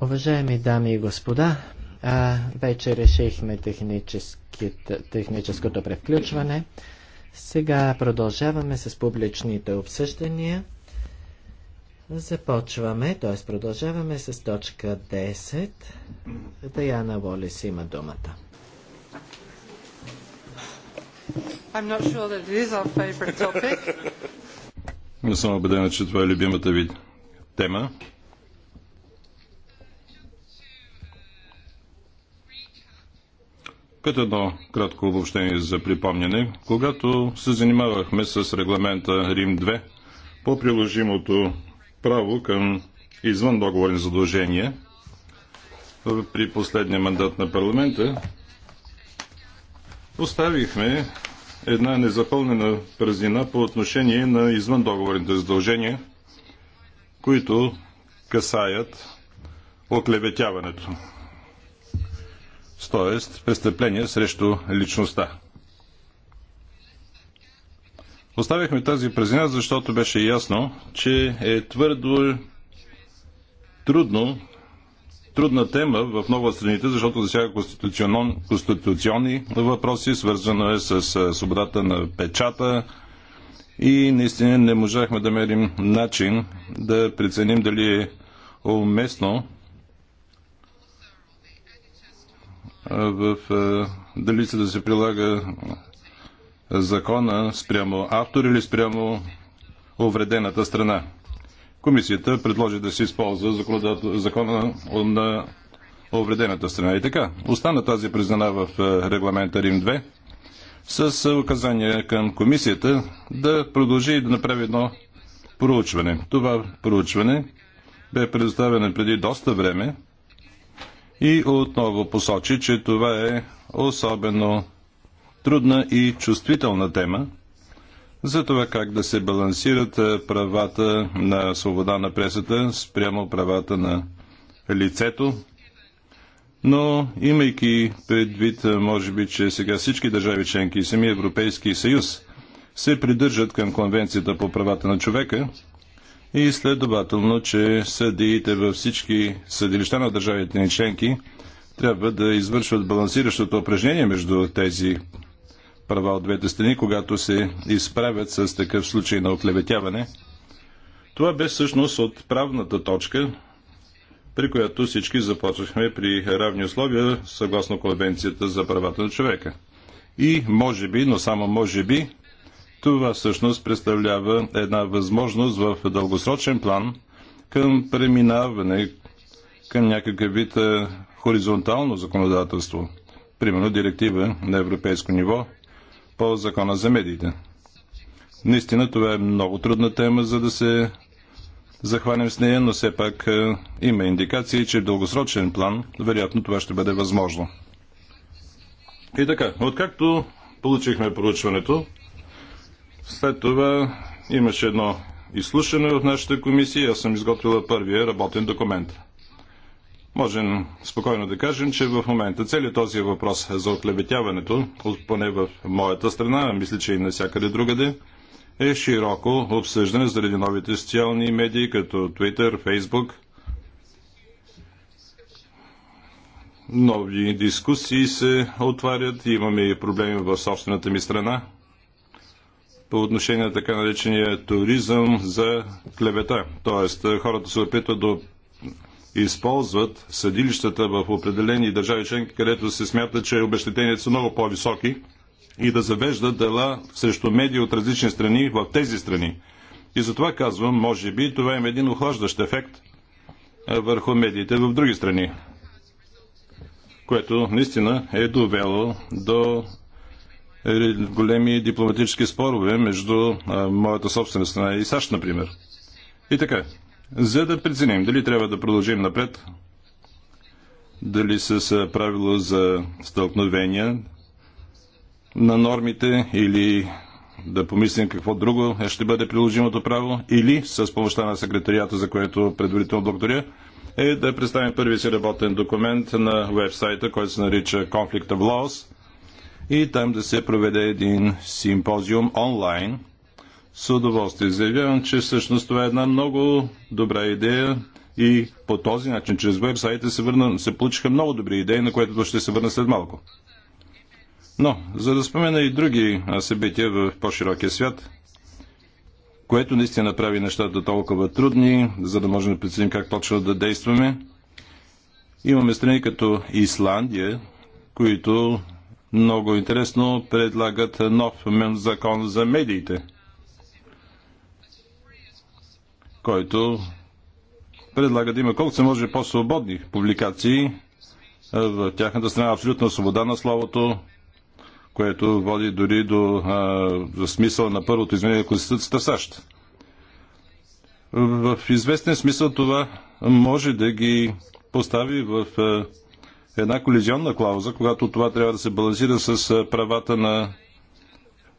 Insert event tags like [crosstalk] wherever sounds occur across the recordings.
Уважаеми дами и господа, вече решихме техническото превключване. Сега продължаваме с публичните обсъждания. Започваме, т.е. продължаваме с точка 10. Даяна Волис има думата. I'm not sure that it is our favorite topic. Не съм убеден, че това е любимата видео тема. Като едно кратко обобщение за припомняне, когато се занимавахме с регламента Рим 2 по приложимото право към извън договорни задължения при последния мандат на парламента, поставихме една незапълнена празнина по отношение на извън договорните задължения – които касаят оклеветяването. Тоест, престъпление срещу личността. Оставихме тази празнина, защото беше ясно, че е твърдо трудно, трудна тема в много страните, защото засяга конституционни въпроси, свързано е с свободата на печата, и наистина не можахме да мерим начин да преценим дали е уместно в, дали се да се прилага закона спрямо автор или спрямо увредената страна. Комисията предложи да се използва закона на увредената страна. И така, остана тази признана в регламента Рим 2 с указания към комисията да продължи и да направи едно проучване. Това проучване бе предоставено преди доста време и отново посочи, че това е особено трудна и чувствителна тема за това как да се балансират правата на свобода на пресата спрямо правата на лицето, но имайки предвид, може би, че сега всички държави членки и самия Европейски съюз се придържат към Конвенцията по правата на човека и следователно, че съдиите във всички съдилища на държавите ни членки трябва да извършват балансиращото упражнение между тези права от двете страни, когато се изправят с такъв случай на оклеветяване. Това бе всъщност от правната точка при която всички започвахме при равни условия, съгласно Конвенцията за правата на човека. И може би, но само може би, това всъщност представлява една възможност в дългосрочен план към преминаване към някакъв вид е, хоризонтално законодателство, примерно директива на европейско ниво по закона за медиите. Наистина това е много трудна тема, за да се захванем с нея, но все пак е, има индикации, че в дългосрочен план вероятно това ще бъде възможно. И така, откакто получихме проучването, след това имаше едно изслушане в нашата комисия. и Аз съм изготвила първия работен документ. Можем спокойно да кажем, че в момента целият този въпрос за отлебетяването, поне в моята страна, а мисля, че и навсякъде другаде, е широко обсъждане заради новите социални медии, като Twitter, Facebook. Нови дискусии се отварят. Имаме и проблеми в собствената ми страна по отношение на така наречения туризъм за клевета. Тоест, хората се опитват да използват съдилищата в определени държави членки, където се смята, че обещетенията са много по-високи – и да завеждат дела срещу медии от различни страни в тези страни. И затова казвам, може би това има един охлаждащ ефект върху медиите в други страни, което наистина е довело до големи дипломатически спорове между моята собствена страна и САЩ, например. И така, за да преценим дали трябва да продължим напред, дали с правило за стълкновения на нормите или да помислим какво друго е, ще бъде приложимото право или с помощта на секретарията, за което предварително благодаря, е да представим първи си работен документ на вебсайта, който се нарича Conflict of Laws и там да се проведе един симпозиум онлайн. С удоволствие заявявам, че всъщност това е една много добра идея и по този начин, чрез вебсайта се, върна, се получиха много добри идеи, на което ще се върна след малко. Но, за да спомена и други събития в по-широкия свят, което наистина прави нещата толкова трудни, за да можем да преценим как точно да действаме. Имаме страни като Исландия, които много интересно предлагат нов закон за медиите, който предлага да има колкото се може по-свободни публикации в тяхната страна, абсолютна свобода на словото, което води дори до а, смисъл на първото изменение на Конституцията в САЩ. В известен смисъл това може да ги постави в а, една колизионна клауза, когато това трябва да се балансира с а, правата на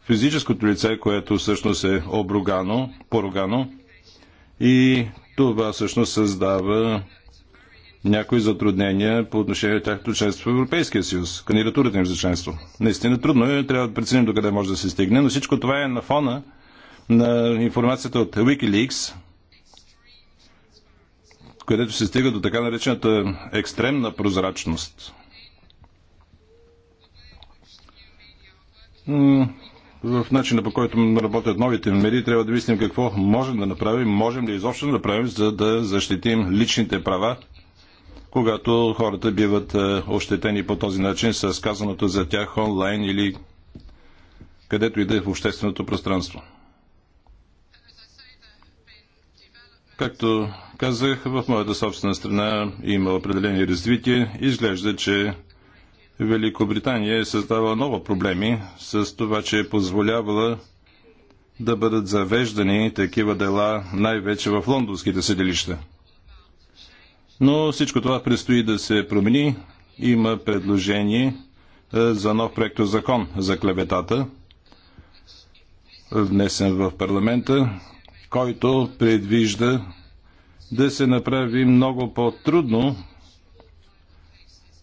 физическото лице, което всъщност е обругано, поругано. И това всъщност създава някои затруднения по отношение на тяхното членство в Европейския съюз, кандидатурата им за членство. Наистина трудно е, трябва да преценим докъде може да се стигне, но всичко това е на фона на информацията от Wikileaks, където се стига до така наречената екстремна прозрачност. В начина по който работят новите медии, трябва да мислим какво можем да направим, можем ли изобщо да направим, за да защитим личните права когато хората биват е, ощетени по този начин с казаното за тях онлайн или където и да е в общественото пространство. Както казах, в моята собствена страна има определени развитие. Изглежда, че Великобритания е създава нова проблеми с това, че е позволявала да бъдат завеждани такива дела най-вече в лондонските съдилища. Но всичко това предстои да се промени. Има предложение е, за нов проект закон за клеветата, внесен в парламента, който предвижда да се направи много по-трудно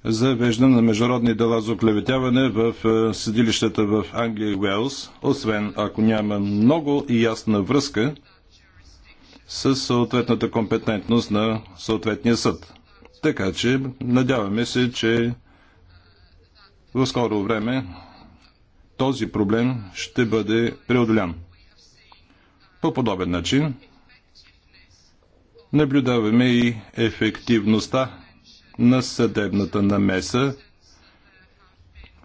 за на международни дела за оклеветяване в е, съдилищата в Англия и Уелс, освен ако няма много ясна връзка – с съответната компетентност на съответния съд. Така че надяваме се, че в скоро време този проблем ще бъде преодолян. По подобен начин наблюдаваме и ефективността на съдебната намеса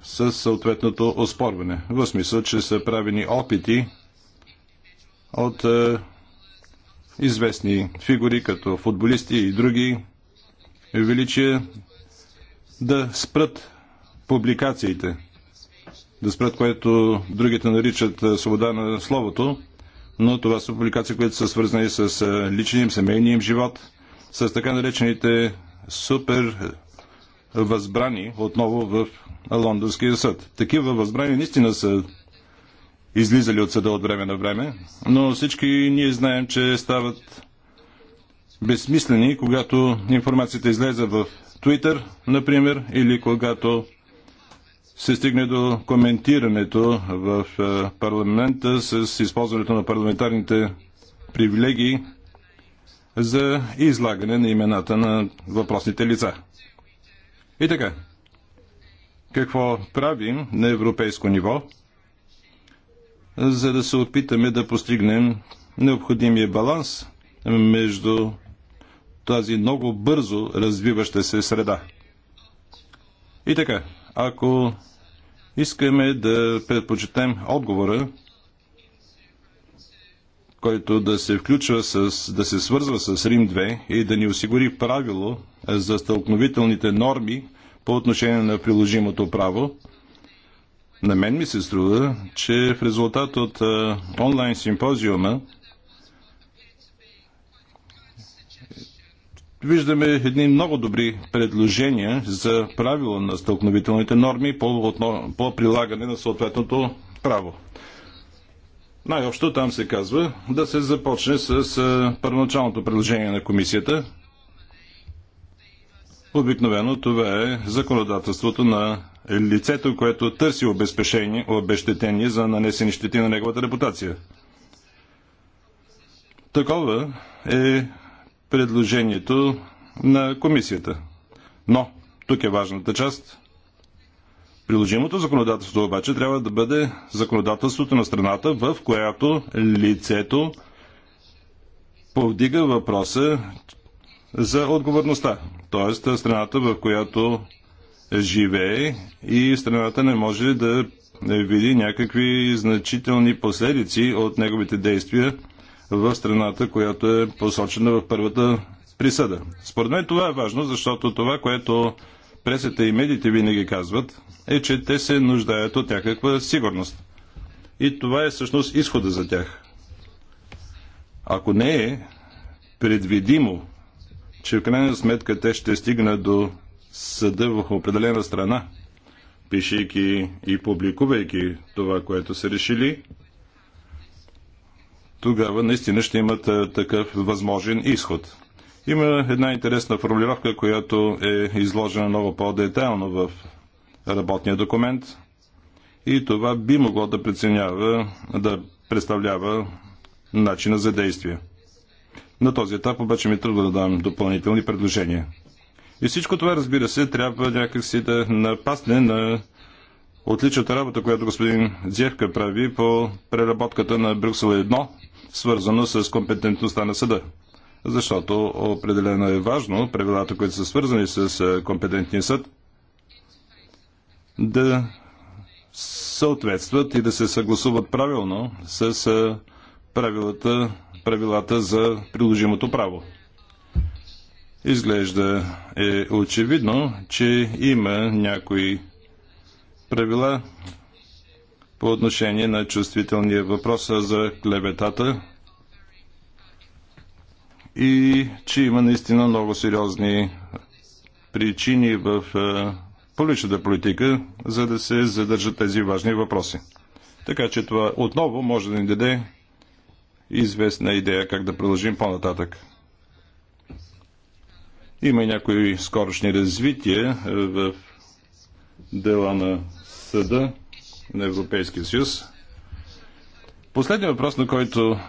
със съответното оспорване. В смисъл, че са правени опити от е, известни фигури, като футболисти и други е величия, да спрат публикациите, да спрат, което другите наричат свобода на словото, но това са публикации, които са свързани с личния им, семейния им живот, с така наречените супер възбрани отново в Лондонския съд. Такива възбрани наистина са излизали от съда от време на време, но всички ние знаем, че стават безсмислени, когато информацията излезе в Twitter, например, или когато се стигне до коментирането в е, парламента с използването на парламентарните привилегии за излагане на имената на въпросните лица. И така, какво правим на европейско ниво – за да се опитаме да постигнем необходимия баланс между тази много бързо развиваща се среда. И така, ако искаме да предпочитаем отговора, който да се включва с, да се свързва с Рим 2 и да ни осигури правило за стълкновителните норми по отношение на приложимото право, на мен ми се струва, че в резултат от онлайн симпозиума виждаме едни много добри предложения за правила на стълкновителните норми по, по прилагане на съответното право. Най-общо там се казва да се започне с първоначалното предложение на комисията. Обикновено това е законодателството на е лицето, което търси обезпечение, обещетение за нанесени щети на неговата репутация. Такова е предложението на комисията. Но, тук е важната част. Приложимото законодателство обаче трябва да бъде законодателството на страната, в която лицето повдига въпроса за отговорността. Тоест, страната, в която живее и страната не може да види някакви значителни последици от неговите действия в страната, която е посочена в първата присъда. Според мен това е важно, защото това, което пресата и медиите винаги казват, е, че те се нуждаят от някаква сигурност. И това е всъщност изхода за тях. Ако не е предвидимо, че в крайна сметка те ще стигнат до съда в определена страна, пишейки и публикувайки това, което са решили, тогава наистина ще имат такъв възможен изход. Има една интересна формулировка, която е изложена много по-детайлно в работния документ и това би могло да преценява, да представлява начина за действие. На този етап обаче ми трудно да дам допълнителни предложения. И всичко това, разбира се, трябва някакси да напасне на отличната работа, която господин Дзевка прави по преработката на Брюксел 1, свързано с компетентността на съда. Защото определено е важно правилата, които са свързани с компетентния съд, да съответстват и да се съгласуват правилно с правилата, правилата за приложимото право. Изглежда е очевидно, че има някои правила по отношение на чувствителния въпрос за клеветата и че има наистина много сериозни причини в публичната политика, за да се задържат тези важни въпроси. Така че това отново може да ни даде известна идея как да продължим по-нататък. Има и някои скорошни развития е, в дела на съда на Европейския съюз. Последният въпрос, на който,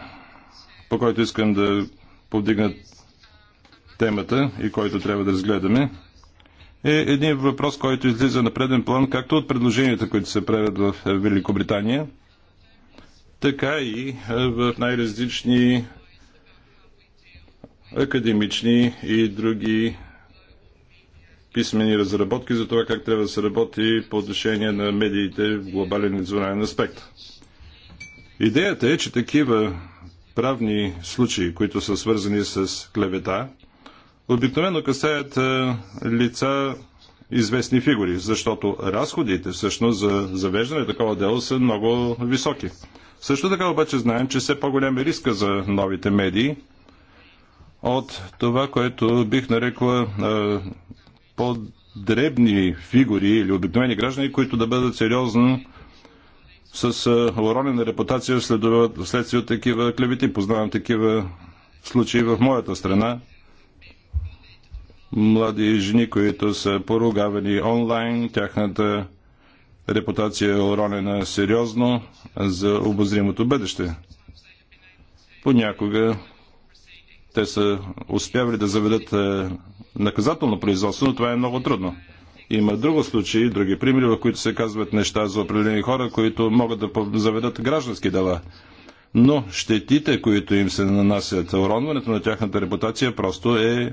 по който искам да повдигна темата и който трябва да разгледаме, е един въпрос, който излиза на преден план, както от предложенията, които се правят в Великобритания, така и е, в най-различни академични и други писмени разработки за това как трябва да се работи по отношение на медиите в глобален национален аспект. Идеята е, че такива правни случаи, които са свързани с клевета, обикновено касаят лица известни фигури, защото разходите всъщност за завеждане на такова дело са много високи. Също така обаче знаем, че все по-голям е риска за новите медии – от това, което бих нарекла по-дребни фигури или обикновени граждани, които да бъдат сериозно с уронена репутация следствие от такива клевети. Познавам такива случаи в моята страна. Млади жени, които са поругавани онлайн, тяхната репутация е уронена сериозно за обозримото бъдеще. Понякога те са успявали да заведат е, наказателно производство, но това е много трудно. Има друго случаи, други примери, в които се казват неща за определени хора, които могат да заведат граждански дела. Но щетите, които им се нанасят, уронването на тяхната репутация просто е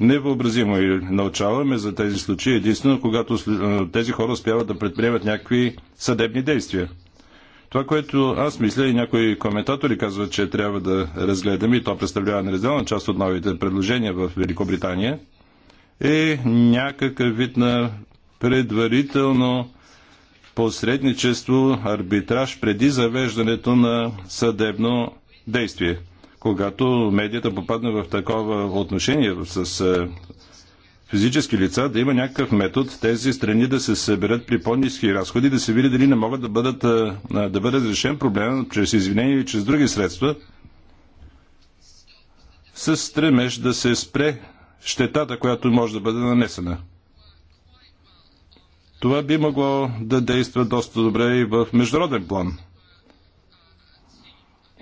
невъобразимо и научаваме за тези случаи единствено, когато е, тези хора успяват да предприемат някакви съдебни действия. Това, което аз мисля и някои коментатори казват, че трябва да разгледаме, и то представлява неразделна част от новите предложения в Великобритания, е някакъв вид на предварително посредничество, арбитраж преди завеждането на съдебно действие. Когато медията попадна в такова отношение с е, физически лица, да има някакъв метод тези страни да се съберат при по-низки разходи, да се види дали не могат да, бъдат, да бъде разрешен проблем чрез извинения или чрез други средства, с стремеж да се спре щетата, която може да бъде нанесена. Това би могло да действа доста добре и в международен план.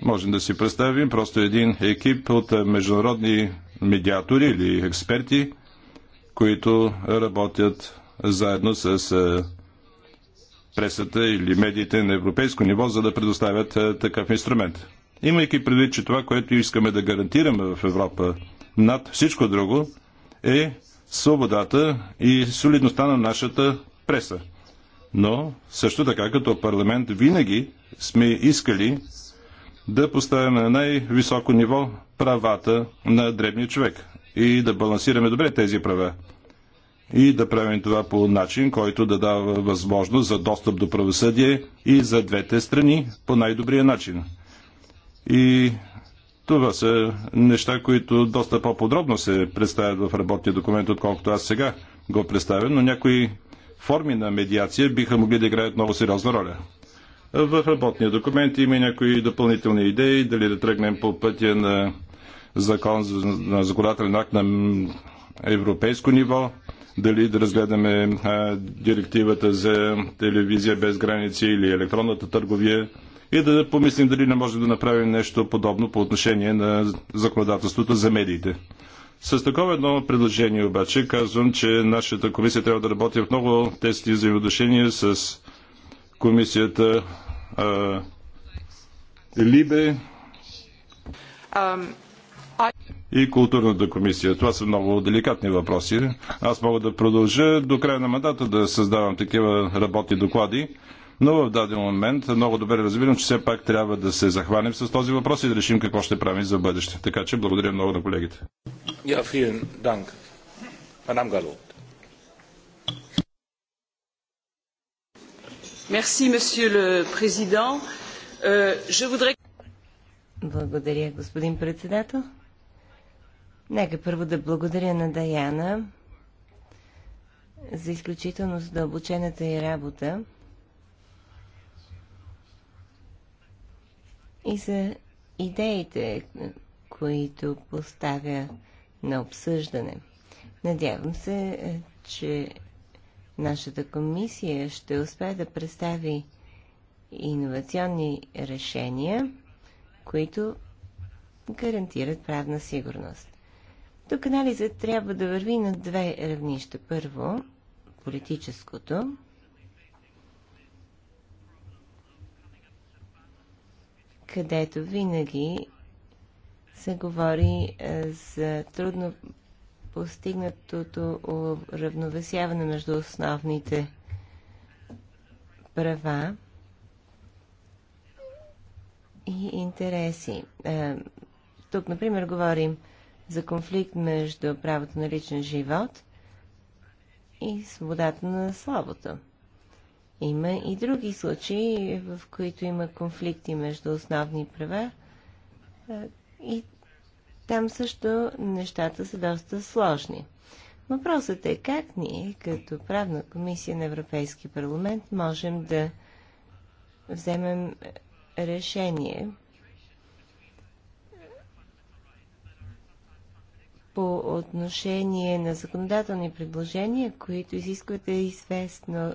Можем да си представим просто един екип от международни медиатори или експерти – които работят заедно с е, пресата или медиите на европейско ниво, за да предоставят е, такъв инструмент. Имайки предвид, че това, което искаме да гарантираме в Европа над всичко друго, е свободата и солидността на нашата преса. Но също така като парламент винаги сме искали да поставяме на най-високо ниво правата на дребния човек, и да балансираме добре тези права. И да правим това по начин, който да дава възможност за достъп до правосъдие и за двете страни по най-добрия начин. И това са неща, които доста по-подробно се представят в работния документ, отколкото аз сега го представя, но някои форми на медиация биха могли да играят много сериозна роля. В работния документ има някои допълнителни идеи, дали да тръгнем по пътя на закон на законодателен акт на европейско ниво, дали да разгледаме а, директивата за телевизия без граници или електронната търговия и да помислим дали не можем да направим нещо подобно по отношение на законодателството за медиите. С такова едно предложение обаче казвам, че нашата комисия трябва да работи в много тести и взаимоотношения с комисията а, Либе и културната комисия. Това са много деликатни въпроси. Аз мога да продължа до края на мандата да създавам такива работни доклади, но в даден момент много добре разбирам, че все пак трябва да се захванем с този въпрос и да решим какво ще правим за бъдеще. Така че благодаря много на колегите. Euh, благодаря, господин председател. Нека първо да благодаря на Даяна за изключително задълбочената и работа и за идеите, които поставя на обсъждане. Надявам се, е, че нашата комисия ще успее да представи иновационни решения, които гарантират правна сигурност. Тук анализът трябва да върви на две равнища. Първо, политическото. където винаги се говори е, за трудно постигнатото равновесяване между основните права и интереси. Е, тук, например, говорим за конфликт между правото на личен живот и свободата на словото. Има и други случаи, в които има конфликти между основни права и там също нещата са доста сложни. Въпросът е как ние, като правна комисия на Европейски парламент, можем да вземем решение по отношение на законодателни предложения, които изискват известно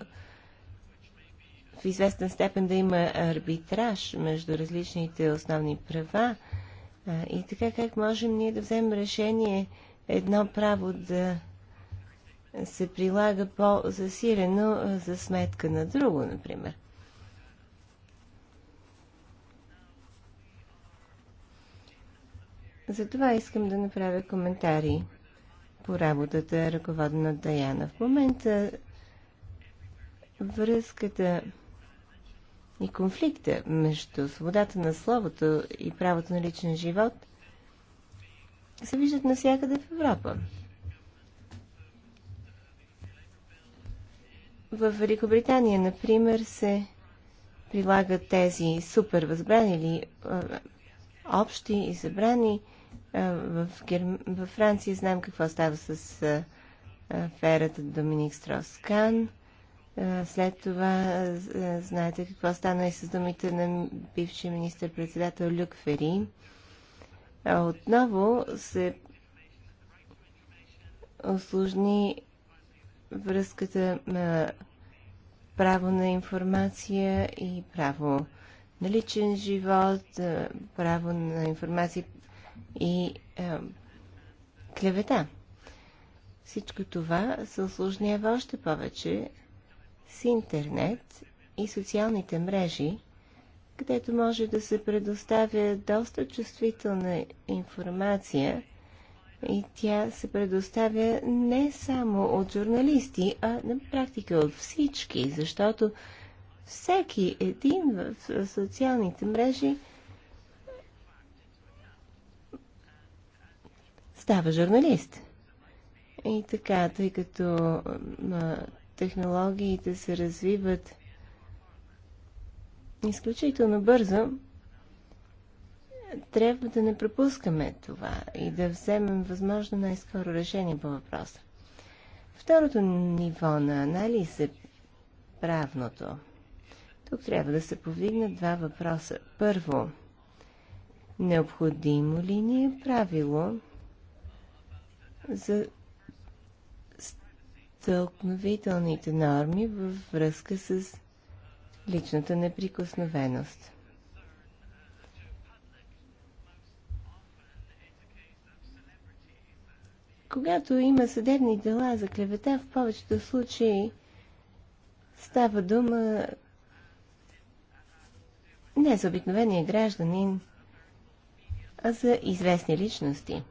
в известен степен да има арбитраж между различните основни права. И така как можем ние да вземем решение едно право да се прилага по-засилено за сметка на друго, например. Затова искам да направя коментари по работата, ръководена от Даяна. В момента връзката и конфликта между свободата на словото и правото на личен живот се виждат навсякъде в Европа. В Великобритания, например, се прилагат тези супер възбрани или общи и забрани в Герм... във Франция знаем какво става с аферата Доминик Строскан. След това знаете какво стана и с думите на бившия министр-председател Люк Фери. Отново се осложни връзката на право на информация и право на личен живот, право на информация и е, клевета. Всичко това се осложнява още повече с интернет и социалните мрежи, където може да се предоставя доста чувствителна информация и тя се предоставя не само от журналисти, а на практика от всички, защото всеки един в социалните мрежи става журналист. И така, тъй като а, технологиите се развиват изключително бързо, трябва да не пропускаме това и да вземем възможно най-скоро решение по въпроса. Второто ниво на анализ е правното. Тук трябва да се повдигнат два въпроса. Първо, необходимо ли ни е правило, за стълкновителните норми във връзка с личната неприкосновеност. Когато има съдебни дела за клевета, в повечето случаи става дума не за обикновения гражданин, а за известни личности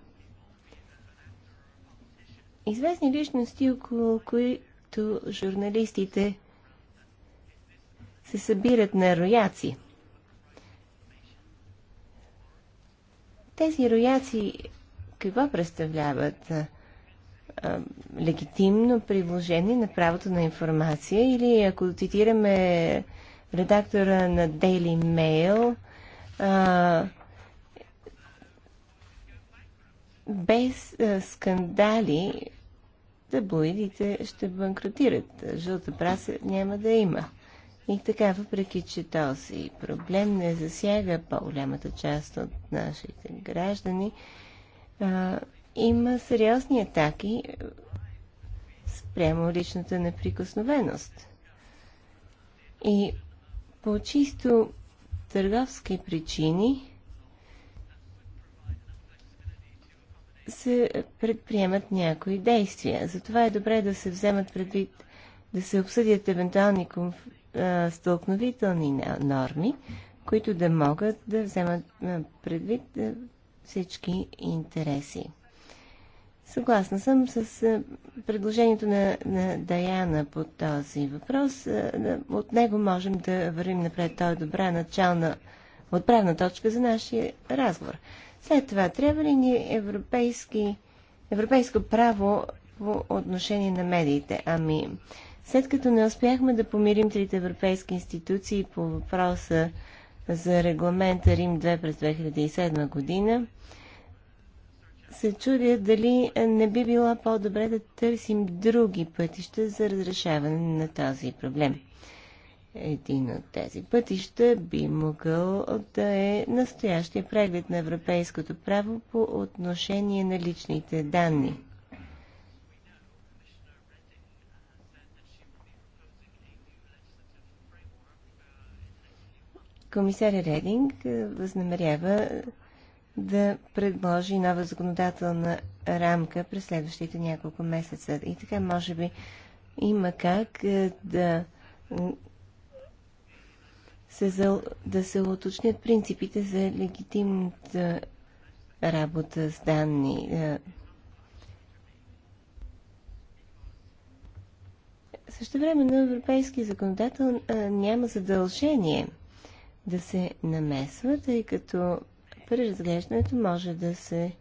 известни личности, около които журналистите се събират на рояци. Тези рояци какво представляват? легитимно приложение на правото на информация или ако цитираме редактора на Daily Mail, а, без е, скандали таблоидите ще банкротират. Жълта праса няма да има. И така, въпреки че този проблем не засяга по-голямата част от нашите граждани, а, е, има сериозни атаки спрямо личната неприкосновеност. И по чисто търговски причини се предприемат някои действия. Затова е добре да се вземат предвид, да се обсъдят евентуални конф... стълкновителни норми, които да могат да вземат предвид всички интереси. Съгласна съм с предложението на, на Даяна по този въпрос. От него можем да вървим напред. Той е добра начална отправна точка за нашия разговор. След това, трябва ли ни европейски, европейско право по отношение на медиите? Ами, след като не успяхме да помирим трите европейски институции по въпроса за регламента Рим 2 през 2007 година, се чудя дали не би било по-добре да търсим други пътища за разрешаване на този проблем един от тези пътища би могъл да е настоящия преглед на европейското право по отношение на личните данни. Комисаря Рединг е, възнамерява да предложи нова законодателна рамка през следващите няколко месеца. И така, може би, има как е, да се за, да се уточнят принципите за легитимната работа с данни. Е, Също време на европейски законодател е, няма задължение да се намесва, тъй като преразглеждането може да се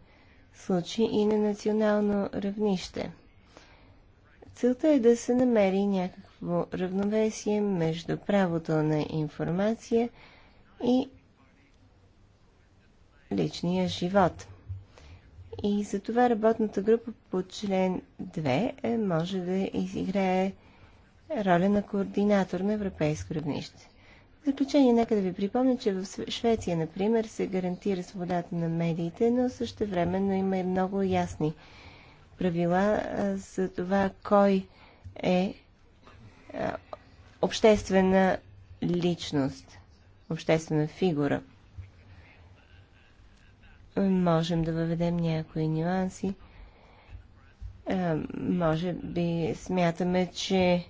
случи и на национално равнище. Целта е да се намери някакво някакво равновесие между правото на информация и личния живот. И за това работната група по член 2 е, може да изиграе роля на координатор на европейско равнище. В заключение, нека да ви припомня, че в Швеция, например, се гарантира свободата на медиите, но също времено има и много ясни правила за това кой е е, обществена личност, обществена фигура. Можем да въведем някои нюанси. Е, може би смятаме, че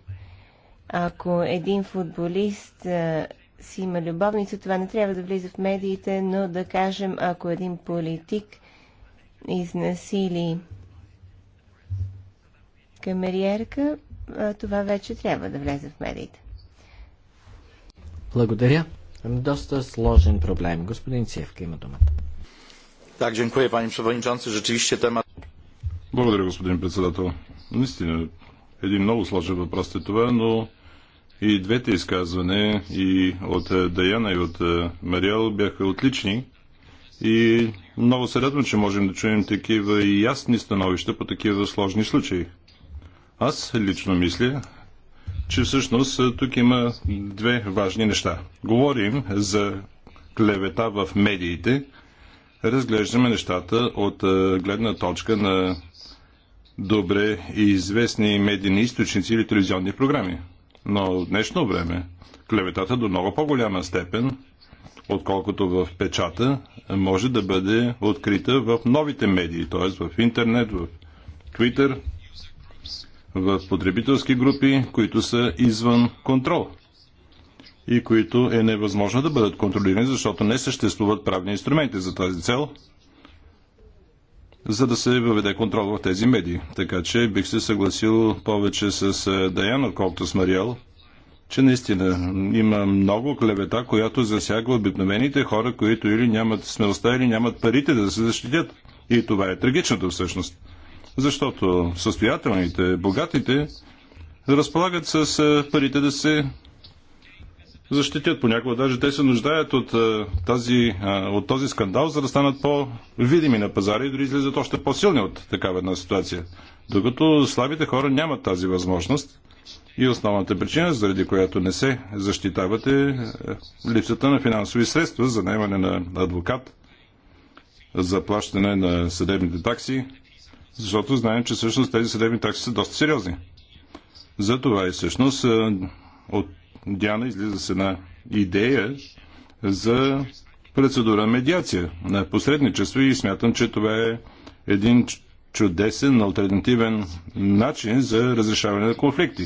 ако един футболист е, си има любовница, това не трябва да влиза в медиите, но да кажем, ако един политик изнасили камериерка, това вече трябва да влезе в медиите. Благодаря. Доста сложен проблем. Господин Цевка има думата. Так, dziękuję panie przewodniczący. Rzeczywiście тема... Благодаря, господин председател. Наистина, един много сложен въпрос е това, но и двете изказване и от е, Даяна и от е, Мариел бяха отлични и много се радвам, че можем да чуем такива и ясни становища по такива сложни случаи. Аз лично мисля, че всъщност е, тук има две важни неща. Говорим за клевета в медиите, разглеждаме нещата от е, гледна точка на добре и известни медийни източници или телевизионни програми. Но в днешно време клеветата до много по-голяма степен, отколкото в печата, може да бъде открита в новите медии, т.е. в интернет, в Twitter – в потребителски групи, които са извън контрол и които е невъзможно да бъдат контролирани, защото не съществуват правни инструменти за тази цел, за да се въведе контрол в тези медии. Така че бих се съгласил повече с е, Даян, отколкото с Мариел, че наистина има много клевета, която засяга обикновените хора, които или нямат смелостта, или нямат парите да се защитят. И това е трагичното всъщност защото състоятелните, богатите разполагат с парите да се защитят. Понякога даже те се нуждаят от, тази, от този скандал, за да станат по-видими на пазара и дори излизат още по-силни от такава една ситуация. Докато слабите хора нямат тази възможност и основната причина, заради която не се защитават е липсата на финансови средства за наемане на адвокат, за плащане на съдебните такси защото знаем, че всъщност тези съдебни такси са доста сериозни. Затова и всъщност от Диана излиза с една идея за процедура медиация на посредничество и смятам, че това е един чудесен альтернативен начин за разрешаване на конфликти.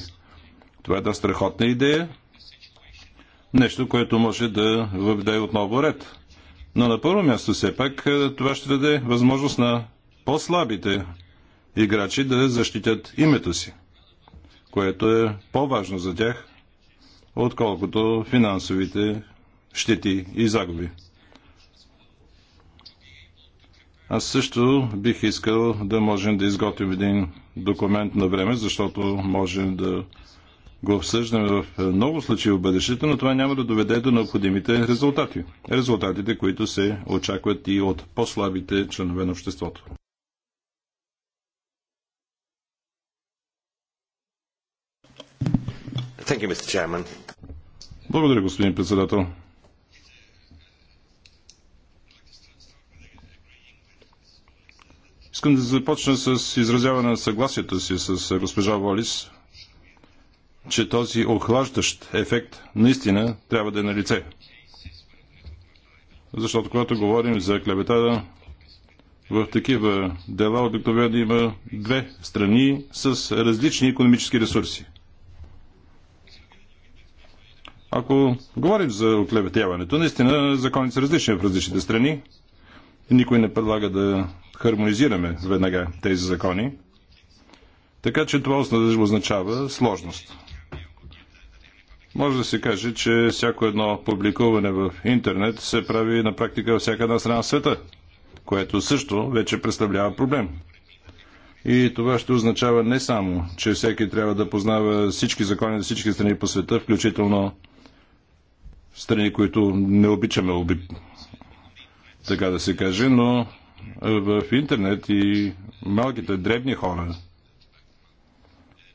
Това е една страхотна идея, нещо, което може да въведе отново ред. Но на първо място все пак това ще даде възможност на по-слабите играчи да защитят името си, което е по-важно за тях, отколкото финансовите щети и загуби. Аз също бих искал да можем да изготвим един документ на време, защото можем да го обсъждаме в много случаи в бъдещето, но това няма да доведе до необходимите резултати. Резултатите, които се очакват и от по-слабите членове на обществото. Благодаря, господин председател. Искам да започна с изразяване на съгласията си с госпожа Волис, че този охлаждащ ефект наистина трябва да е на лице. Защото когато говорим за клевета, в такива дела обикновено има две страни с различни економически ресурси. Ако говорим за оклеветяването, наистина законите са различни в различните страни. Никой не предлага да хармонизираме веднага тези закони. Така че това означава сложност. Може да се каже, че всяко едно публикуване в интернет се прави на практика във всяка една страна в света, което също вече представлява проблем. И това ще означава не само, че всеки трябва да познава всички закони на всички страни по света, включително страни, които не обичаме, така да се каже, но в интернет и малките, дребни хора,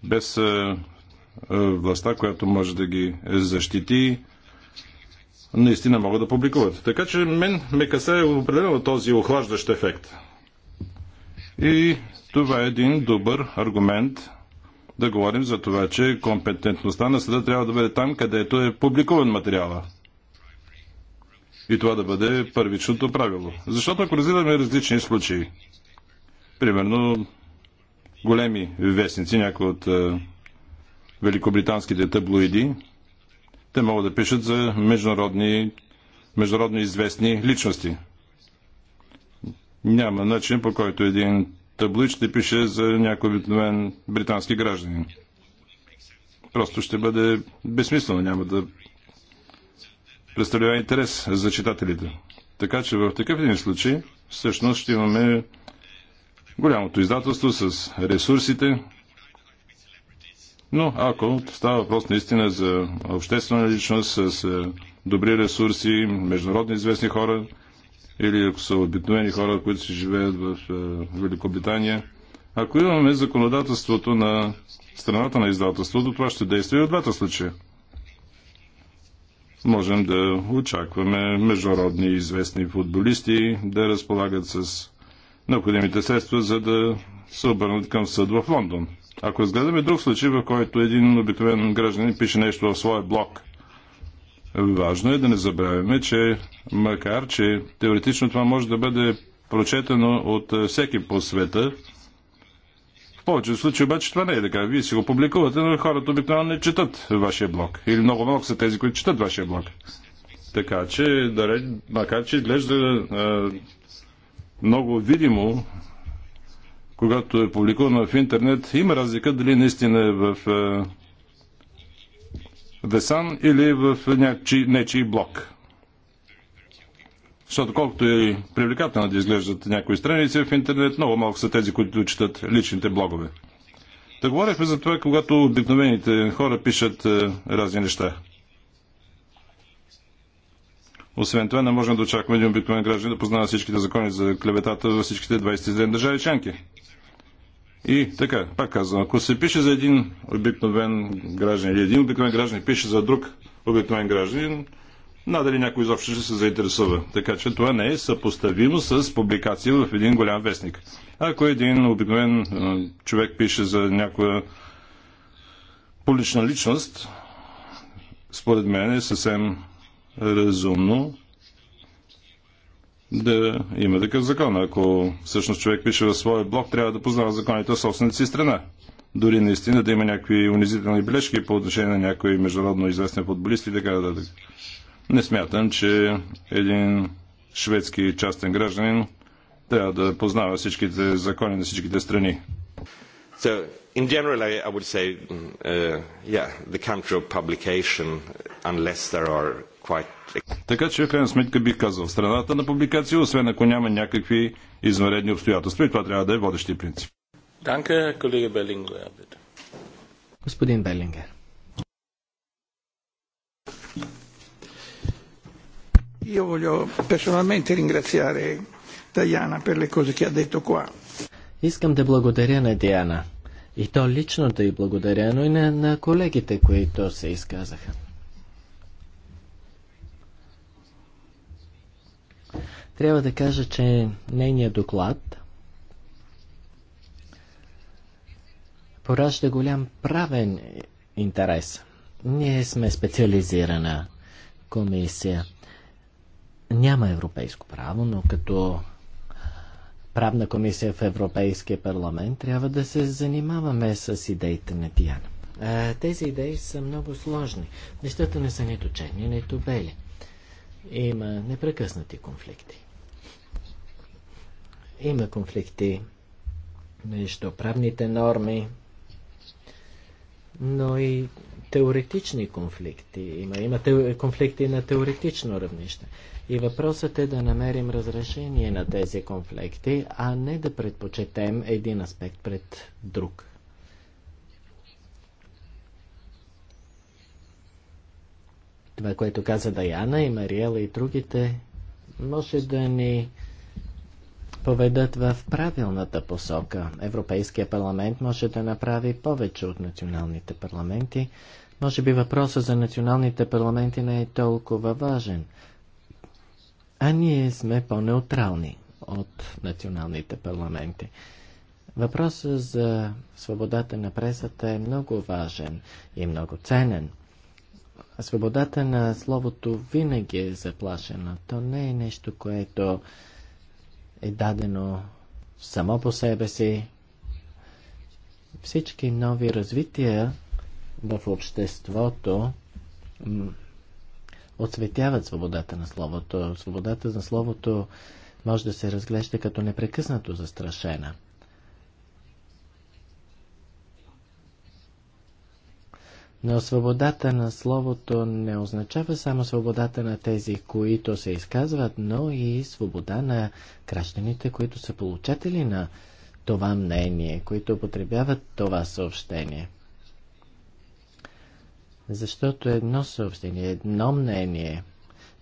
без властта, която може да ги защити, наистина могат да публикуват. Така че мен ме касае определено този охлаждащ ефект. И това е един добър аргумент да говорим за това, че компетентността на съда трябва да бъде там, където е публикуван материала. И това да бъде първичното правило. Защото ако разгледаме различни случаи, примерно големи вестници, някои от е, великобританските таблоиди, те могат да пишат за международни, международно известни личности. Няма начин по който един табличите пише за някой обикновен британски гражданин. Просто ще бъде безсмислено, няма да представлява интерес за читателите. Така че в такъв един случай всъщност ще имаме голямото издателство с ресурсите, но ако става въпрос наистина за обществена личност с добри ресурси, международно известни хора, или ако са обикновени хора, които си живеят в е, Великобритания. Ако имаме законодателството на страната на издателството, това ще действа и от двата случая. Можем да очакваме международни известни футболисти да разполагат с необходимите средства, за да се обърнат към съд в Лондон. Ако разгледаме друг случай, в който един обикновен гражданин пише нещо в своя блог Важно е да не забравяме, че макар, че теоретично това може да бъде прочетено от е, всеки по света, в повечето случаи обаче това не е така. Вие си го публикувате, но хората обикновено не четат вашия блог. Или много малко са тези, които четат вашия блог. Така че, да, макар че изглежда е, много видимо, когато е публикувано в интернет, има разлика дали наистина е в а, е, Десан или в някакви нечи блок. Защото колкото и е привлекателно да изглеждат някои страници в интернет, много малко са тези, които четат личните блогове. Да говорихме за това, когато обикновените хора пишат е, разни неща. Освен това, не можем да очакваме един обикновен граждан да познава всичките закони за клеветата във всичките 27 държави членки. И така, пак казвам, ако се пише за един обикновен гражданин или един обикновен гражданин пише за друг обикновен гражданин, надали някой изобщо ще се заинтересува. Така че това не е съпоставимо с публикация в един голям вестник. Ако един обикновен човек пише за някоя публична личност, според мен е съвсем разумно да има такъв закон. Ако всъщност човек пише в своя блог, трябва да познава законите в собствената си страна. Дори наистина да има някакви унизителни бележки по отношение на някои международно известни футболисти и така нататък. Не смятам, че един шведски частен гражданин трябва да познава всичките закони на всичките страни. So, in general, I, I would say, mm, uh, yeah, the country of publication, unless there are quite... Така че, в крайна сметка, бих казал, в страната на публикация, освен ако няма някакви извънредни обстоятелства. И това трябва да е водещи принцип. Данка, колега Белингер. Господин Белингер. Io voglio personalmente ringraziare Diana per le cose che ha detto qua. Искам да благодаря на Диана. И то лично да й благодаря, но и на, на колегите, които се изказаха. Трябва да кажа, че нейният доклад поражда голям правен интерес. Ние сме специализирана комисия. Няма европейско право, но като правна комисия в Европейския парламент трябва да се занимаваме с идеите на Диана. Тези идеи са много сложни. Нещата не са нито черни, нито бели. Има непрекъснати конфликти. Има конфликти между правните норми, но и теоретични конфликти. Има, има конфликти на теоретично равнище. И въпросът е да намерим разрешение на тези конфликти, а не да предпочетем един аспект пред друг. Това, което каза Даяна и Мариела и другите, може да ни поведат в правилната посока. Европейския парламент може да направи повече от националните парламенти. Може би въпросът за националните парламенти не е толкова важен. А ние сме по-неутрални от националните парламенти. Въпросът за свободата на пресата е много важен и много ценен. Свободата на словото винаги е заплашена. То не е нещо, което е дадено само по себе си. Всички нови развития в обществото отсветяват свободата на словото. Свободата на словото може да се разглежда като непрекъснато застрашена. Но свободата на словото не означава само свободата на тези, които се изказват, но и свобода на гражданите, които са получатели на това мнение, които употребяват това съобщение. Защото едно съобщение, едно мнение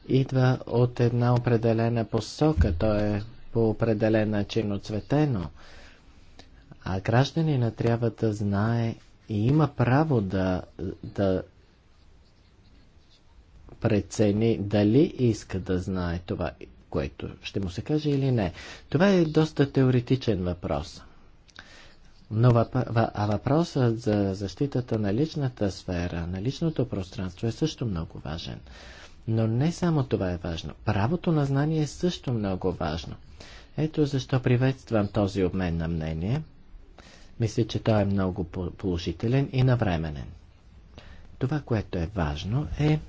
идва от една определена посока, то е по определен начин оцветено, а гражданина трябва да знае и има право да, да прецени дали иска да знае това, което ще му се каже или не. Това е доста теоретичен въпрос. Но въпросът за защитата на личната сфера, на личното пространство е също много важен. Но не само това е важно. Правото на знание е също много важно. Ето защо приветствам този обмен на мнение – мисля, че той е много положителен и навременен. Това, което е важно, е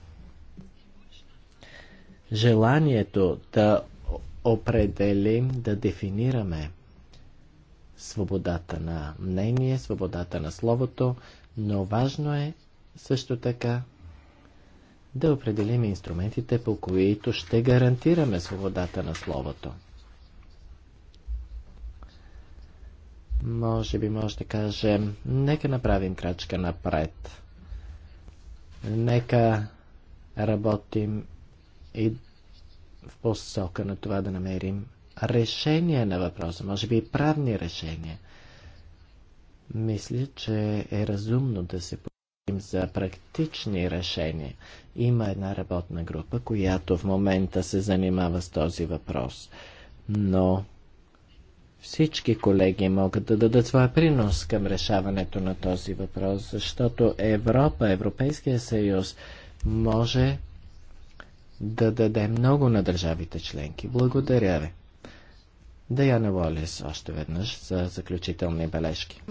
желанието да определим, да дефинираме свободата на мнение, свободата на словото, но важно е също така да определим инструментите, по които ще гарантираме свободата на словото. може би може да кажем, нека направим крачка напред. Нека работим и в посока на това да намерим решение на въпроса, може би и правни решения. Мисля, че е разумно да се поговорим за практични решения. Има една работна група, която в момента се занимава с този въпрос. Но всички колеги могат да дадат своя принос към решаването на този въпрос, защото Европа, Европейския съюз може да даде много на държавите членки. Благодаря ви. Даяна Волес още веднъж за заключителни бележки.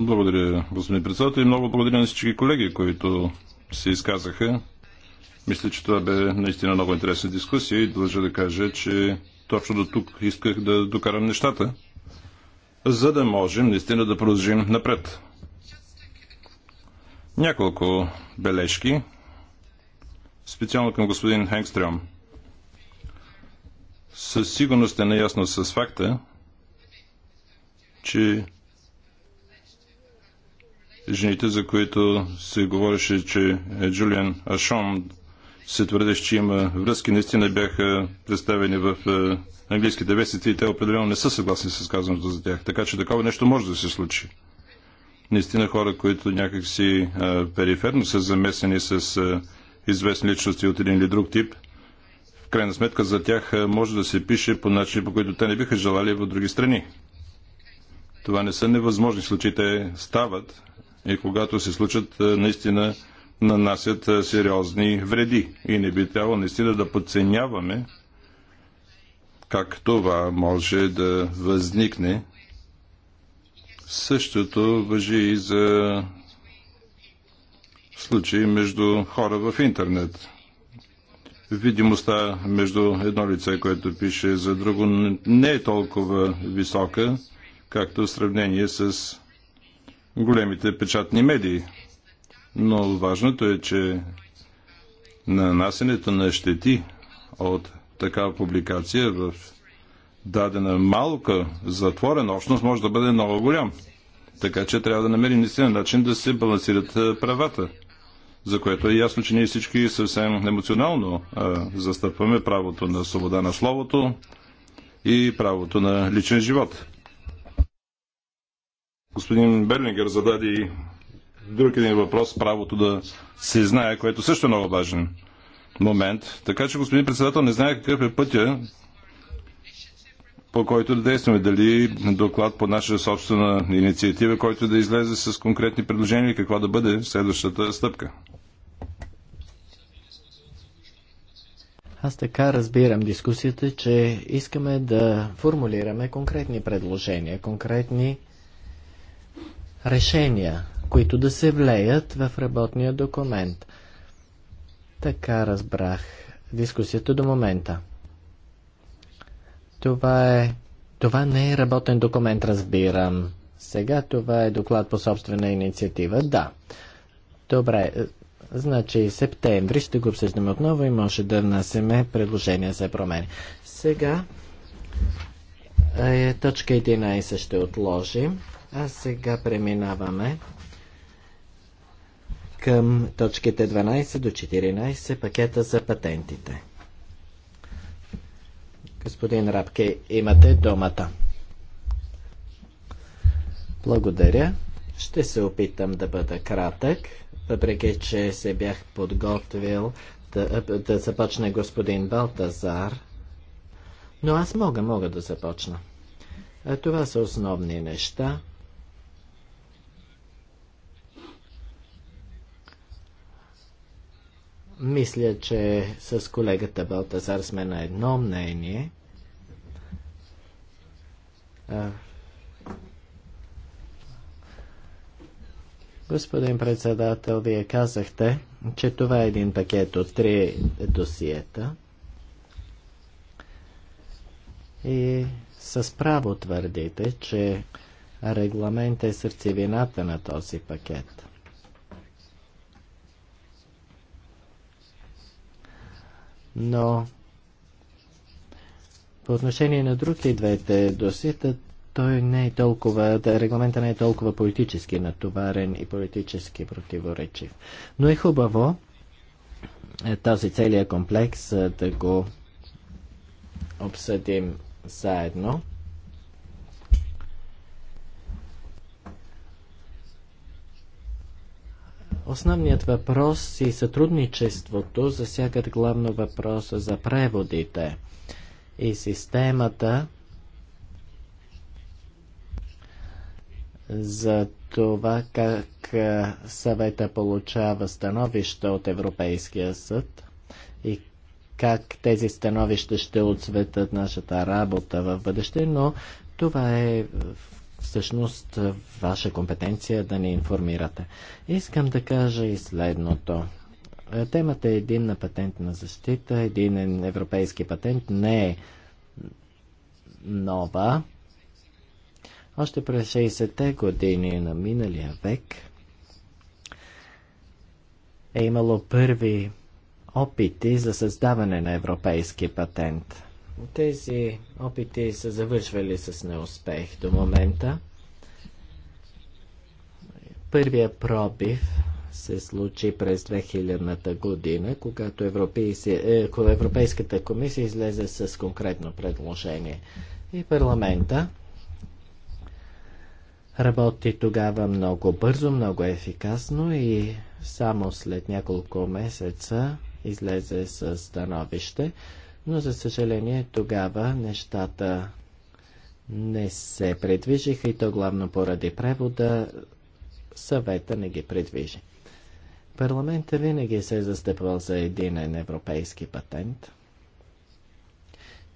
Благодаря, господин председател, и много благодаря на всички колеги, които се изказаха. Мисля, че това бе наистина много интересна дискусия и дължа да кажа, че точно до тук исках да докарам нещата, за да можем наистина да продължим напред. Няколко бележки, специално към господин Хенгстрем. Със сигурност е наясно с факта, че жените, за които се говореше, че е Джулиан Ашон се твърдеше, че има връзки, наистина бяха представени в е, английските вестници и те определено не са съгласни с казаното за тях. Така че такова нещо може да се случи. Наистина хора, които някакси а, е, периферно са замесени с а, е, известни личности от един или друг тип, в крайна сметка за тях а, може да се пише по начин, по който те не биха желали в други страни. Това не са невъзможни случаи, те стават и когато се случат, наистина нанасят сериозни вреди. И не би трябвало наистина да подценяваме как това може да възникне. Същото въжи и за случаи между хора в интернет. Видимостта между едно лице, което пише за друго, не е толкова висока, както в сравнение с големите печатни медии но важното е, че нанасенето на щети от такава публикация в дадена малка затворена общност може да бъде много голям. Така че трябва да намерим наистина начин да се балансират правата, за което е ясно, че ние всички съвсем емоционално а, застъпваме правото на свобода на словото и правото на личен живот. Господин Берлингер зададе друг един въпрос, правото да се знае, което е също е много важен момент. Така че, господин председател, не знае какъв е пътя, по който да действаме. Дали доклад по наша собствена инициатива, който да излезе с конкретни предложения и каква да бъде следващата стъпка. Аз така разбирам дискусията, че искаме да формулираме конкретни предложения, конкретни решения които да се влеят в работния документ. Така разбрах дискусията до момента. Това е... Това не е работен документ, разбирам. Сега това е доклад по собствена инициатива, да. Добре, е, значи септември ще го обсъждаме отново и може да внасеме предложения за промени. Сега е, точка 11 ще отложим, а сега преминаваме към точките 12 до 14 пакета за патентите. Господин Рапке, имате думата. Благодаря. Ще се опитам да бъда кратък, въпреки че се бях подготвил да, да започне господин Балтазар. Но аз мога, мога да започна. Това са основни неща. Мисля, че с колегата Балтазар сме на едно мнение. Господин председател, вие казахте, че това е един пакет от три досиета. И с право твърдите, че регламент е сърцевината на този пакет. но по отношение на другите двете досита, той не е толкова, регламента не е толкова политически натоварен и политически противоречив. Но е хубаво е, този целият комплекс е, да го обсъдим заедно. Основният въпрос и сътрудничеството засягат главно въпроса за преводите и системата за това как съвета получава становища от Европейския съд и как тези становища ще отсветат нашата работа в бъдеще, но това е в всъщност е, ваша компетенция е да ни информирате. Искам да кажа и следното. Е, темата е един на патентна защита, един европейски патент не е нова. Още през 60-те години на миналия век е имало първи опити за създаване на европейски патент – тези опити са завършвали с неуспех до момента. Първия пробив се случи през 2000-та година, когато е, Европейската комисия излезе с конкретно предложение. И парламента работи тогава много бързо, много ефикасно и само след няколко месеца излезе с становище, но за съжаление тогава нещата не се предвижиха и то главно поради превода съвета не ги предвижи. Парламента винаги се е застъпвал за единен европейски патент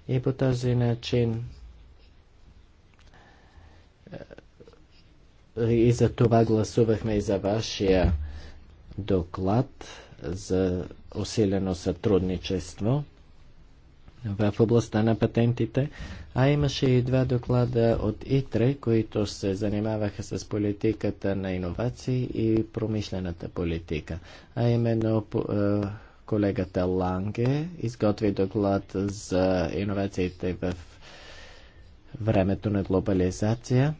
и по този начин е, и за това гласувахме и за вашия доклад за усилено сътрудничество в областта на патентите, а имаше и два доклада от ИТРЕ, които се занимаваха с политиката на иновации и промишлената политика. А именно е, колегата Ланге изготви доклад за иновациите в времето на глобализация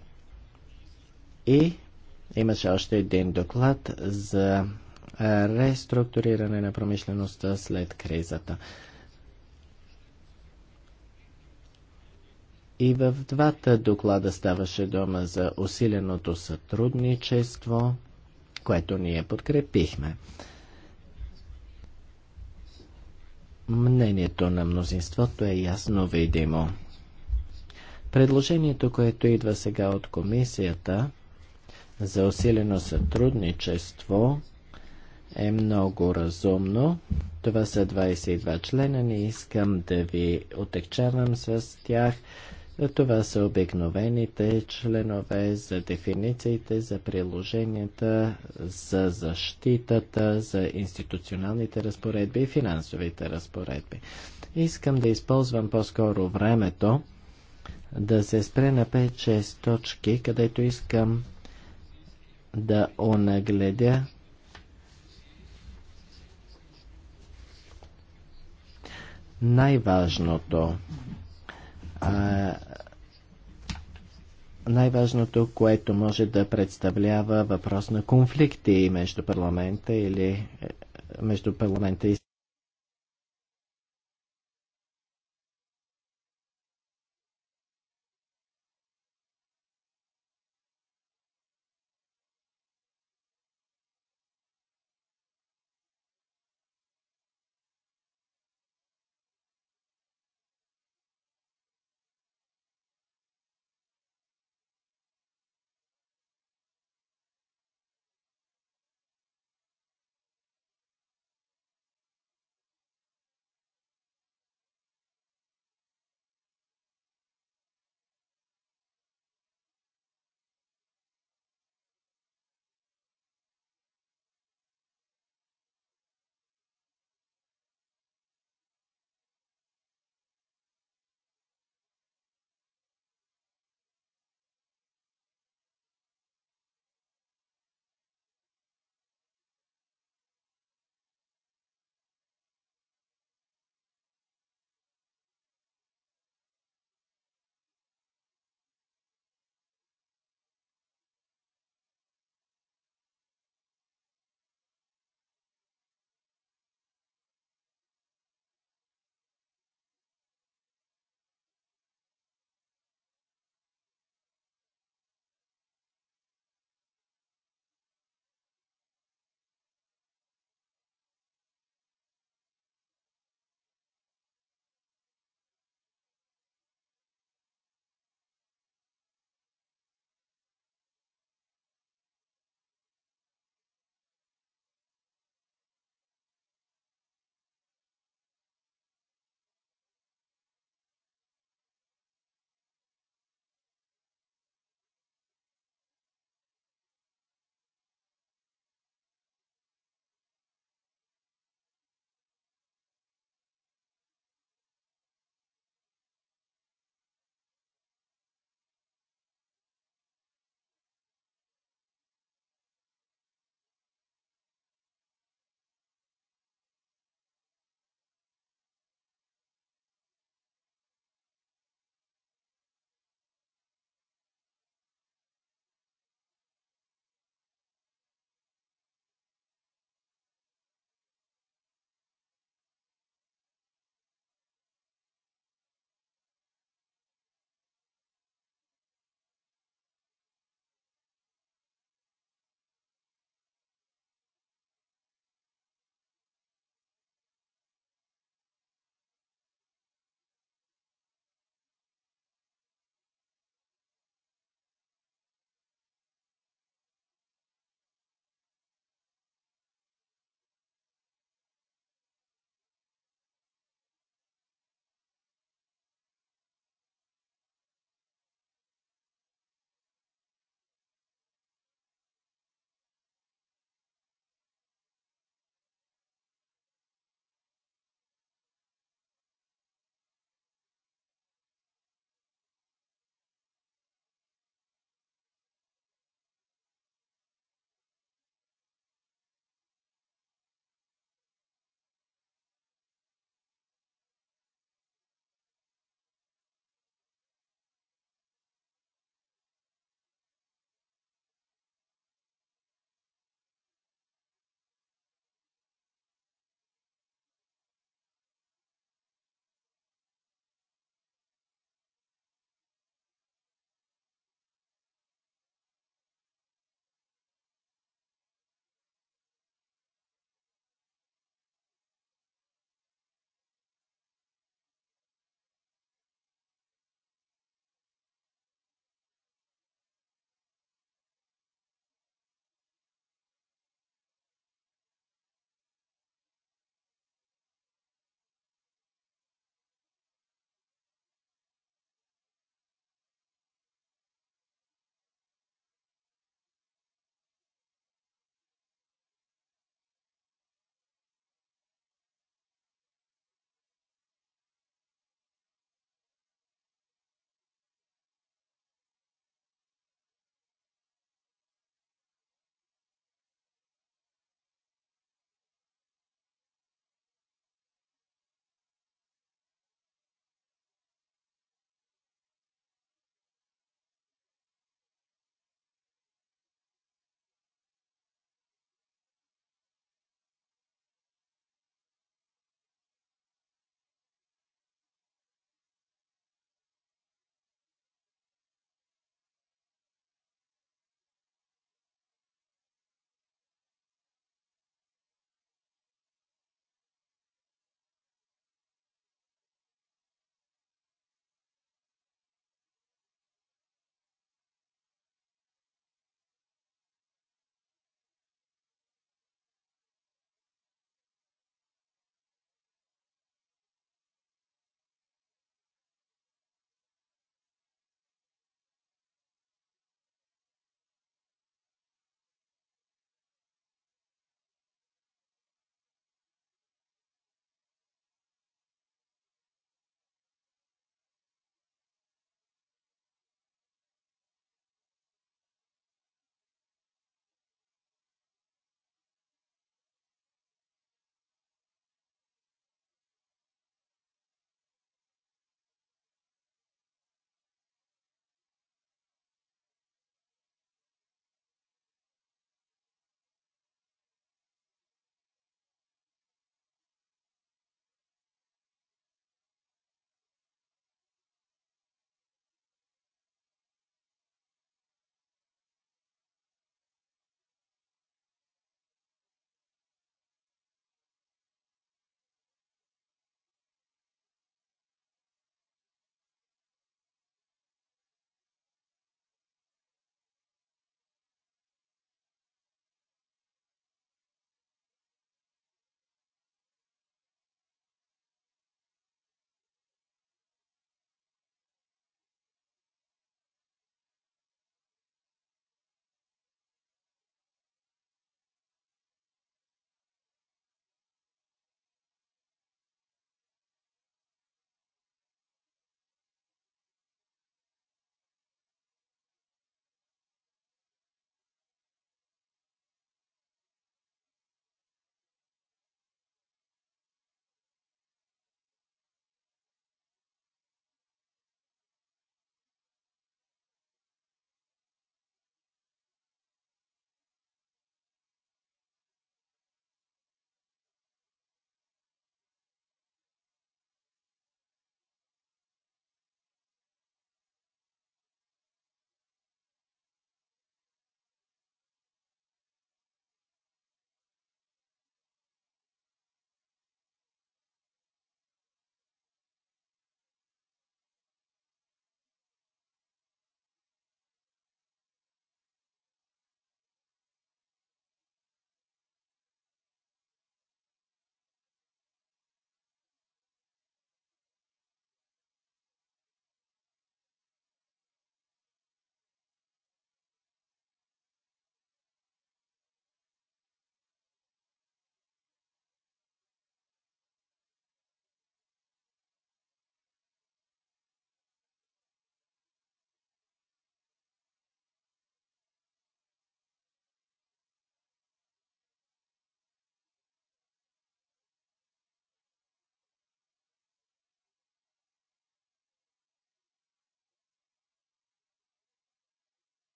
и имаше още един доклад за е, реструктуриране на промишлеността след кризата. И в двата доклада ставаше дума за усиленото сътрудничество, което ние подкрепихме. Мнението на мнозинството е ясно видимо. Предложението, което идва сега от комисията за усилено сътрудничество, е много разумно. Това са 22 члена. Не искам да ви отекчавам с тях. Това са обикновените членове за дефинициите, за приложенията, за защитата, за институционалните разпоредби и финансовите разпоредби. Искам да използвам по-скоро времето да се спре на 5-6 точки, където искам да онагледя най-важното най-важното, което може да представлява въпрос на конфликти между парламента или е, между парламента и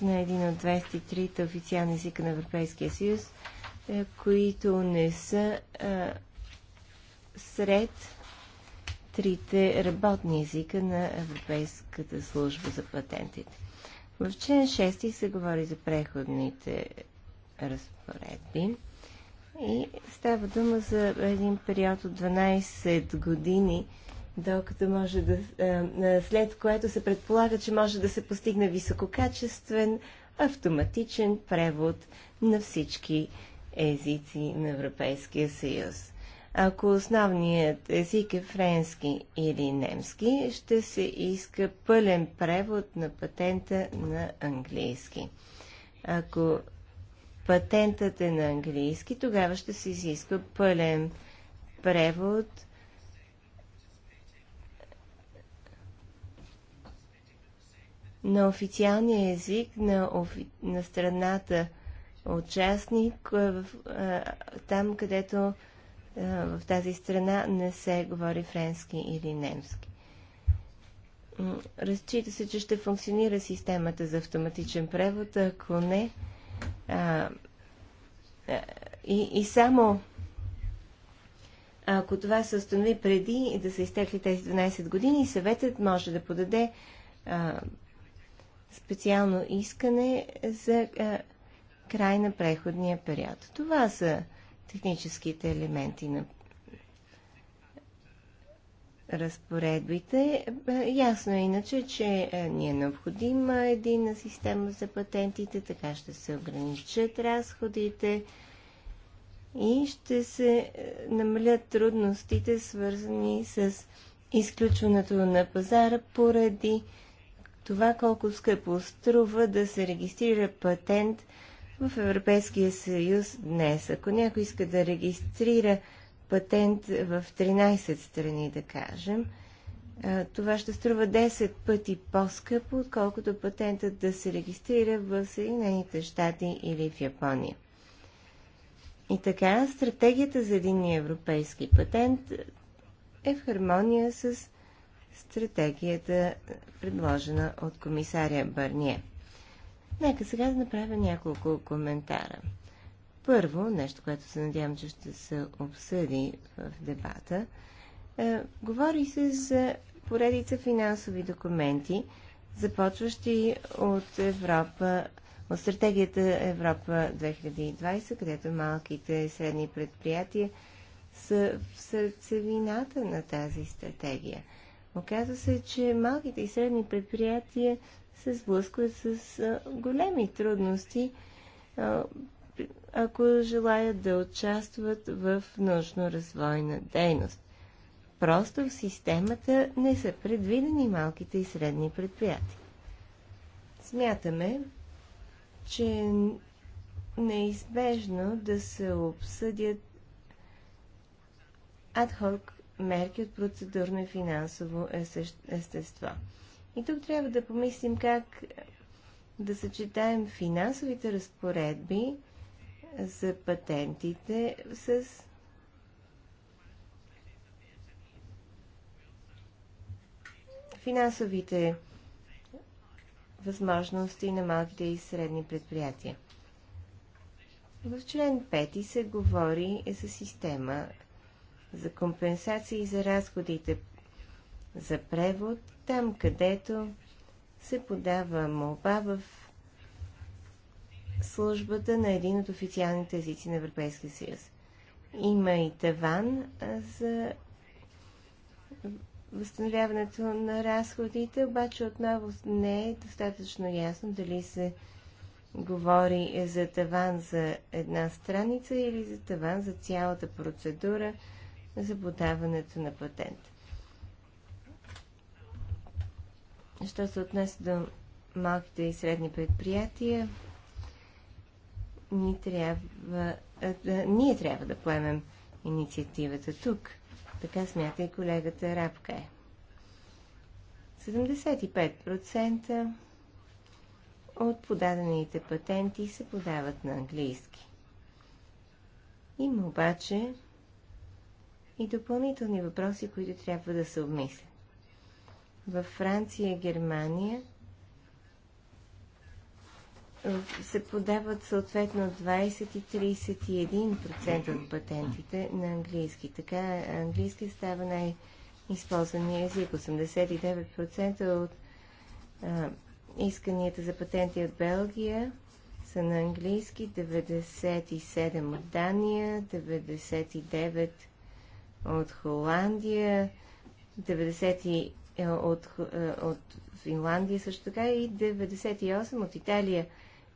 на един от 23-те официални езика на Европейския съюз, е, които не са а, сред трите работни езика на Европейската служба за патентите. В член 6 се говори за преходните разпоредби и става дума за един период от 12 години докато може да, е, е, след което се предполага, че може да се постигне висококачествен автоматичен превод на всички езици на Европейския съюз. Ако основният език е френски или немски, ще се иска пълен превод на патента на английски. Ако патентът е на английски, тогава ще се изиска пълен превод на официалния език на, офи... на страната участник, е, е, там където е, в тази страна не се говори френски или немски. Разчита се, че ще функционира системата за автоматичен превод, ако не. А, а, и, и само ако това се установи преди да са изтекли тези 12 години, съветът може да подаде а, специално искане за а, край на преходния период. Това са техническите елементи на разпоредбите. Ясно е иначе, че ни е необходима единна система за патентите, така ще се ограничат разходите и ще се намалят трудностите, свързани с изключването на пазара поради това колко скъпо струва да се регистрира патент в Европейския съюз днес. Ако някой иска да регистрира патент в 13 страни, да кажем, това ще струва 10 пъти по-скъпо, отколкото патентът да се регистрира в Съединените щати или в Япония. И така, стратегията за един европейски патент е в хармония с стратегията, предложена от комисаря Барние. Нека сега да направя няколко коментара. Първо, нещо, което се надявам, че ще се обсъди в дебата, е, говори се за поредица финансови документи, започващи от Европа, от стратегията Европа 2020, където малките и средни предприятия са в сърцевината на тази стратегия – Оказва се, че малките и средни предприятия се сблъскват с а, големи трудности, а, ако желаят да участват в научно-развойна дейност. Просто в системата не са предвидени малките и средни предприятия. Смятаме, че е неизбежно да се обсъдят адхок мерки от процедурно и финансово естество. И тук трябва да помислим как да съчетаем финансовите разпоредби за патентите с финансовите възможности на малките и средни предприятия. В член 5 се говори за система за компенсации за разходите за превод, там където се подава молба в службата на един от официалните езици на Европейския съюз. Има и таван за възстановяването на разходите, обаче отново не е достатъчно ясно дали се говори за таван за една страница или за таван за цялата процедура за подаването на патент. Що се отнесе до малките и средни предприятия, ни трябва, а, да, ние трябва да поемем инициативата тук. Така смята и колегата е. 75% от подадените патенти се подават на английски. Има обаче и допълнителни въпроси, които трябва да се обмислят. Във Франция и Германия е, се подават съответно 20 и 31% от патентите на английски. Така английски става най-използвания език. 89% от а, исканията за патенти от Белгия са на английски, 97 от Дания, 99 от Холандия, 90 е, от, е, от Финландия също така и 98 от Италия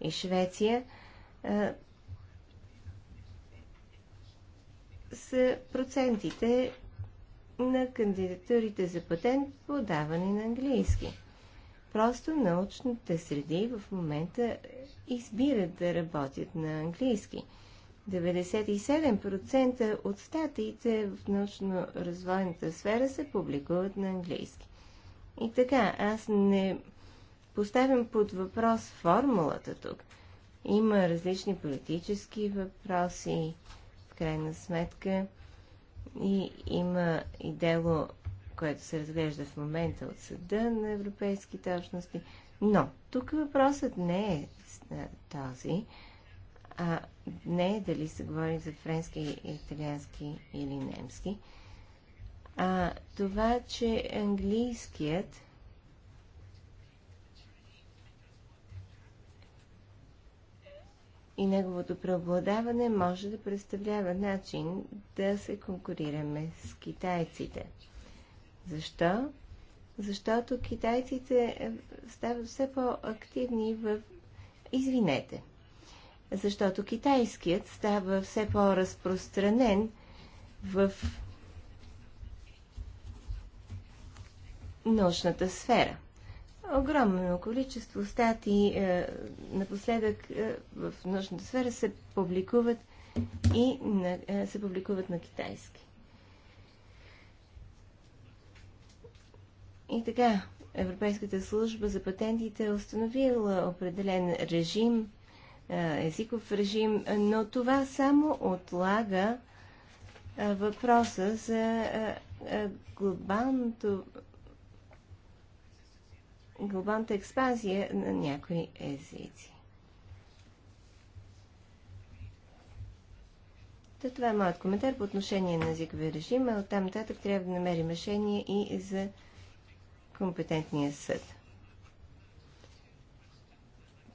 и Швеция а, е, са процентите на кандидатурите за патент подавани на английски. Просто научните среди в момента избират да работят на английски. 97% от статиите в научно-развойната сфера се публикуват на английски. И така, аз не поставям под въпрос формулата тук. Има различни политически въпроси, в крайна сметка, и има и дело, което се разглежда в момента от съда на европейските общности. Но тук въпросът не е този, а не е дали се говори за френски, италиански или немски, а това, че английският и неговото преобладаване може да представлява начин да се конкурираме с китайците. Защо? Защото китайците е, стават все по-активни в... Извинете, защото китайският става все по-разпространен в научната сфера. Огромно количество статии е, напоследък е, в научната сфера се публикуват и на, е, се публикуват на китайски. И така, Европейската служба за патентите е установила определен режим е, езиков режим, но това само отлага е, въпроса за е, глобалното глобалната експазия на някои езици. Та това е моят коментар по отношение на езиковия режим, а оттам нататък трябва да намерим решение и за компетентния съд.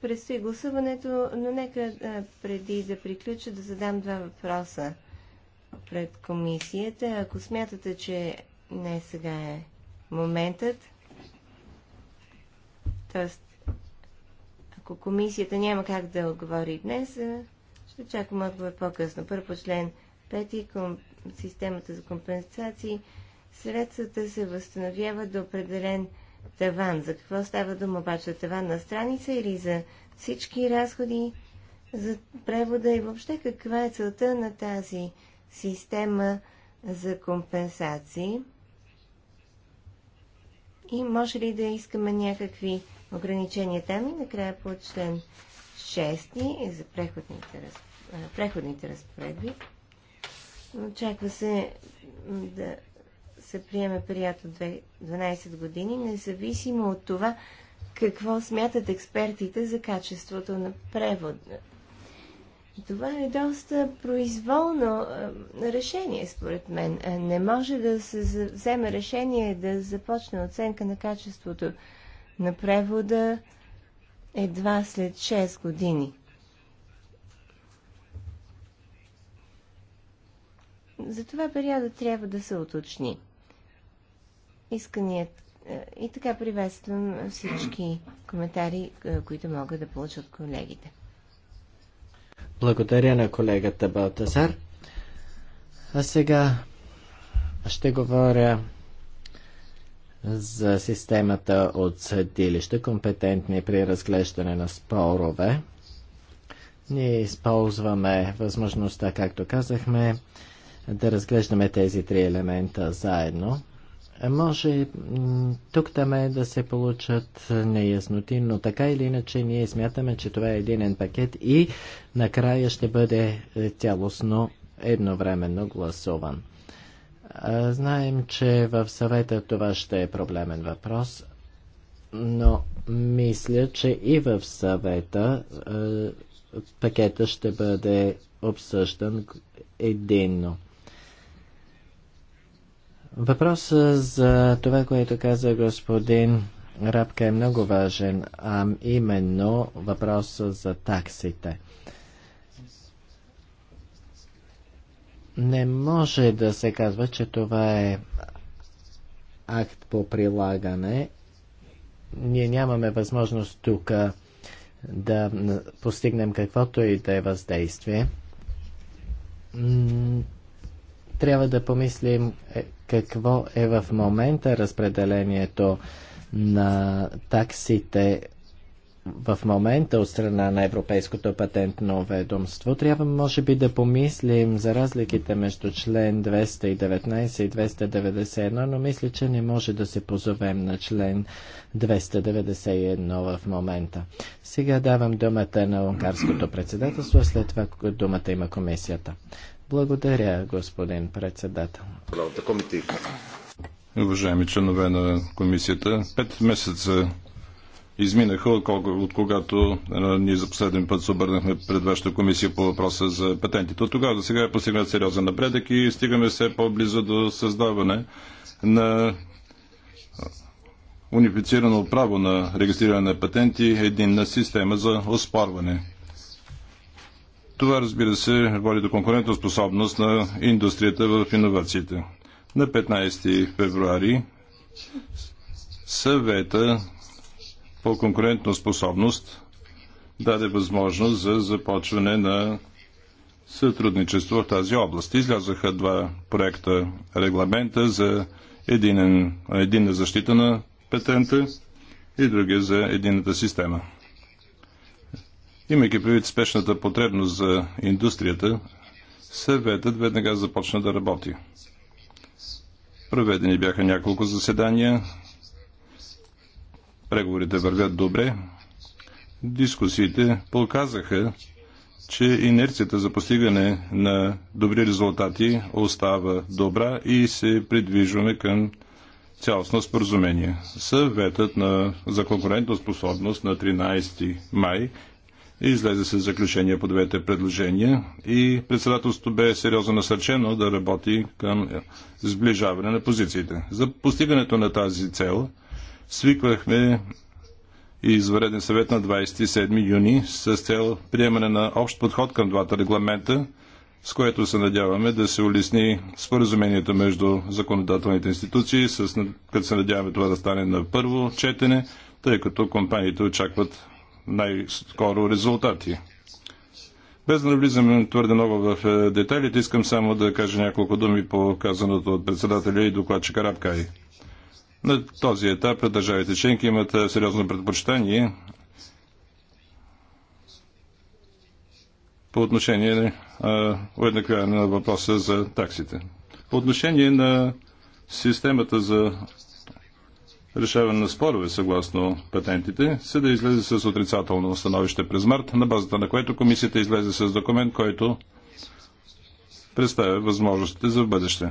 Предстои гласуването, но нека преди да приключа да задам два въпроса пред комисията. Ако смятате, че не сега е моментът, т.е. ако комисията няма как да отговори днес, ще чакам отговор по-късно. Първо член 5 към системата за компенсации. Средствата се възстановяват до определен таван. За какво става дума обаче? Таван на страница или за всички разходи за превода и въобще каква е целта на тази система за компенсации? И може ли да искаме някакви ограничения там и накрая по член 6 за преходните, преходните разпоредби? Очаква се да се приеме период от 12 години, независимо от това какво смятат експертите за качеството на превода. Това е доста произволно решение, според мен. Е, не може да се вземе решение да започне оценка на качеството на превода едва след 6 години. Затова периодът трябва да се уточни исканият. Е, и така приветствам всички коментари, е, които мога да получа от колегите. Благодаря на колегата Балтазар. А сега ще говоря за системата от съдилища, компетентни при разглеждане на спорове. Ние използваме възможността, както казахме, да разглеждаме тези три елемента заедно. Може тук там е да се получат неясноти, но така или иначе ние смятаме, че това е единен пакет и накрая ще бъде е, цялостно едновременно гласуван. Знаем, че в съвета това ще е проблемен въпрос, но мисля, че и в съвета е, пакета ще бъде обсъждан единно. Въпрос за това, което каза господин Рапка е много важен, а именно въпроса за таксите. Не може да се казва, че това е акт по прилагане. Ние нямаме възможност тук да постигнем каквото и да е въздействие трябва да помислим е, какво е в момента разпределението на таксите в момента от страна на Европейското патентно ведомство. Трябва, може би, да помислим за разликите между член 219 и 291, но мисля, че не може да се позовем на член 291 в момента. Сега давам думата на Унгарското председателство, след това думата има комисията. Благодаря, господин председател. Уважаеми членове на комисията, пет месеца изминаха, от, когато ние за последен път се обърнахме пред вашата комисия по въпроса за патентите. От тогава до сега е постигнат сериозен напредък и стигаме все по-близо до създаване на унифицирано право на регистриране на патенти, единна система за оспорване. Това, разбира се, води до конкурентоспособност на индустрията в иновациите. На 15 февруари съвета по конкурентоспособност даде възможност за започване на сътрудничество в тази област. Излязаха два проекта регламента за единен, единна защита на патента и другия за единната система. Имайки предвид спешната потребност за индустрията, съветът веднага започна да работи. Проведени бяха няколко заседания. Преговорите вървят добре. Дискусиите показаха, че инерцията за постигане на добри резултати остава добра и се придвижваме към цялостно споразумение. Съветът на, за конкурентоспособност на 13 май излезе с заключение по двете предложения и председателството бе сериозно насърчено да работи към сближаване на позициите. За постигането на тази цел свиквахме и извреден съвет на 27 юни с цел приемане на общ подход към двата регламента, с което се надяваме да се улесни споразумението между законодателните институции, с, като се надяваме това да стане на първо четене, тъй като компаниите очакват най-скоро резултати. Без да навлизам твърде много в е, детайлите, искам само да кажа няколко думи по казаното от председателя и докладчика Рабкай. На този етап държавите членки имат е, сериозно предпочитание по отношение на е, уеднаквяване на въпроса за таксите. По отношение на системата за решаване на спорове съгласно патентите, се да излезе с отрицателно становище през март, на базата на което комисията излезе с документ, който представя възможностите за бъдеще.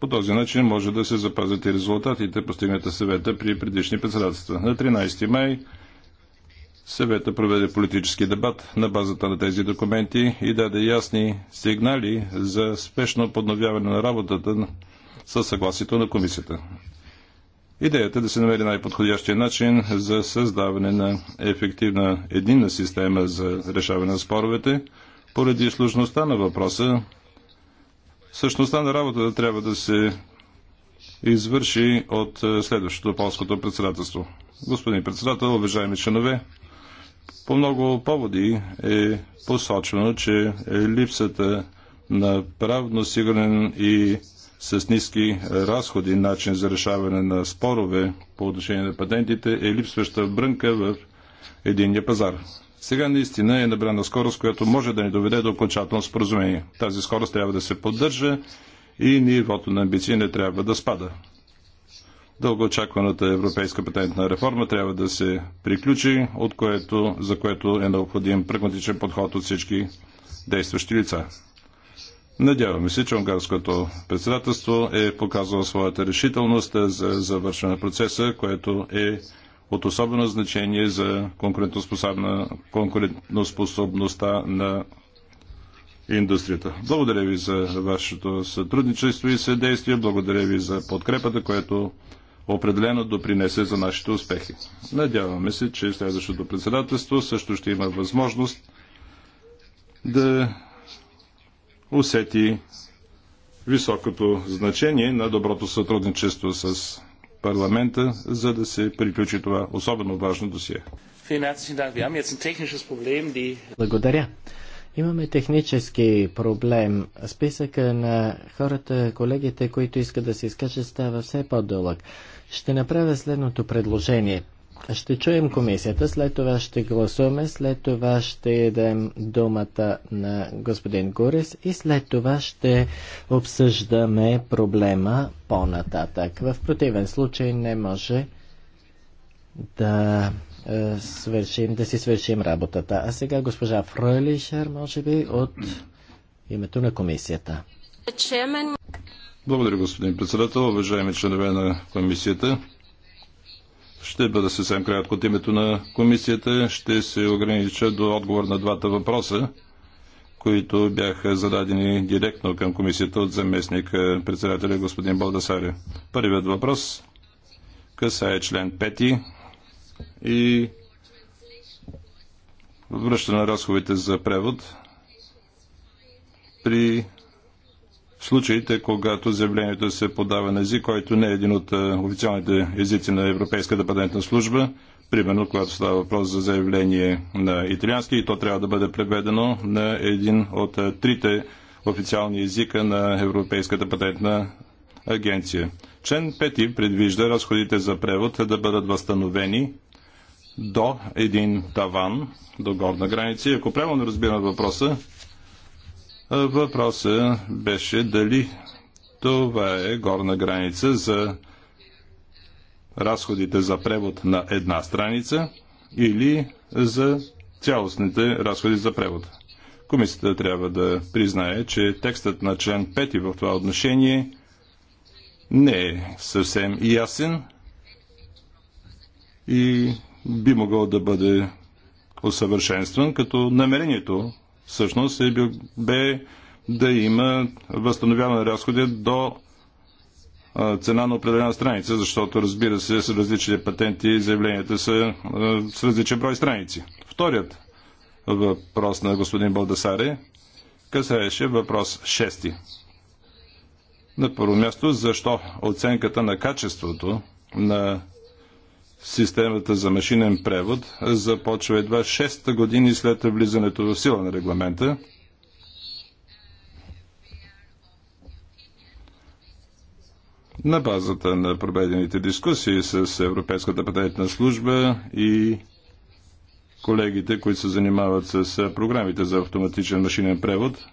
По този начин може да се запазят и резултатите, постигната съвета при предишни председателства. На 13 май съвета проведе политически дебат на базата на тези документи и даде ясни сигнали за спешно подновяване на работата на със съгласието на комисията. Идеята е да се намери най-подходящия начин за създаване на ефективна единна система за решаване на споровете, поради сложността на въпроса, същността на работата трябва да се извърши от е, следващото полското председателство. Господин председател, уважаеми членове, по много поводи е посочено, че липсата на правно сигурен и с ниски разходи начин за решаване на спорове по отношение на патентите е липсваща брънка в единния пазар. Сега наистина е набрана скорост, която може да ни доведе до окончателно споразумение. Тази скорост трябва да се поддържа и нивото на амбиции не трябва да спада. Дългоочакваната европейска патентна реформа трябва да се приключи, от което, за което е необходим прагматичен подход от всички действащи лица. Надяваме се, че унгарското председателство е показало своята решителност за завършване на процеса, което е от особено значение за конкурентоспособността на индустрията. Благодаря ви за вашето сътрудничество и съдействие. Благодаря ви за подкрепата, което определено допринесе за нашите успехи. Надяваме се, че следващото председателство също ще има възможност да усети високото значение на доброто сътрудничество с парламента, за да се приключи това особено важно досие. Благодаря. Имаме технически проблем. Списъка на хората, колегите, които искат да се изкачат, става все по-дълъг. Ще направя следното предложение – ще чуем комисията, след това ще гласуваме, след това ще дадем думата на господин Горис и след това ще обсъждаме проблема по-нататък. В противен случай не може да, е, свършим, да си свършим работата. А сега госпожа Фройлишер, може би, от името на комисията. Благодаря, господин председател, уважаеми членове на комисията. Ще бъда съвсем кратко от името на комисията. Ще се огранича до отговор на двата въпроса, които бяха зададени директно към комисията от заместник председателя господин Балдасаре. Първият въпрос касае член 5 и връща на разходите за превод при в случаите, когато заявлението се подава на език, който не е един от официалните езици на Европейската патентна служба, примерно когато става въпрос за заявление на италиански и то трябва да бъде преведено на един от трите официални езика на Европейската патентна агенция. Член 5 предвижда разходите за превод да бъдат възстановени до един таван, до горна граница. И ако правилно разбирам въпроса, Въпросът беше дали това е горна граница за разходите за превод на една страница или за цялостните разходи за превод. Комисията трябва да признае, че текстът на член 5 в това отношение не е съвсем ясен и би могъл да бъде усъвършенстван, като намерението всъщност е бил, бе да има възстановяване на разходи до цена на определена страница, защото разбира се с различни патенти и заявленията са с различен брой страници. Вторият въпрос на господин Балдасаре касаеше въпрос 6. На първо място, защо оценката на качеството на системата за машинен превод започва едва 6 години след влизането в сила на регламента. На базата на проведените дискусии с Европейската патентна служба и колегите, които се занимават с програмите за автоматичен машинен превод,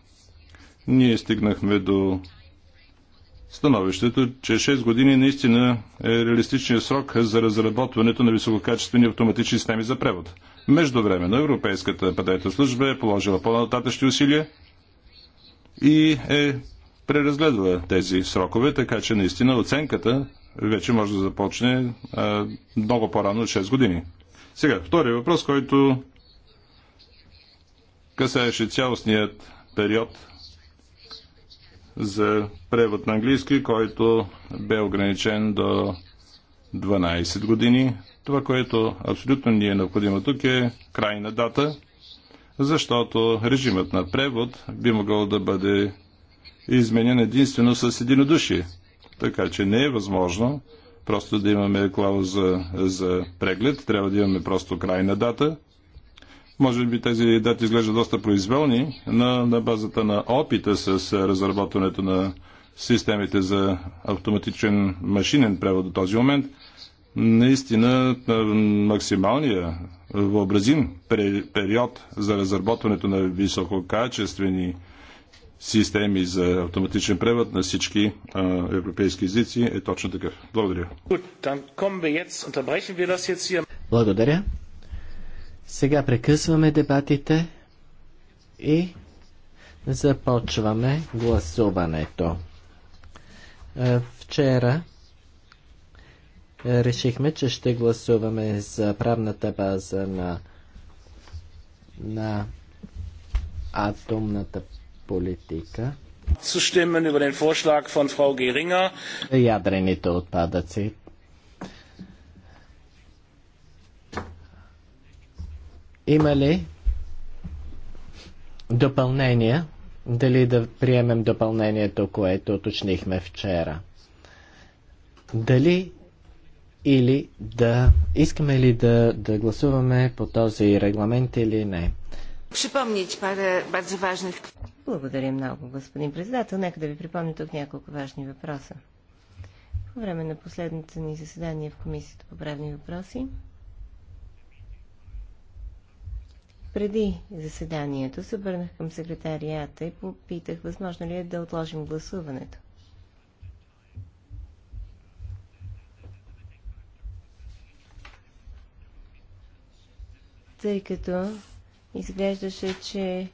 ние стигнахме до становището, че 6 години наистина е реалистичният срок за разработването на висококачествени автоматични системи за превод. Междувременно Европейската патентна служба е положила по-нататъчни усилия и е преразгледала тези срокове, така че наистина оценката вече може да започне а, много по-рано от 6 години. Сега, втори въпрос, който касаеше цялостният период за превод на английски, който бе ограничен до 12 години. Това, което абсолютно ни е необходимо тук е крайна дата, защото режимът на превод би могъл да бъде изменен единствено с единодушие. Така че не е възможно просто да имаме клауза за преглед, трябва да имаме просто крайна дата може би тези дати изглеждат доста произволни, но на базата на опита с разработването на системите за автоматичен машинен превод до този момент, наистина максималния въобразим период за разработването на висококачествени системи за автоматичен превод на всички а, европейски езици е точно такъв. Благодаря. Благодаря. Сега прекъсваме дебатите и започваме гласуването. Е, вчера решихме, че ще гласуваме за правната база на, на атомната политика. Zustimmen über den Vorschlag von Frau Geringer. Ядрените отпадъци. Има ли допълнение Дали да приемем допълнението, което уточнихме вчера? Дали или да искаме ли да, да гласуваме по този регламент или не? Припомнить пара бързо важних. Благодаря много, господин председател. Нека да ви припомня тук няколко важни въпроса. По време на последното ни заседание в Комисията по правни въпроси Преди заседанието се обърнах към секретарията и попитах, възможно ли е да отложим гласуването. Тъй като изглеждаше, че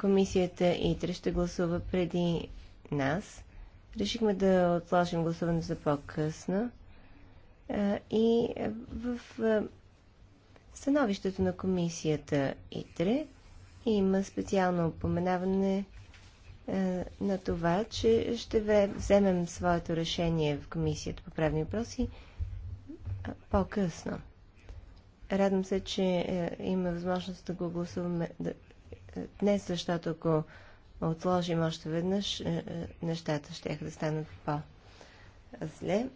комисията ИТРЕ ще гласува преди нас. Решихме да отложим гласуването за по-късно. И в становището на комисията ИТРЕ има специално упоменаване е, на това, че ще вземем своето решение в комисията по правни въпроси по-късно. Радвам се, че е, има възможност да го гласуваме да, е, днес, защото ако отложим още веднъж, е, е, нещата ще да станат по-зле.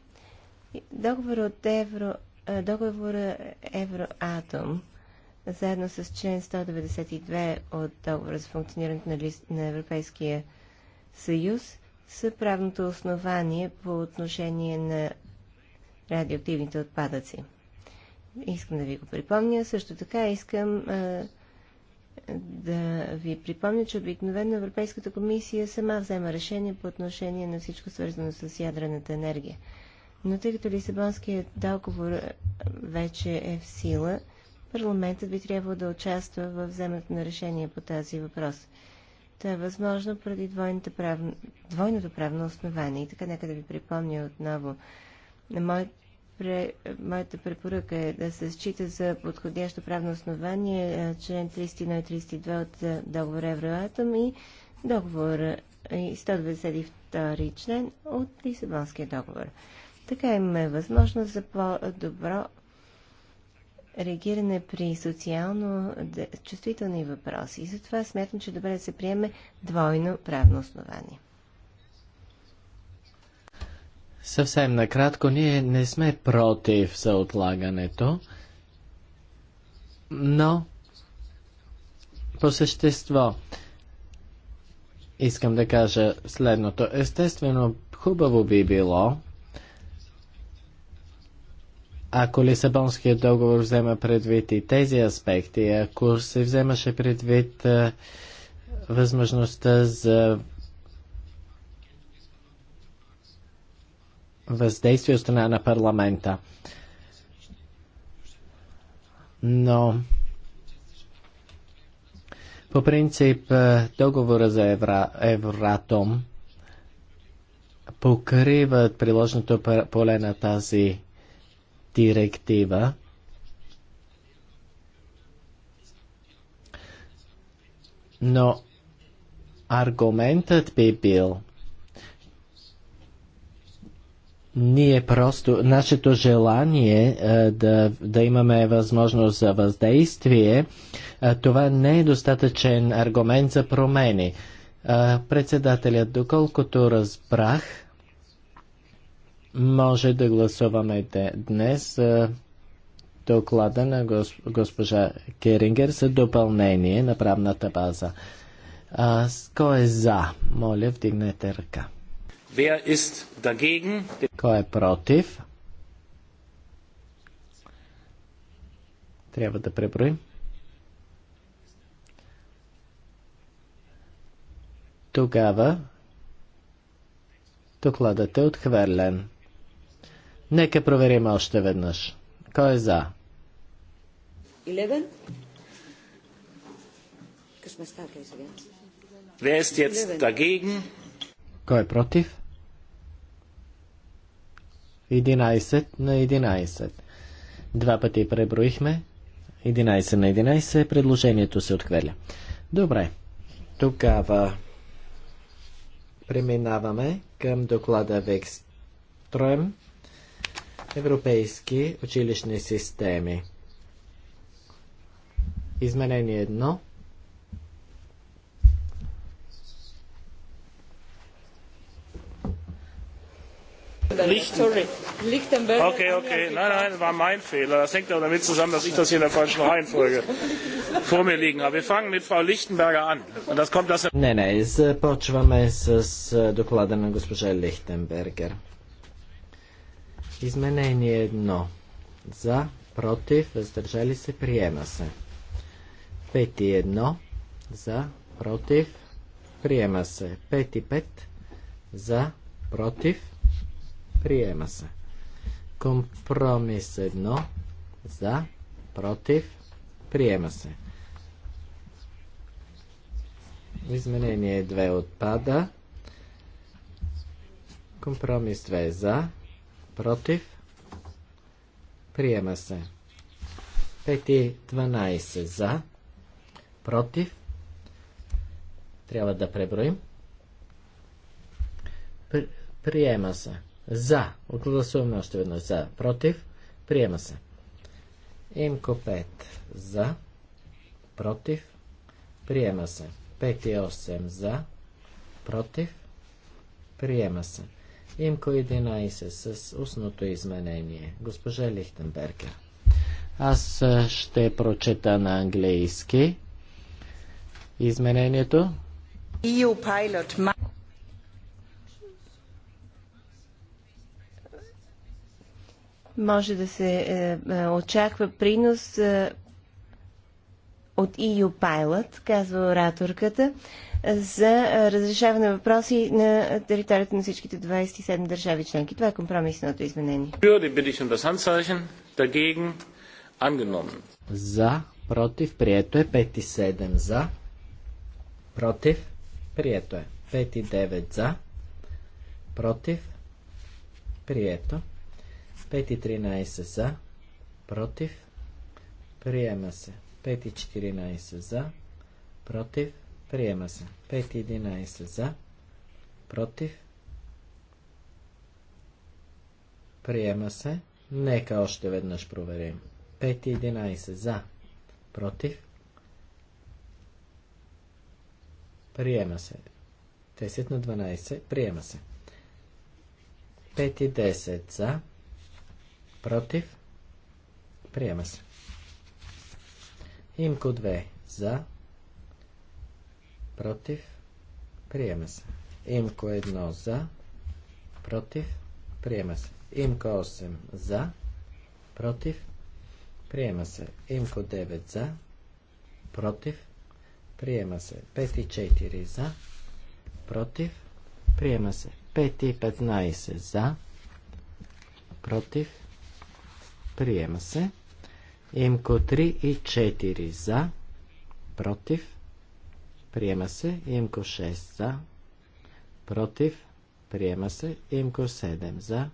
Договор от Евро е, договора Евроатом, заедно с член 192 от договора за функционирането на, лист, на Европейския съюз, са правното основание по отношение на радиоактивните отпадъци. Искам да ви го припомня. Също така искам а, е, да ви припомня, че обикновено Европейската комисия сама взема решение по отношение на всичко свързано с ядрената енергия. Но тъй като Лисабонският договор е, вече е в сила, парламентът би трябвало да участва в вземането на решение по тази въпрос. Това е възможно преди прав... двойното правно основание. И така нека да ви припомня отново. Мой... Пре... Моята препоръка е да се счита за подходящо правно основание е, член 31 и 32 от е, договор Евроатом и договор 192 член от Лисабонския договор. Така имаме възможност за по-добро реагиране при социално чувствителни въпроси. И затова смятам, че добре да се приеме двойно правно основание. Съвсем накратко, ние не сме против за отлагането, но по същество искам да кажа следното. Естествено, хубаво би било ако Лисабонският договор взема предвид и тези аспекти, ако се вземаше предвид а, възможността за въздействие от страна на парламента. Но по принцип договора за Евра, Евратом покриват приложното поле на тази директива, но аргументът би бил, ние просто, нашето желание е, да, да имаме възможност за въздействие, е, това не е достатъчен аргумент за промени. Е, председателят, доколкото разбрах, може да гласуваме днес доклада на госпожа Керингер за допълнение на правната база. А, кой е за? Моля, вдигнете ръка. Кой е против? Трябва да преброим. Тогава докладът е отхвърлен. Нека проверим още веднъж. Кой е за? 11? Wer ist jetzt dagegen? Кой е против? 11 на 11. Два пъти преброихме. 11 на 11. Предложението се отхвърля. Добре. Тогава преминаваме към доклада Векстрем. Европейски училищни системи. Изменение едно. Lichtenberger. Okay, okay. Nein, nein, war mein Fehler. Das hängt aber damit zusammen, dass ich das hier in der falschen Reihenfolge vor mir liegen habe. Wir fangen mit Frau Lichtenberger an. Und das kommt das... Не, не, es ist доклада на госпожа Lichtenberger. Изменение 1. За, против, въздържали се, приема се. 5 и 1. За, против, приема се. Пети и 5. За, против, приема се. Компромис 1. За, против, приема се. Изменение 2 отпада. Компромис 2 за, Против. Приема се. Пети 12 за. Против. Трябва да преброим. Приема се. За. Отгласуваме още веднъж. За. Против. Приема се. Имко 5. За. Против. Приема се. 5 и 8. За. Против. Приема се. Имко 11 с устното изменение. Госпожа Лихтенбергер. Аз ще прочета на английски изменението. EU pilot. Може да се е, е, очаква принос е, от EU Pilot, казва ораторката за разрешаване на въпроси на територията на всичките 27 държави членки. Това е компромисното изменение. Um за, против, прието е 5 и 7 за, против, прието е 5 и 9 за, против, прието, 5 и 13 за, против, приема се, 5 и 14 за, против, Приема се. 5.11 за. Против. Приема се. Нека още веднъж проверим. 5.11 за. Против. Приема се. 10 на 12. Приема се. 5 и 10 за. Против. Приема се. Имко 2 за против, приема се. Имко 1 за, против, приема се. Имко 8 за, против, приема се. Имко 9 за, против, приема се. 5 и 4 за, против, приема се. 5 и 15 за, против, приема се. Имко 3 и 4 за, против, Приема се. Имко 6 за. Против. Приема се. Имко 7 за.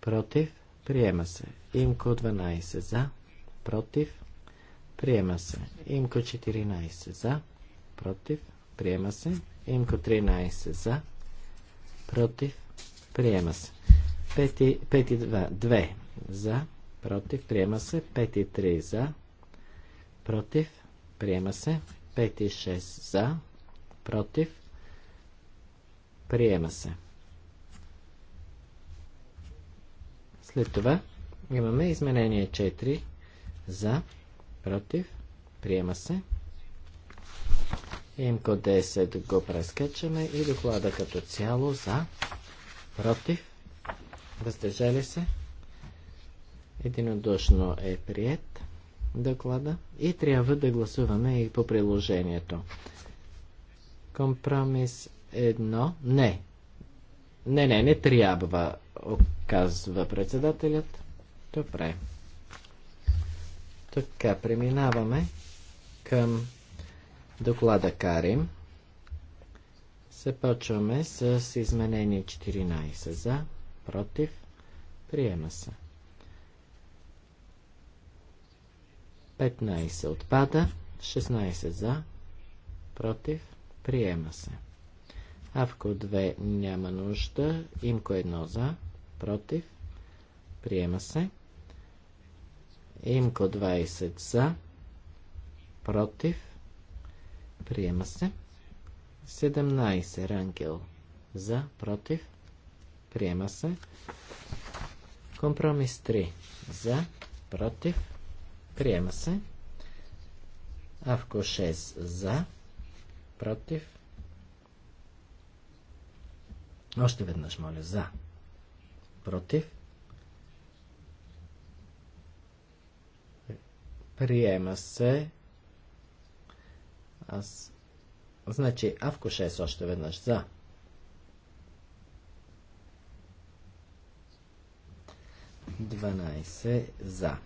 Против. Приема се. Имко 12 за. Против. Приема се. Имко 14 за. Против. Приема се. Имко 13 за. Против. Приема се. 5 2, 2 за. Против. Приема се. 5 3 за. Против. Приема се. 5 и 6 за, против, приема се. След това имаме изменение 4 за, против, приема се. Имко 10 го прескачаме и доклада като цяло за, против, въздържали се. Единодушно е прият доклада и трябва да гласуваме и по приложението. Компромис едно. Не. Не, не, не трябва, оказва председателят. Добре. Така, преминаваме към доклада Карим. Започваме с изменение 14 за, против, приема се. 15 отпада, 16 за, против, приема се. Авко 2 няма нужда, имко 1 за, против, приема се. Имко 20 за, против, приема се. 17 рангел за, против, приема се. Компромис 3 за, против, Приема се. Авко 6 за. Против. Още веднъж, моля, за. Против. Приема се. Аз. Значи, Авко 6 още веднъж за. Дванайсе за.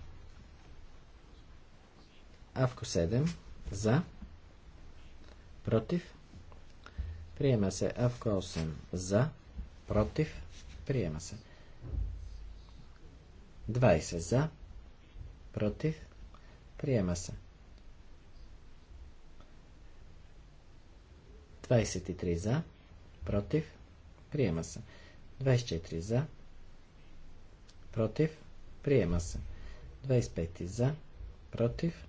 Авко 7 за. Против. Приема се. Авко 8 за. Против. Приема се. 20 за. Против. Приема се. 23 за. Против. Приема се. 24 за. Против. Приема се. 25 за. Против.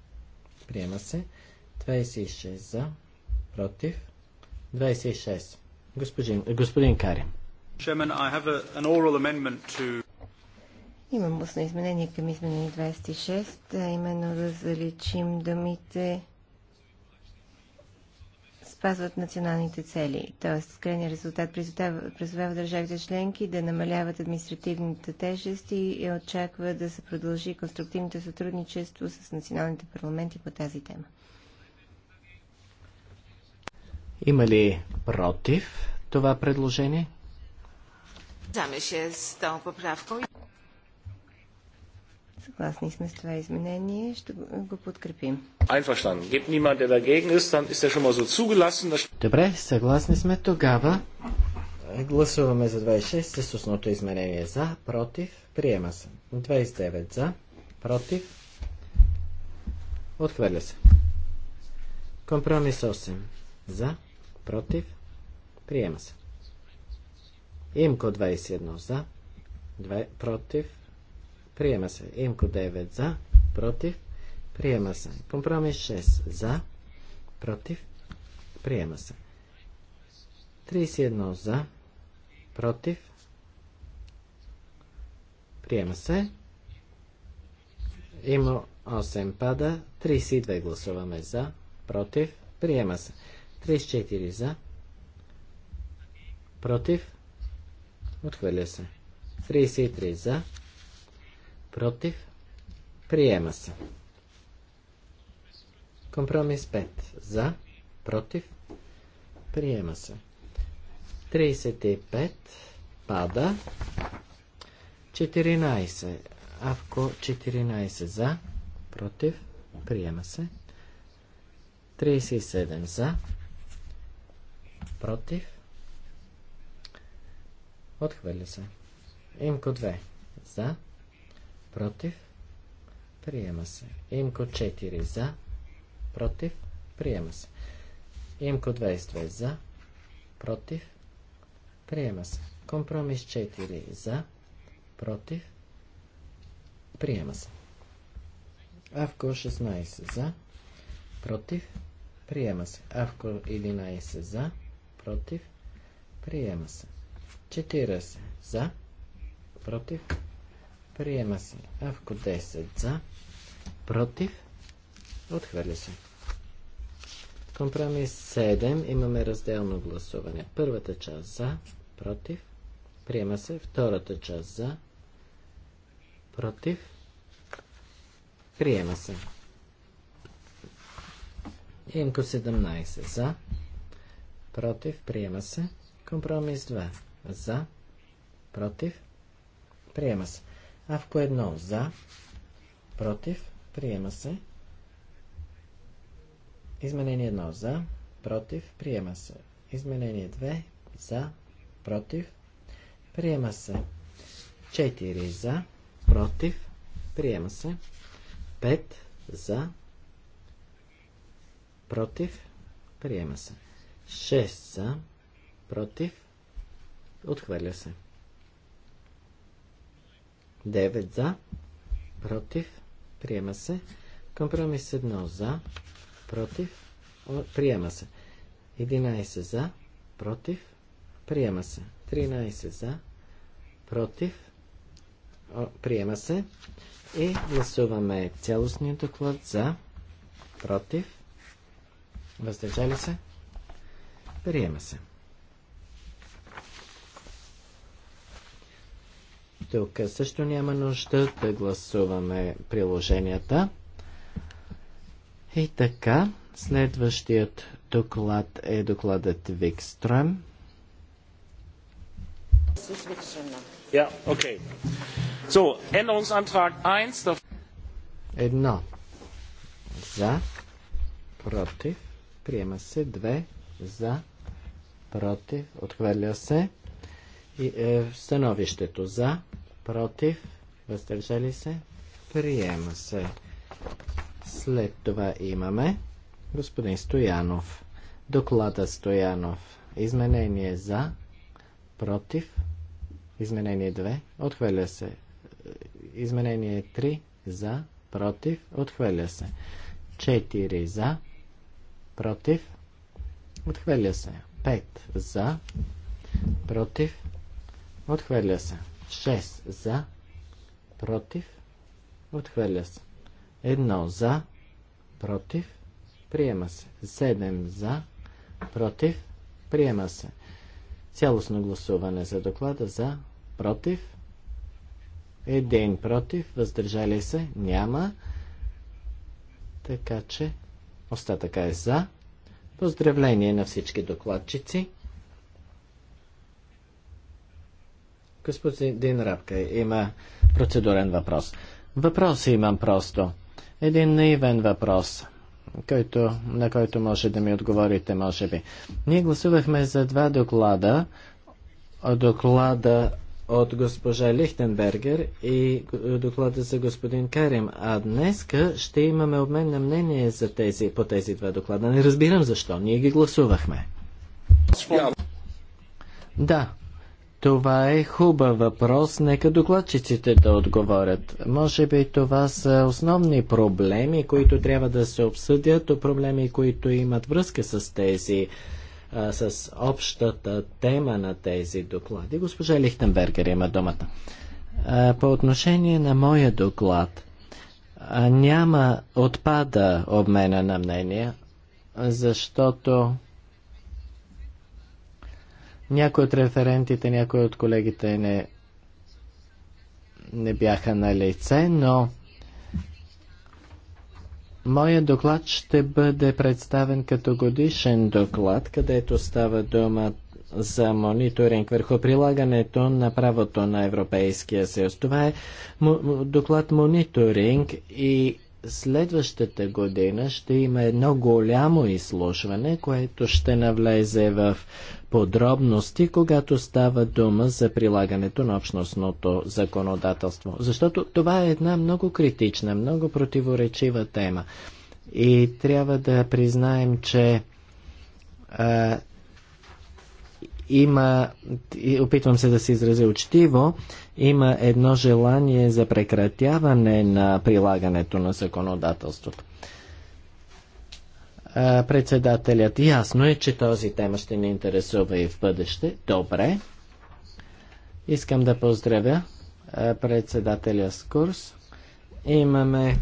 Приема се. 26 за. Против. 26. Господин, господин Кари. Имам устно изменение към изменение 26, а именно да заличим думите спазват националните цели. Тоест, крайният резултат призовава държавите членки да намаляват административните тежести и очаква да се продължи конструктивното сътрудничество с националните парламенти по тази тема. Има ли против това предложение? Замеше с тази поправка. Съгласни сме с това изменение. Ще го подкрепим. Добре, съгласни сме тогава. Е, гласуваме за 26 с основното изменение за, против, приема се. 29 за, против, отхвърля се. Компромис 8 за, против, приема се. Имко 21 за, 2, против, Приема се. Имко 9 за. Против. Приема се. Компромис 6 за. Против. Приема се. 31 за. Против. Приема се. Има 8 пада. 32 гласуваме за. Против. Приема се. 34 за. Против. Отхвърля се. 33 за. Против. Приема се. Компромис 5. За. Против. Приема се. 35. Пада. 14. Авко 14 за. Против. Приема се. 37 за. Против. Отхвърля се. Имко 2. За против, приема се. Имко 4 за, против, приема се. Имко 22 за, против, приема се. Компромис 4 за, против, приема се. Авко 16 за, против, приема се. Авко 11 за, против, приема се. 40 за, против, Приема се. Авко 10 за. Против. Отхвърля се. Компромис 7. Имаме разделно гласуване. Първата част за. Против. Приема се. Втората част за. Против. Приема се. Имко 17 за. Против. Приема се. Компромис 2. За. Против. Приема се. Авко едно за, против, приема се. Изменение 1 за, против, приема се. Изменение 2 за, против, приема се. 4 за, против, приема се. 5 за, против, приема се. 6 за, против, отхвърля се. 9 за, против, приема се. Компромис 1 за, против, приема се. 11 за, против, приема се. 13 за, против, приема се. И гласуваме цялостния доклад за, против, въздържали се, приема се. Тук също няма нужда да гласуваме приложенията. И така, следващият доклад е докладът Викстрем. Ja, okay. So, Änderungsantrag 1. Едно. За. Против. Приема се. Две. За. Против. Отхвърля се. И, е, становището за против, въздържали се, приема се. След това имаме господин Стоянов. Доклада Стоянов. Изменение за, против, изменение 2, отхвърля се. Изменение 3, за, против, отхвърля се. 4 за, против, отхвърля се. 5 за, против, отхвърля се. 6 за, против, отхвърля се. Едно за, против, приема се. 7 за, против, приема се. Цялостно гласуване за доклада за, против, един против, въздържали се, няма. Така че остатъка е за. Поздравление на всички докладчици. Господин Рапка, има процедурен въпрос. Въпрос имам просто. Един наивен въпрос, който, на който може да ми отговорите, може би. Ние гласувахме за два доклада. Доклада от госпожа Лихтенбергер и доклада за господин Карим. А днес ще имаме обмен на мнение за тези, по тези два доклада. Не разбирам защо. Ние ги гласувахме. Да, това е хубав въпрос. Нека докладчиците да отговорят. Може би това са основни проблеми, които трябва да се обсъдят, проблеми, които имат връзка с тези, а, с общата тема на тези доклади. Госпожа Лихтенбергер има думата. А, по отношение на моя доклад, а, няма отпада обмена на мнения, защото някои от референтите, някои от колегите не, не бяха на лице, но Моят доклад ще бъде представен като годишен доклад, където става дума за мониторинг върху прилагането на правото на Европейския съюз. Това е доклад мониторинг и следващата година ще има едно голямо изслушване, което ще навлезе в подробности, когато става дума за прилагането на общностното законодателство. Защото това е една много критична, много противоречива тема. И трябва да признаем, че а, има, опитвам се да се изразя учтиво, има едно желание за прекратяване на прилагането на законодателството. Председателят, ясно е, че този тема ще ни интересува и в бъдеще. Добре. Искам да поздравя председателя с курс. Имаме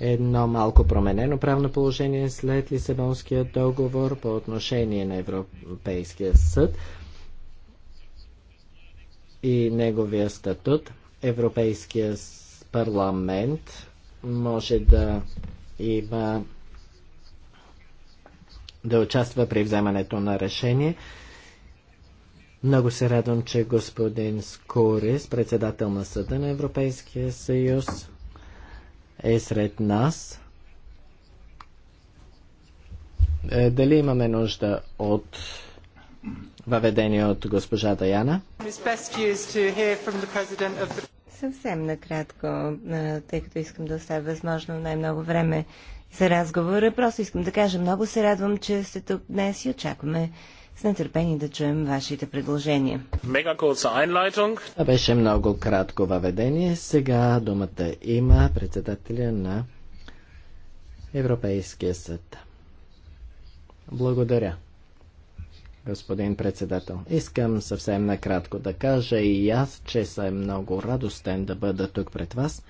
едно малко променено правно положение след Лисабонския договор по отношение на Европейския съд и неговия статут. Европейския парламент може да има да участва при вземането на решение. Много се радвам, че господин Скорис, председател на Съда на Европейския съюз, е сред нас. Е, дали имаме нужда от въведение от госпожа Даяна? Съвсем накратко, тъй като искам да оставя възможно най-много време за разговора. Просто искам да кажа, много се радвам, че сте тук днес и очакваме с нетърпение да чуем вашите предложения. Мега Това беше много кратко въведение. Сега думата има председателя на Европейския съд. Благодаря господин председател. Искам съвсем накратко да кажа и аз, че съм много радостен да бъда тук пред вас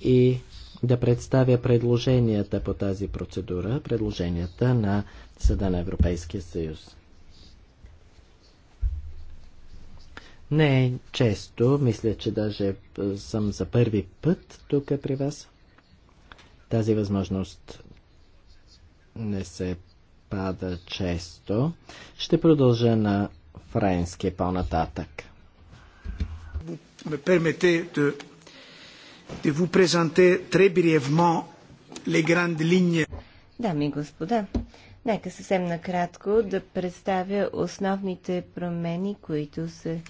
и да представя предложенията по тази процедура, предложенията на Съда на Европейския съюз. Не е често, мисля, че даже съм за първи път тук при вас. Тази възможност не се пада често. Ще продължа на френски по-нататък. Me permettez Дами и господа, нека съвсем накратко да представя основните промени, които се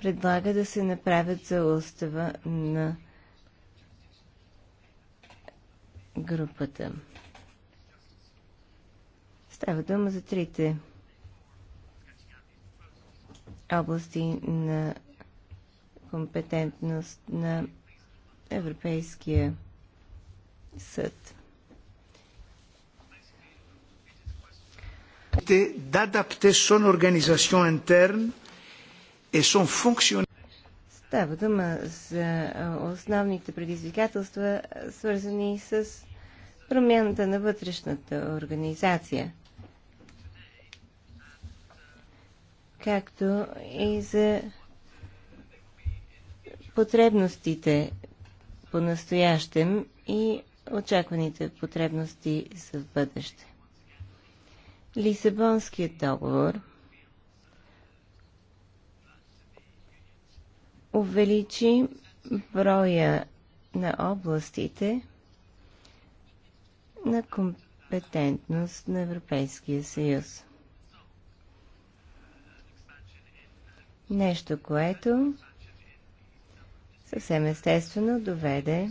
предлага да се направят за устава на групата. Става дума за трите области на компетентност на Европейския съд. D'adapter son организацион интерн и сон функционал. Става дума за основните предизвикателства, свързани с промяната на вътрешната организация, както и за потребностите по-настоящем и очакваните потребности за бъдеще. Лисабонският договор увеличи броя на областите на компетентност на Европейския съюз. Нещо, което съвсем естествено доведе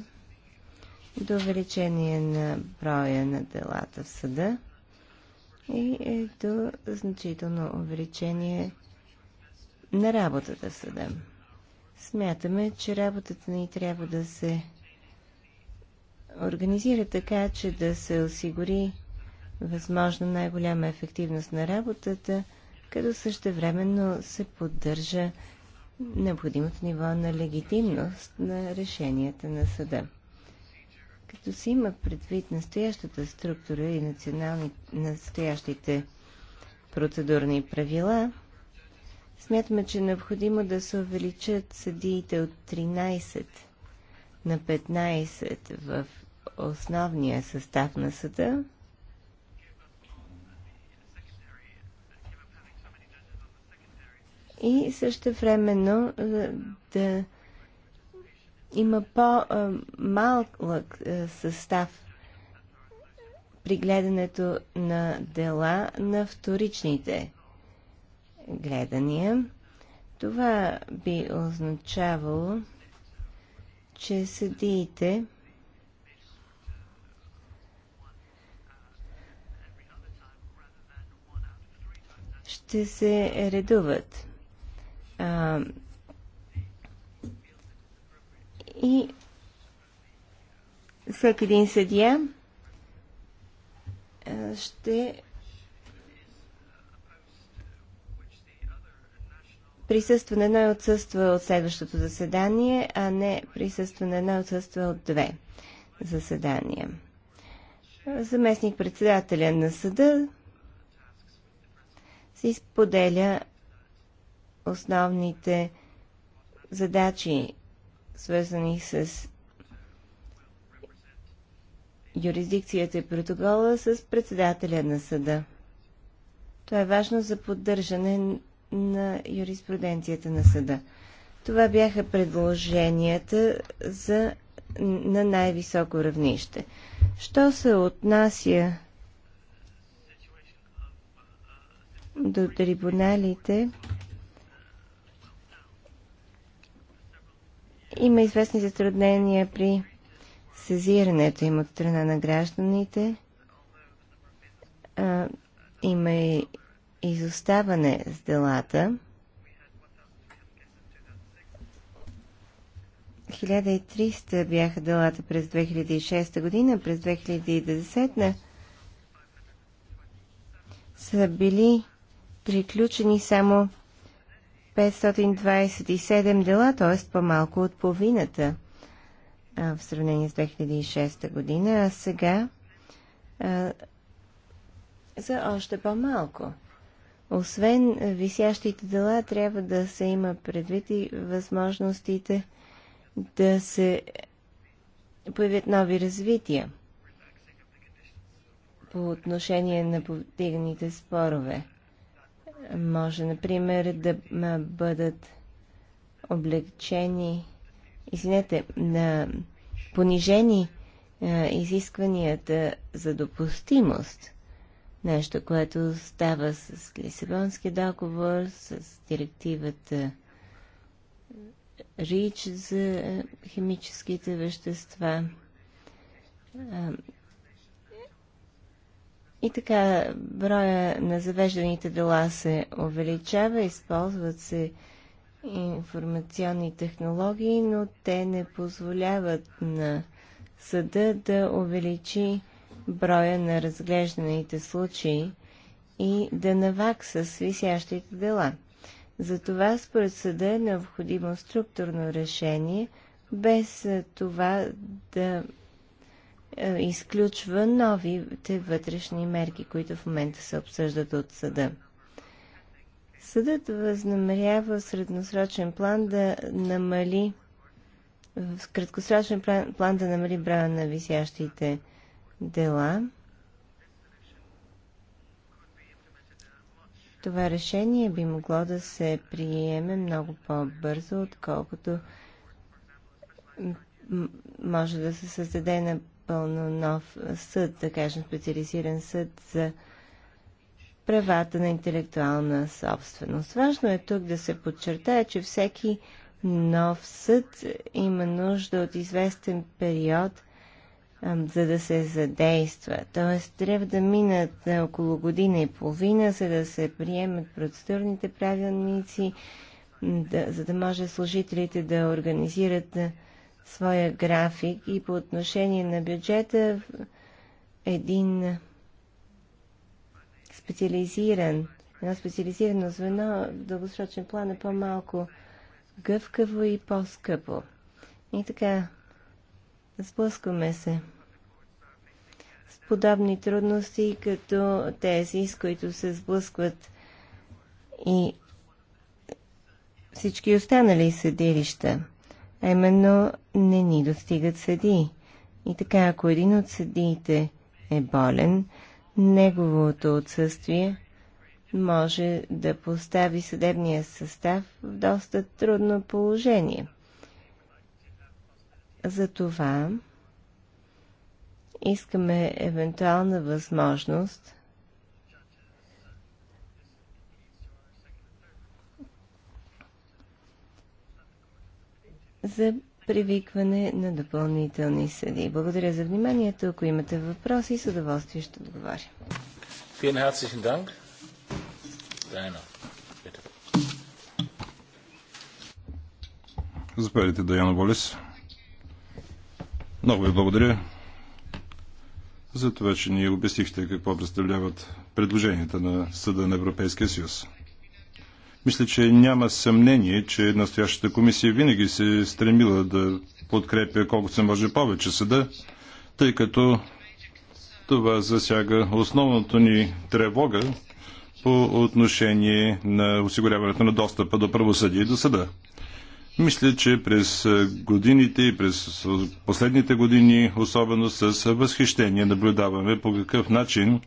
до увеличение на броя на делата в съда и е до значително увеличение на работата в съда. Смятаме, че работата ни трябва да се организира така, че да се осигури възможно най-голяма ефективност на работата, като същевременно се поддържа необходимото ниво на легитимност на решенията на съда. Като се има предвид настоящата структура и национални, настоящите процедурни правила, Смятаме, че е необходимо да се увеличат съдиите от 13 на 15 в основния състав на съда. И също времено е, да има по-малък е, състав при гледането на дела на вторичните гледания. Това би означавало, че съдиите ще се редуват. А, и всеки един съдия ще Присъстване на едно и е отсъства от следващото заседание, а не присъстване на едно и е отсъства от две заседания. Заместник председателя на съда си споделя основните задачи, свързани с юрисдикцията и протокола с председателя на съда. Това е важно за поддържане на юриспруденцията на съда. Това бяха предложенията за, на най-високо равнище. Що се отнася до трибуналите, има известни затруднения при сезирането им от страна на гражданите. А, има и изоставане с делата. 1300 бяха делата през 2006 година, през 2010 са били приключени само 527 дела, т.е. по-малко от половината в сравнение с 2006 година, а сега а, за още по-малко. Освен висящите дела, трябва да се има предвид и възможностите да се появят нови развития по отношение на повдигните спорове. Може, например, да бъдат облегчени, извинете, на понижени изискванията за допустимост Нещо, което става с Лисабонския договор, с директивата РИЧ за е, химическите вещества. И така, броя на завежданите дела се увеличава, използват се информационни технологии, но те не позволяват на съда да увеличи броя на разглежданите случаи и да навакса с висящите дела. Затова според съда е необходимо структурно решение, без е, това да е, изключва новите вътрешни мерки, които в момента се обсъждат от съда. Съдът възнамерява в средносрочен план да намали в краткосрочен план, план да намали броя на висящите дела. Това решение би могло да се приеме много по-бързо, отколкото може да се създаде напълно нов съд, да кажем специализиран съд за правата на интелектуална собственост. Важно е тук да се подчертае, че всеки нов съд има нужда от известен период за да се задейства. Тоест, трябва да минат около година и половина, за да се приемат процедурните правилници, да, за да може служителите да организират своя график и по отношение на бюджета един специализиран, едно специализирано звено в дългосрочен план е по-малко гъвкаво и по-скъпо. И така, Сблъскваме се с подобни трудности, като тези, с които се сблъскват и всички останали съдилища. А именно не ни достигат съдии. И така, ако един от съдиите е болен, неговото отсъствие може да постави съдебния състав в доста трудно положение – затова искаме евентуална възможност за привикване на допълнителни съди. Благодаря за вниманието. Ако имате въпроси, с удоволствие ще отговоря. Vielen herzlichen Dank. Дайна, Заповядайте, Даяна Болес. Много ви благодаря за това, че ни обяснихте какво представляват предложенията на Съда на Европейския съюз. Мисля, че няма съмнение, че настоящата комисия винаги се е стремила да подкрепя колкото се може повече съда, тъй като това засяга основното ни тревога по отношение на осигуряването на достъпа до правосъдие и до съда. Мисля, че през годините и през последните години, особено с възхищение, наблюдаваме по какъв начин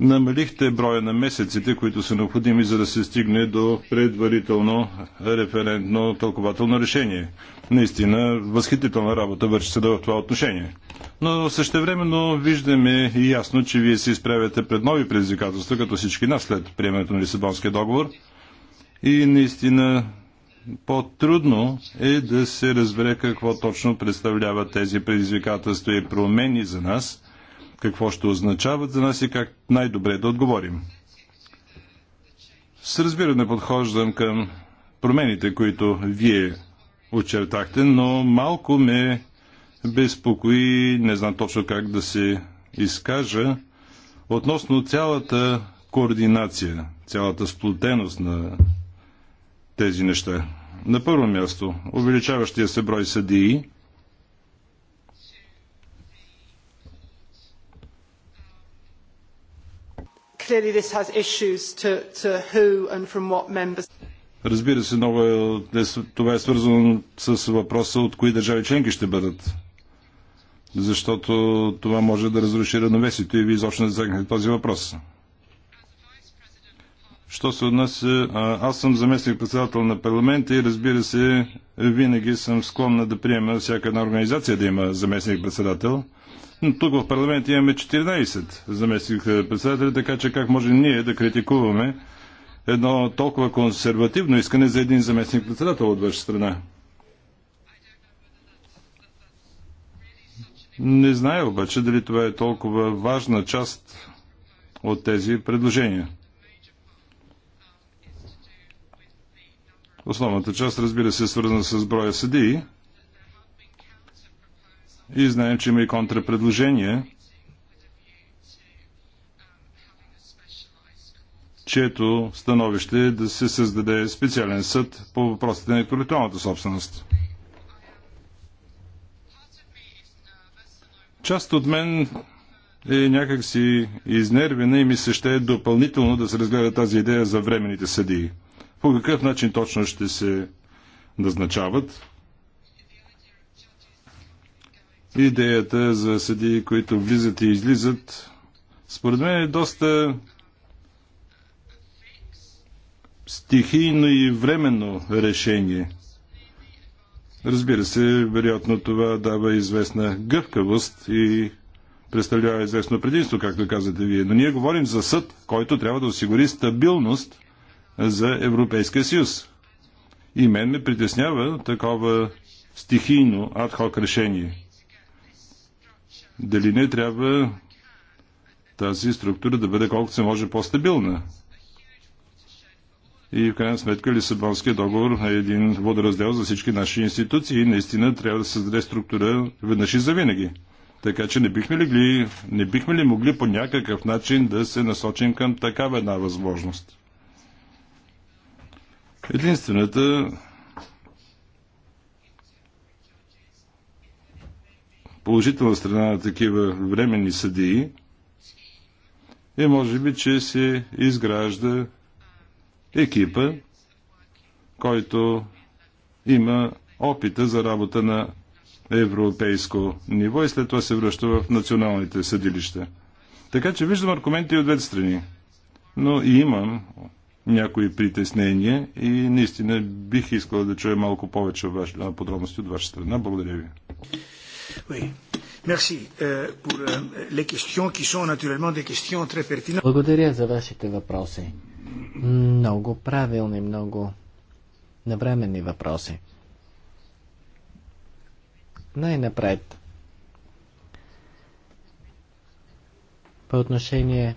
намалихте броя на месеците, които са необходими, за да се стигне до предварително референтно тълкователно решение. Наистина, възхитителна работа върши се да в това отношение. Но същевременно виждаме и ясно, че вие се изправяте пред нови предизвикателства, като всички нас след приемането на Лисабонския договор. И наистина по-трудно е да се разбере какво точно представляват тези предизвикателства и промени за нас, какво ще означават за нас и как най-добре да отговорим. С разбиране подхождам към промените, които вие очертахте, но малко ме безпокои, не знам точно как да се изкажа, относно цялата координация, цялата сплотеност на тези неща. На първо място, увеличаващия се брой съдии, Разбира се, много е, това е свързано с въпроса от кои държави членки ще бъдат. Защото това може да разруши равновесието и ви изобщо не засегнахте този въпрос. Що се отнася, аз съм заместник председател на парламента и разбира се, винаги съм склонна да приема всяка една организация да има заместник председател. Но тук в парламент имаме 14 заместник председатели, така че как може ние да критикуваме едно толкова консервативно искане за един заместник председател от ваша страна? Не знае обаче дали това е толкова важна част от тези предложения. Основната част, разбира се, е свързана с броя съдии. И знаем, че има и контрапредложение, чието становище е да се създаде специален съд по въпросите на интелектуалната собственост. Част от мен е някакси изнервена и ми се ще е допълнително да се разгледа тази идея за временните съдии по какъв начин точно ще се назначават. Идеята е за съдии, които влизат и излизат, според мен е доста стихийно и временно решение. Разбира се, вероятно това дава известна гъвкавост и представлява известно предимство, както казвате вие. Но ние говорим за съд, който трябва да осигури стабилност за Европейския съюз. И мен ме притеснява такова стихийно адхок решение. Дали не трябва тази структура да бъде колкото се може по-стабилна? И в крайна сметка Лисабонския договор е един водораздел за всички наши институции и наистина трябва да създаде структура веднъж и завинаги. Така че не бихме, ли, не бихме ли могли по някакъв начин да се насочим към такава една възможност? Единствената положителна страна на такива временни съдии е може би, че се изгражда екипа, който има опита за работа на европейско ниво и след това се връща в националните съдилища. Така че виждам аргументи от двете страни. Но и имам някои притеснения и наистина бих искал да чуя малко повече ваш, подробности от ваша страна. Благодаря ви. Euh, euh, Благодаря за вашите въпроси. Много правилни, много навременни въпроси. Най-напред. По отношение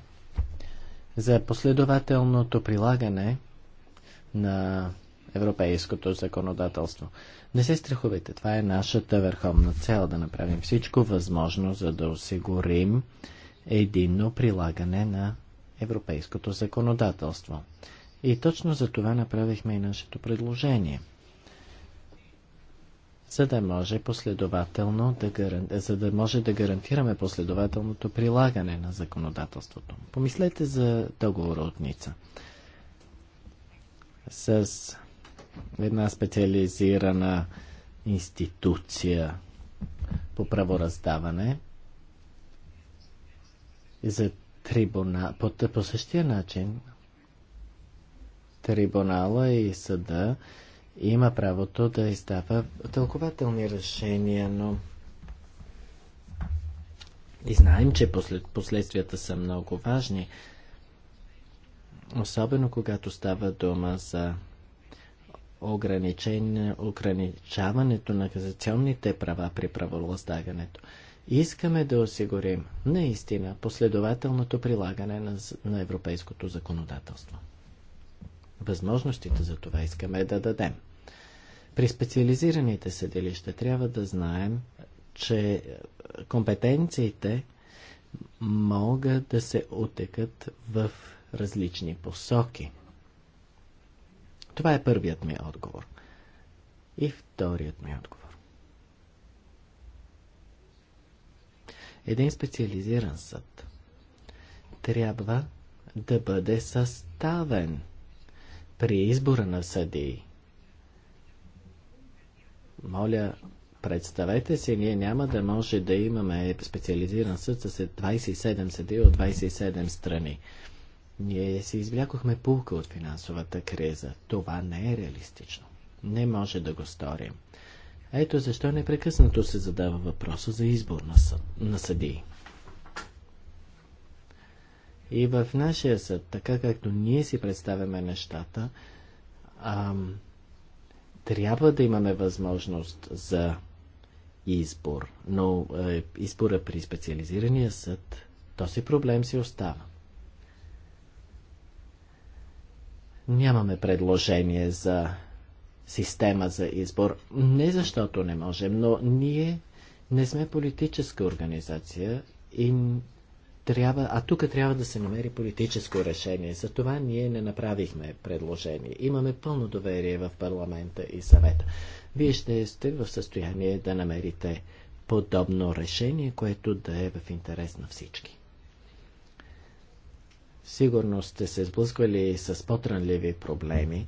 за последователното прилагане на европейското законодателство. Не се страхувайте, това е нашата върховна цел да направим всичко възможно, за да осигурим единно прилагане на европейското законодателство. И точно за това направихме и нашето предложение – за да може последователно да, гаран... за да може да гарантираме последователното прилагане на законодателството. Помислете за договора от Ница. С една специализирана институция по правораздаване за трибунал. По, по същия начин трибунала и съда има правото да издава тълкователни решения, но и знаем, че послед, последствията са много важни, особено когато става дума за ограничаването на казационните права при праволазлагането. Искаме да осигурим наистина последователното прилагане на, на европейското законодателство възможностите за това искаме да дадем. При специализираните съдилища трябва да знаем, че компетенциите могат да се отекат в различни посоки. Това е първият ми отговор. И вторият ми отговор. Един специализиран съд трябва да бъде съставен – при избора на съдии. Моля, представете си, ние няма да може да имаме специализиран съд с 27 съдии от 27 страни. Ние си извлякохме пулка от финансовата криза. Това не е реалистично. Не може да го сторим. Ето защо непрекъснато се задава въпроса за избор на, на съдии. И в нашия съд, така както ние си представяме нещата, ам, трябва да имаме възможност за избор, но е, избора при специализирания съд, този проблем си остава. Нямаме предложение за система за избор, не защото не можем, но ние не сме политическа организация и трябва, а тук трябва да се намери политическо решение. За това ние не направихме предложение. Имаме пълно доверие в парламента и съвета. Вие ще сте в състояние да намерите подобно решение, което да е в интерес на всички. Сигурно сте се сблъсквали с по-трънливи проблеми,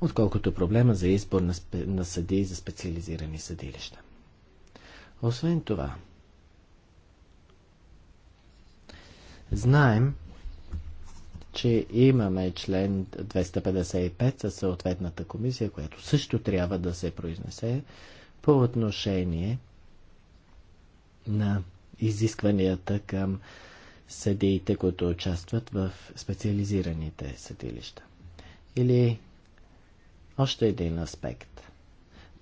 отколкото проблема за избор на, спе... на съдии за специализирани съдилища. Освен това, Знаем, че имаме член 255 със съответната комисия, която също трябва да се произнесе по отношение на изискванията към съдиите, които участват в специализираните съдилища. Или още един аспект.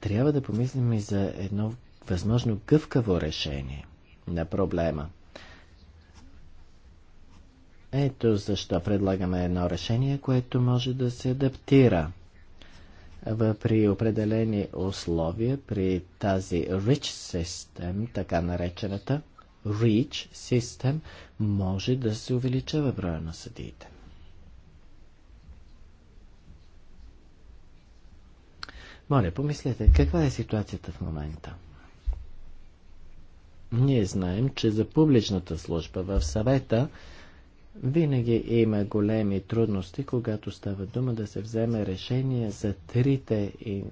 Трябва да помислим и за едно възможно гъвкаво решение на проблема – ето защо предлагаме едно решение, което може да се адаптира при определени условия, при тази rich system, така наречената rich system, може да се увеличава броя на съдиите. Моля, помислете, каква е ситуацията в момента? Ние знаем, че за публичната служба в съвета винаги има големи трудности, когато става дума да се вземе решение за трите, и,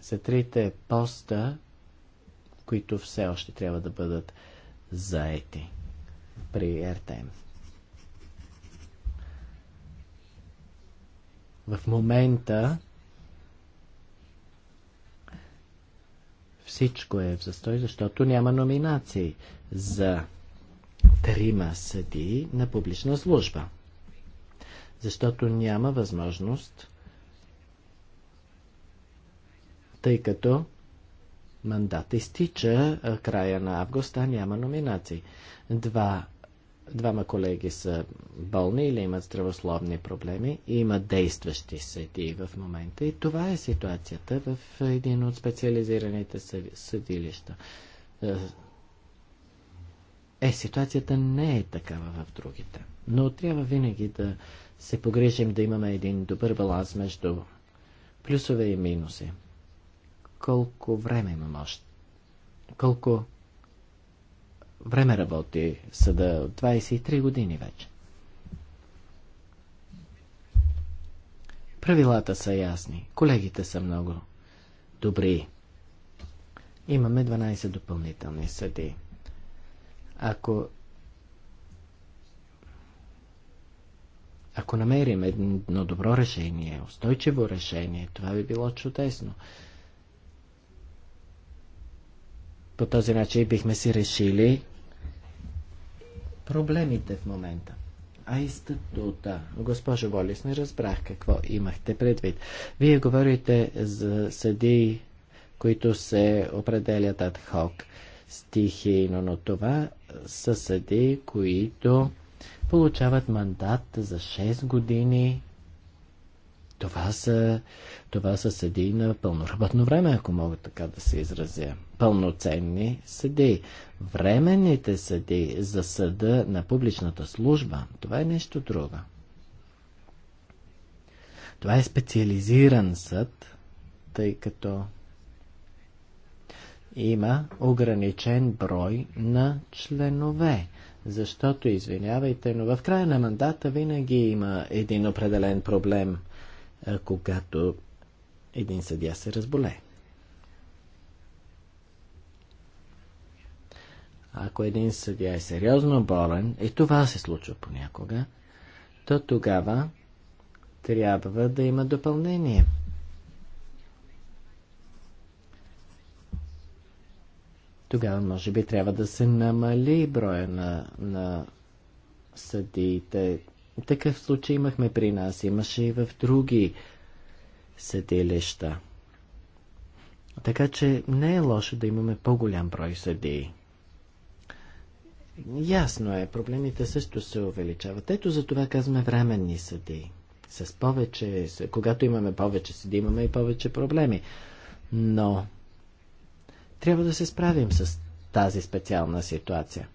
за трите поста, които все още трябва да бъдат заети при РТМ. В момента всичко е в застой, защото няма номинации за трима съдии на публична служба. Защото няма възможност, тъй като мандат изтича края на август, а няма номинации. Два, двама колеги са болни или имат здравословни проблеми и има действащи съдии в момента. И това е ситуацията в един от специализираните съдилища. Е, е, ситуацията не е такава в другите. Но трябва винаги да се погрежим да имаме един добър баланс между плюсове и минуси. Колко време имам още? Колко време работи съда? 23 години вече. Правилата са ясни. Колегите са много добри. Имаме 12 допълнителни съди. Ако Ако намерим едно добро решение, устойчиво решение, това би било чудесно. По този начин бихме си решили проблемите в момента. А и статута. Госпожо Волис, не разбрах какво имахте предвид. Вие говорите за съдии, които се определят хок стихийно, но това са съди, които получават мандат за 6 години. Това са, това са съди на пълноработно време, ако мога така да се изразя. Пълноценни съди. Временните съди за съда на публичната служба, това е нещо друго. Това е специализиран съд, тъй като има ограничен брой на членове. Защото, извинявайте, но в края на мандата винаги има един определен проблем, когато един съдя се разболее. Ако един съдя е сериозно болен, и това се случва понякога, то тогава трябва да има допълнение – Тогава може би трябва да се намали броя на, на съдиите. Такъв случай имахме при нас, имаше и в други съдилища. Така че не е лошо да имаме по-голям брой съдии. Ясно е, проблемите също се увеличават. Ето за това казваме временни съдии. С повече, когато имаме повече съди, имаме и повече проблеми. Но трябва да се справим с тази специална ситуация.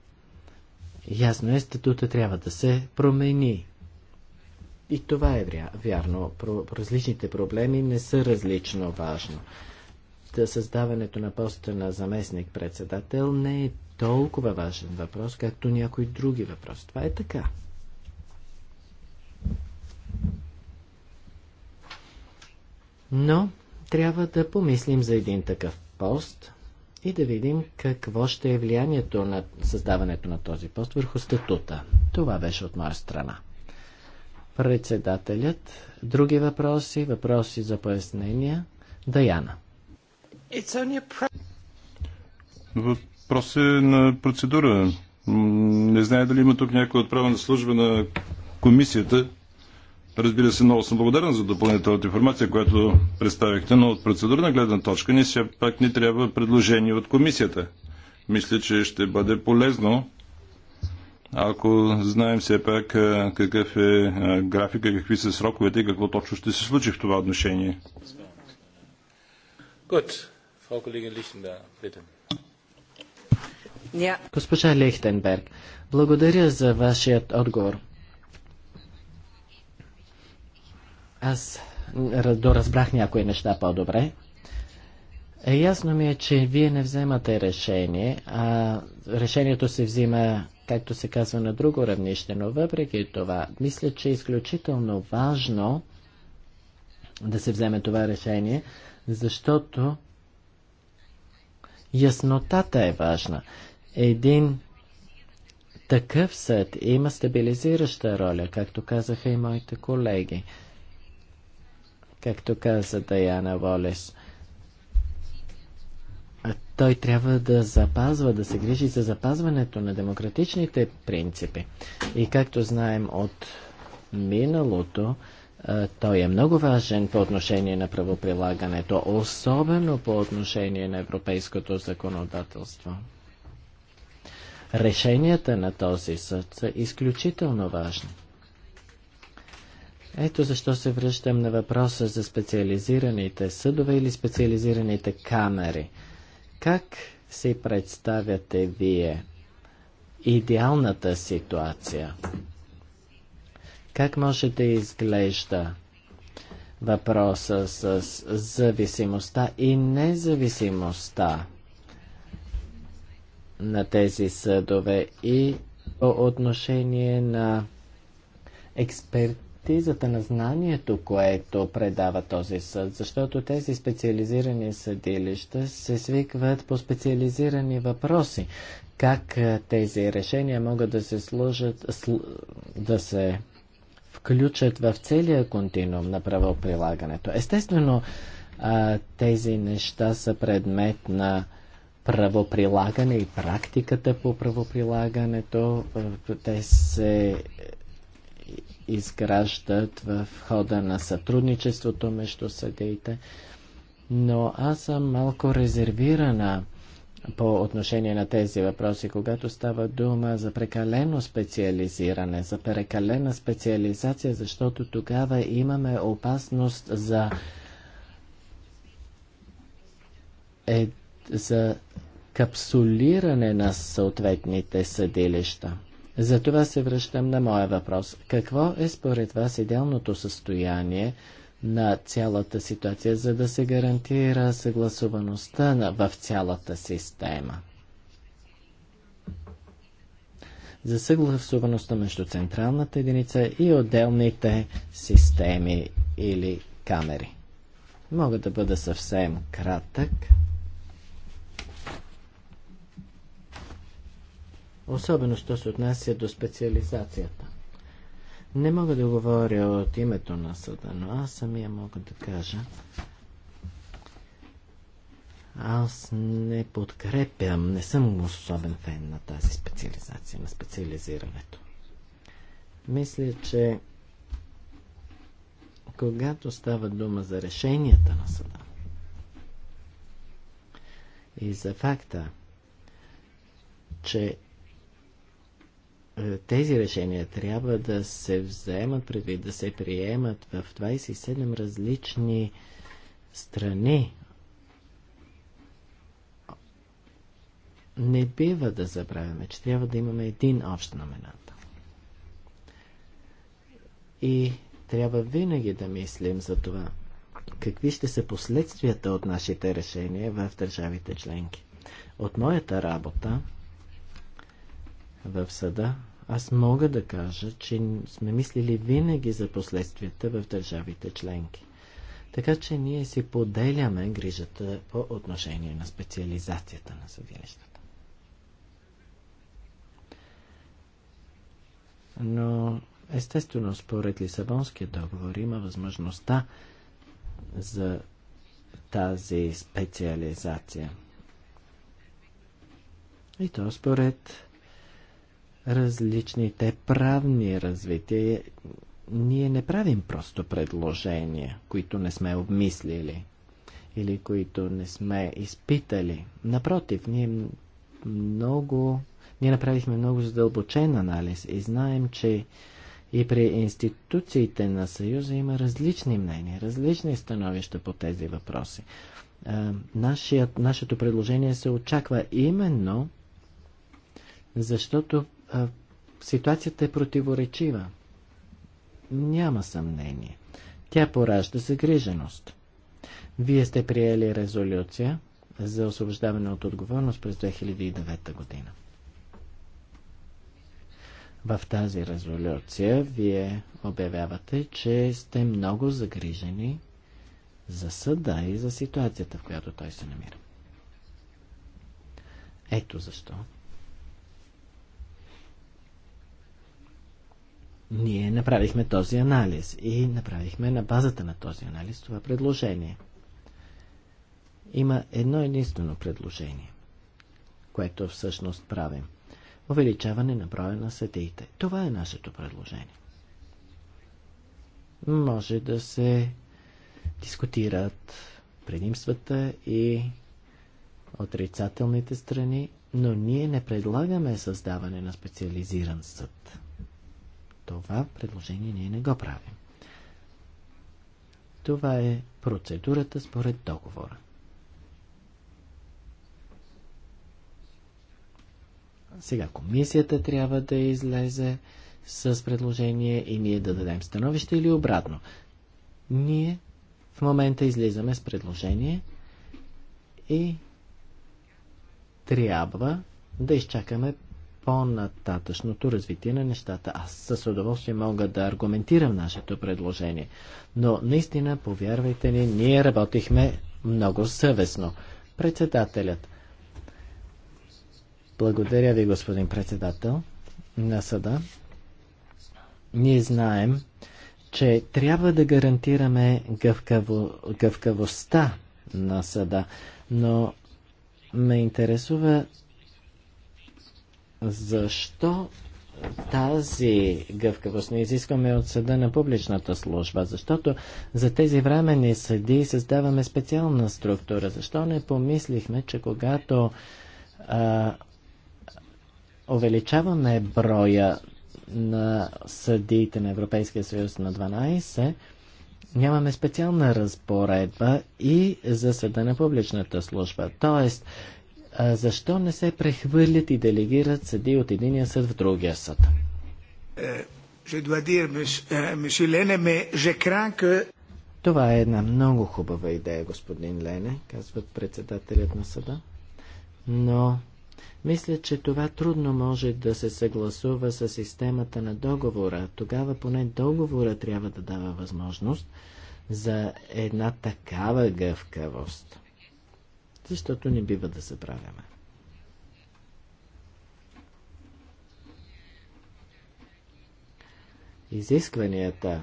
Ясно е, статута трябва да се промени. И това е вярно. Про различните проблеми не са различно важно. Та създаването на поста на заместник-председател не е толкова важен въпрос, както някои други въпрос. Това е така. Но трябва да помислим за един такъв пост – и да видим какво ще е влиянието на създаването на този пост върху статута. Това беше от моя страна. Председателят. Други въпроси, въпроси за пояснения. Даяна. Въпрос е на процедура. Не знае дали има тук някой отправен служба на комисията, Разбира се, много съм благодарен за допълнителната информация, която представихте, но от процедурна гледна точка ни все пак ни трябва предложение от комисията. Мисля, че ще бъде полезно, ако знаем все пак какъв е графика, какви са сроковете и какво точно ще се случи в това отношение. Good. Frau Kollegin Lichtenberg, bitte. Yeah. Госпожа Лихтенберг, благодаря за вашият отговор. Аз доразбрах някои неща по-добре. Е, ясно ми е, че вие не вземате решение, а решението се взима, както се казва, на друго равнище, но въпреки това, мисля, че е изключително важно да се вземе това решение, защото яснотата е важна. Един такъв съд има стабилизираща роля, както казаха и моите колеги както каза Даяна Волес. Той трябва да запазва, да се грижи за запазването на демократичните принципи. И както знаем от миналото, той е много важен по отношение на правоприлагането, особено по отношение на европейското законодателство. Решенията на този съд са изключително важни. Ето защо се връщам на въпроса за специализираните съдове или специализираните камери. Как си представяте вие идеалната ситуация? Как може да изглежда въпроса с зависимостта и независимостта на тези съдове и по отношение на експерт експертизата на знанието, което предава този съд, защото тези специализирани съдилища се свикват по специализирани въпроси. Как тези решения могат да се служат, да се включат в целия континуум на правоприлагането. Естествено, тези неща са предмет на правоприлагане и практиката по правоприлагането. Те се изграждат в хода на сътрудничеството между съдиите. Но аз съм малко резервирана по отношение на тези въпроси, когато става дума за прекалено специализиране, за прекалена специализация, защото тогава имаме опасност за, е, за капсулиране на съответните съдилища. Затова се връщам на моя въпрос. Какво е според вас идеалното състояние на цялата ситуация, за да се гарантира съгласуваността в цялата система? За съгласуваността между централната единица и отделните системи или камери. Мога да бъда съвсем кратък. особено що се отнася до специализацията. Не мога да говоря от името на съда, но аз самия мога да кажа. Аз не подкрепям, не съм особен фен на тази специализация, на специализирането. Мисля, че когато става дума за решенията на съда и за факта, че е, тези решения трябва да се вземат предвид, да се приемат в 27 различни страни. Не бива да забравяме, че трябва да имаме един общ знаменател. И трябва винаги да мислим за това, какви ще са последствията от нашите решения в държавите членки. От моята работа в съда аз мога да кажа, че сме мислили винаги за последствията в държавите членки. Така че ние си поделяме грижата по отношение на специализацията на съдилищата. Но естествено, според Лисабонския договор има възможността за тази специализация. И то според различните правни развития. Ние не правим просто предложения, които не сме обмислили или които не сме изпитали. Напротив, ние много, ние направихме много задълбочен анализ и знаем, че и при институциите на Съюза има различни мнения, различни становища по тези въпроси. Нашият, нашето предложение се очаква именно защото ситуацията е противоречива. Няма съмнение. Тя поражда загриженост. Вие сте приели резолюция за освобождаване от отговорност през 2009 година. В тази резолюция вие обявявате, че сте много загрижени за съда и за ситуацията, в която той се намира. Ето защо Ние направихме този анализ и направихме на базата на този анализ това предложение. Има едно единствено предложение, което всъщност правим. Увеличаване на броя на съдиите. Това е нашето предложение. Може да се дискутират предимствата и отрицателните страни, но ние не предлагаме създаване на специализиран съд това предложение ние не го правим. Това е процедурата според договора. Сега комисията трябва да излезе с предложение и ние да дадем становище или обратно. Ние в момента излизаме с предложение и трябва да изчакаме по-нататъчното развитие на нещата. Аз с удоволствие мога да аргументирам нашето предложение. Но наистина, повярвайте ни, ние работихме много съвестно. Председателят. Благодаря ви, господин председател на съда. Ние знаем, че трябва да гарантираме гъвкаво, гъвкавостта на съда, но ме интересува защо тази гъвкавост не изискваме от съда на публичната служба, защото за тези времени съди създаваме специална структура. Защо не помислихме, че когато а, увеличаваме броя на съдиите на Европейския съюз на 12, нямаме специална разпоредба и за съда на публичната служба. Тоест, а, защо не се прехвърлят и делегират съди от единия съд в другия съд? Е, euh, това е една много хубава идея, господин Лене, казват председателят на съда. Но мисля, че това трудно може да се съгласува с системата на договора. Тогава поне договора трябва да дава възможност за една такава гъвкавост защото не бива да забравяме. Изискванията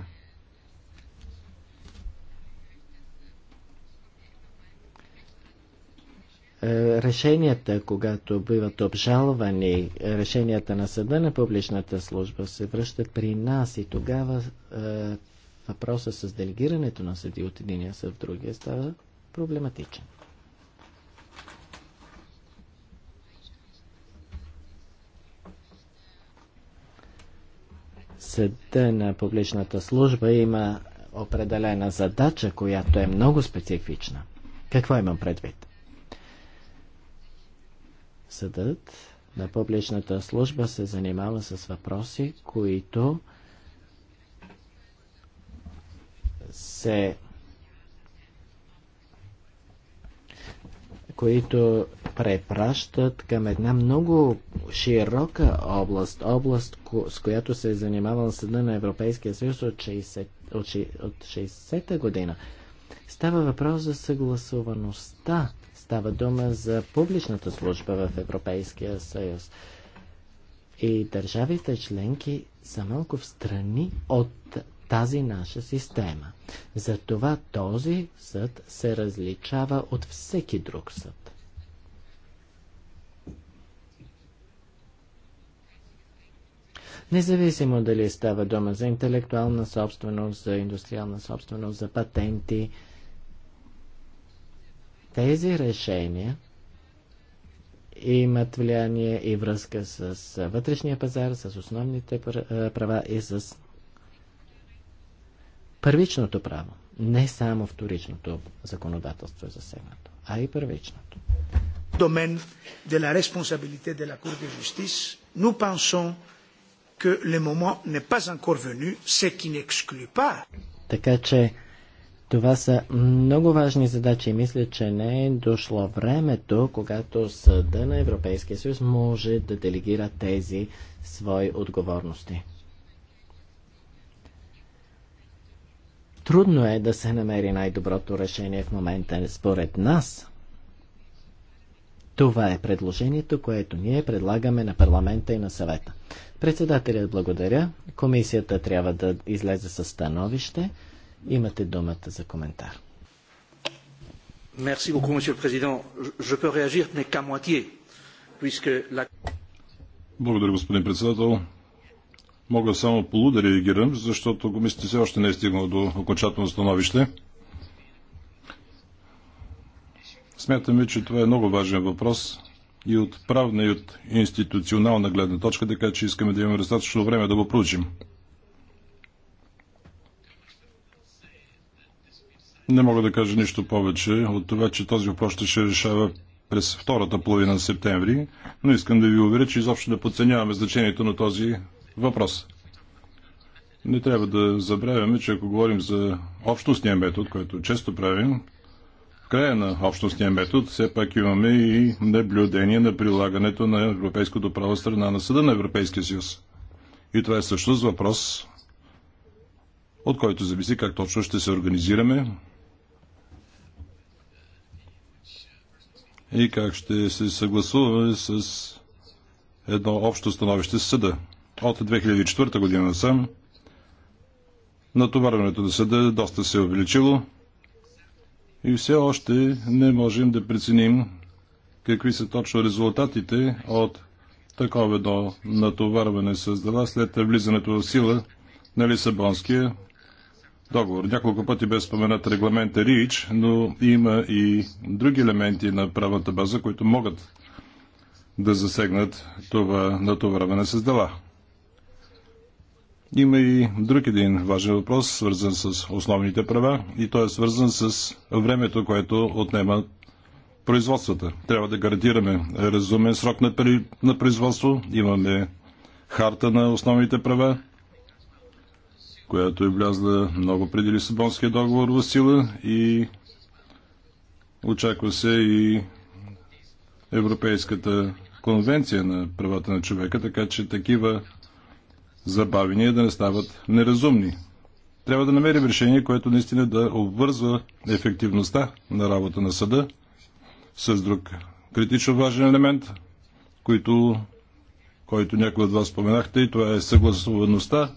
е, решенията, когато биват обжалвани, е, решенията на съда на публичната служба се връщат при нас и тогава е, въпроса с делегирането на съди от единия съд в другия става проблематичен. съда на публичната служба има определена задача, която е много специфична. Какво имам предвид? Съдът на публичната служба се занимава с въпроси, които се които препращат към една много широка област, област, с която се е занимавал Съда на Европейския съюз от 60, от 60-та година. Става въпрос за съгласуваността. Става дума за публичната служба в Европейския съюз. И държавите членки са малко в страни от тази наша система. Затова този съд се различава от всеки друг съд. Независимо дали става дума за интелектуална собственост, за индустриална собственост, за патенти, тези решения имат влияние и връзка с вътрешния пазар, с основните права и с първичното право. Не само вторичното законодателство е засегнато, а и първичното. Домен de la responsabilité de la Cour de justice, nous pensons que le moment n'est pas encore venu, ce qui n'exclut pas. Така че това са много важни задачи и мисля, че не е дошло времето, когато Съда на Европейския съюз може да делегира тези свои отговорности. Трудно е да се намери най-доброто решение в момента според нас. Това е предложението, което ние предлагаме на парламента и на съвета. Председателят благодаря. Комисията трябва да излезе със становище. Имате думата за коментар. Merci beaucoup, Monsieur le Président. Je peux réagir, mais qu'à moitié, puisque la... Благодаря, господин председател. Мога само полу да реагирам, защото комисията все още не е стигнала до окончателно становище. Смятаме, че това е много важен въпрос, и от правна и от институционална гледна точка, така че искаме да имаме достатъчно време да го проучим. Не мога да кажа нищо повече от това, че този въпрос ще се решава през втората половина септември, но искам да ви уверя, че изобщо не подценяваме значението на този въпрос. Не трябва да забравяме, че ако говорим за общностния метод, който често правим, края на общностния метод все пак имаме и наблюдение на прилагането на европейското право страна на Съда на Европейския съюз. И това е всъщност въпрос, от който зависи как точно ще се организираме и как ще се съгласуваме с едно общо становище с съда. От 2004 година сам натоварването на съда доста се е увеличило – и все още не можем да преценим какви са точно резултатите от такова до натоварване с дела след влизането в сила на Лисабонския договор. Няколко пъти бе споменат регламента РИЧ, но има и други елементи на правната база, които могат да засегнат това натоварване с дела. Има и друг един важен въпрос, свързан с основните права и той е свързан с времето, което отнема производствата. Трябва да гарантираме разумен срок на, при... на производство. Имаме харта на основните права, която е влязла много преди Лисабонския договор в сила и очаква се и Европейската конвенция на правата на човека, така че такива забавения е да не стават неразумни. Трябва да намерим решение, което наистина да обвързва ефективността на работа на съда с друг критично важен елемент, който, който някой от вас споменахте, и това е съгласуваността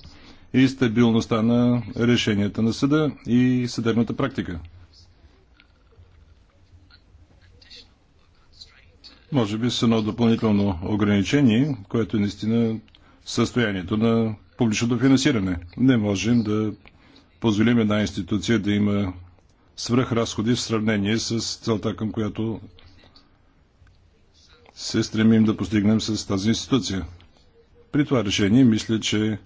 и стабилността на решенията на съда и съдебната практика. Може би с едно допълнително ограничение, което наистина състоянието на публичното финансиране. Не можем да позволим една институция да има свръхразходи в сравнение с целта, към която се стремим да постигнем с тази институция. При това решение мисля, че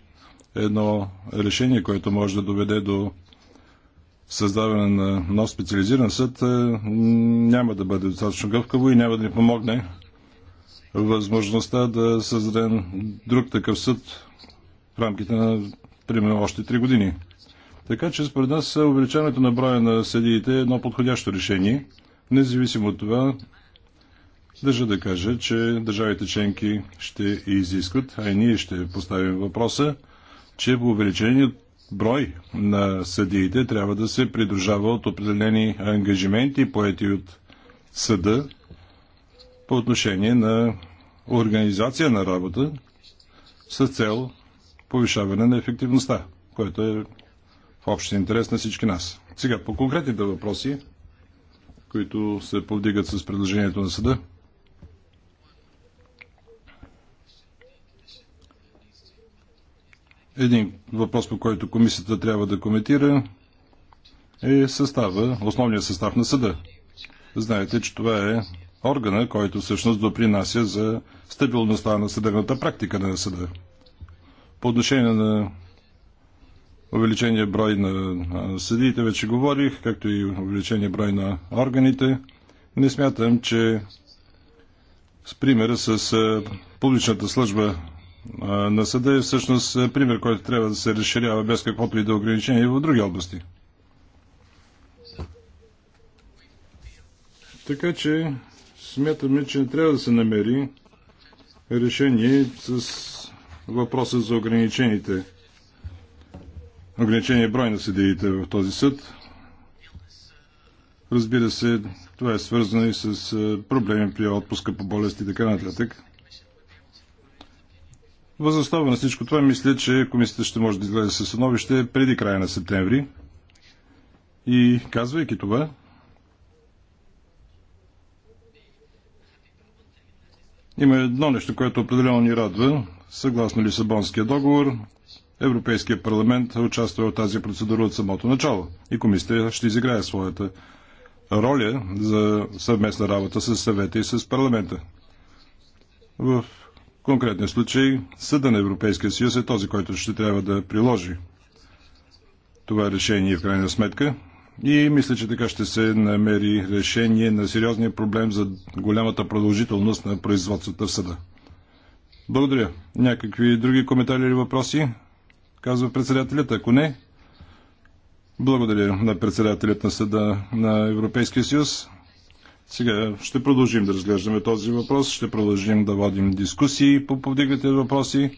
едно решение, което може да доведе до създаване на нов специализиран съд, е, няма да бъде достатъчно гъвкаво и няма да ни помогне възможността да създадем друг такъв съд в рамките на примерно още 3 години. Така че според нас увеличаването на броя на съдиите е едно подходящо решение. Независимо от това, държа да кажа, че държавите членки ще изискват, а и ние ще поставим въпроса, че по увеличение брой на съдиите трябва да се придружава от определени ангажименти, поети от съда по отношение на организация на работа с цел повишаване на ефективността, което е в общ интерес на всички нас. Сега, по конкретните въпроси, които се повдигат с предложението на съда, един въпрос, по който комисията трябва да коментира, е състава, основният състав на съда. Знаете, че това е органа, който всъщност допринася за стабилността на съдебната практика на съда. По отношение на увеличение брой на съдиите, вече говорих, както и увеличение брой на органите. Не смятам, че с примера с публичната служба на съда е всъщност пример, който трябва да се разширява без каквото и да е ограничение в други области. Така че смятаме, че не трябва да се намери решение с въпроса за ограничените ограничения брой на съдиите в този съд. Разбира се, това е свързано и с проблеми при отпуска по болест и така нататък. Възоснова на всичко това, мисля, че комисията ще може да изгледа със съновище преди края на септември. И казвайки това, Има едно нещо, което определено ни радва. Съгласно Лисабонския договор, Европейския парламент участва в тази процедура от самото начало и комисията ще изиграе своята роля за съвместна работа с съвета и с парламента. В конкретния случай Съда на Европейския съюз е този, който ще трябва да приложи това решение в крайна сметка и мисля, че така ще се намери решение на сериозния проблем за голямата продължителност на производствата в съда. Благодаря. Някакви други коментари или въпроси? Казва председателят. Ако не, благодаря на председателят на съда на Европейския съюз. Сега ще продължим да разглеждаме този въпрос, ще продължим да водим дискусии по повдигнатите въпроси.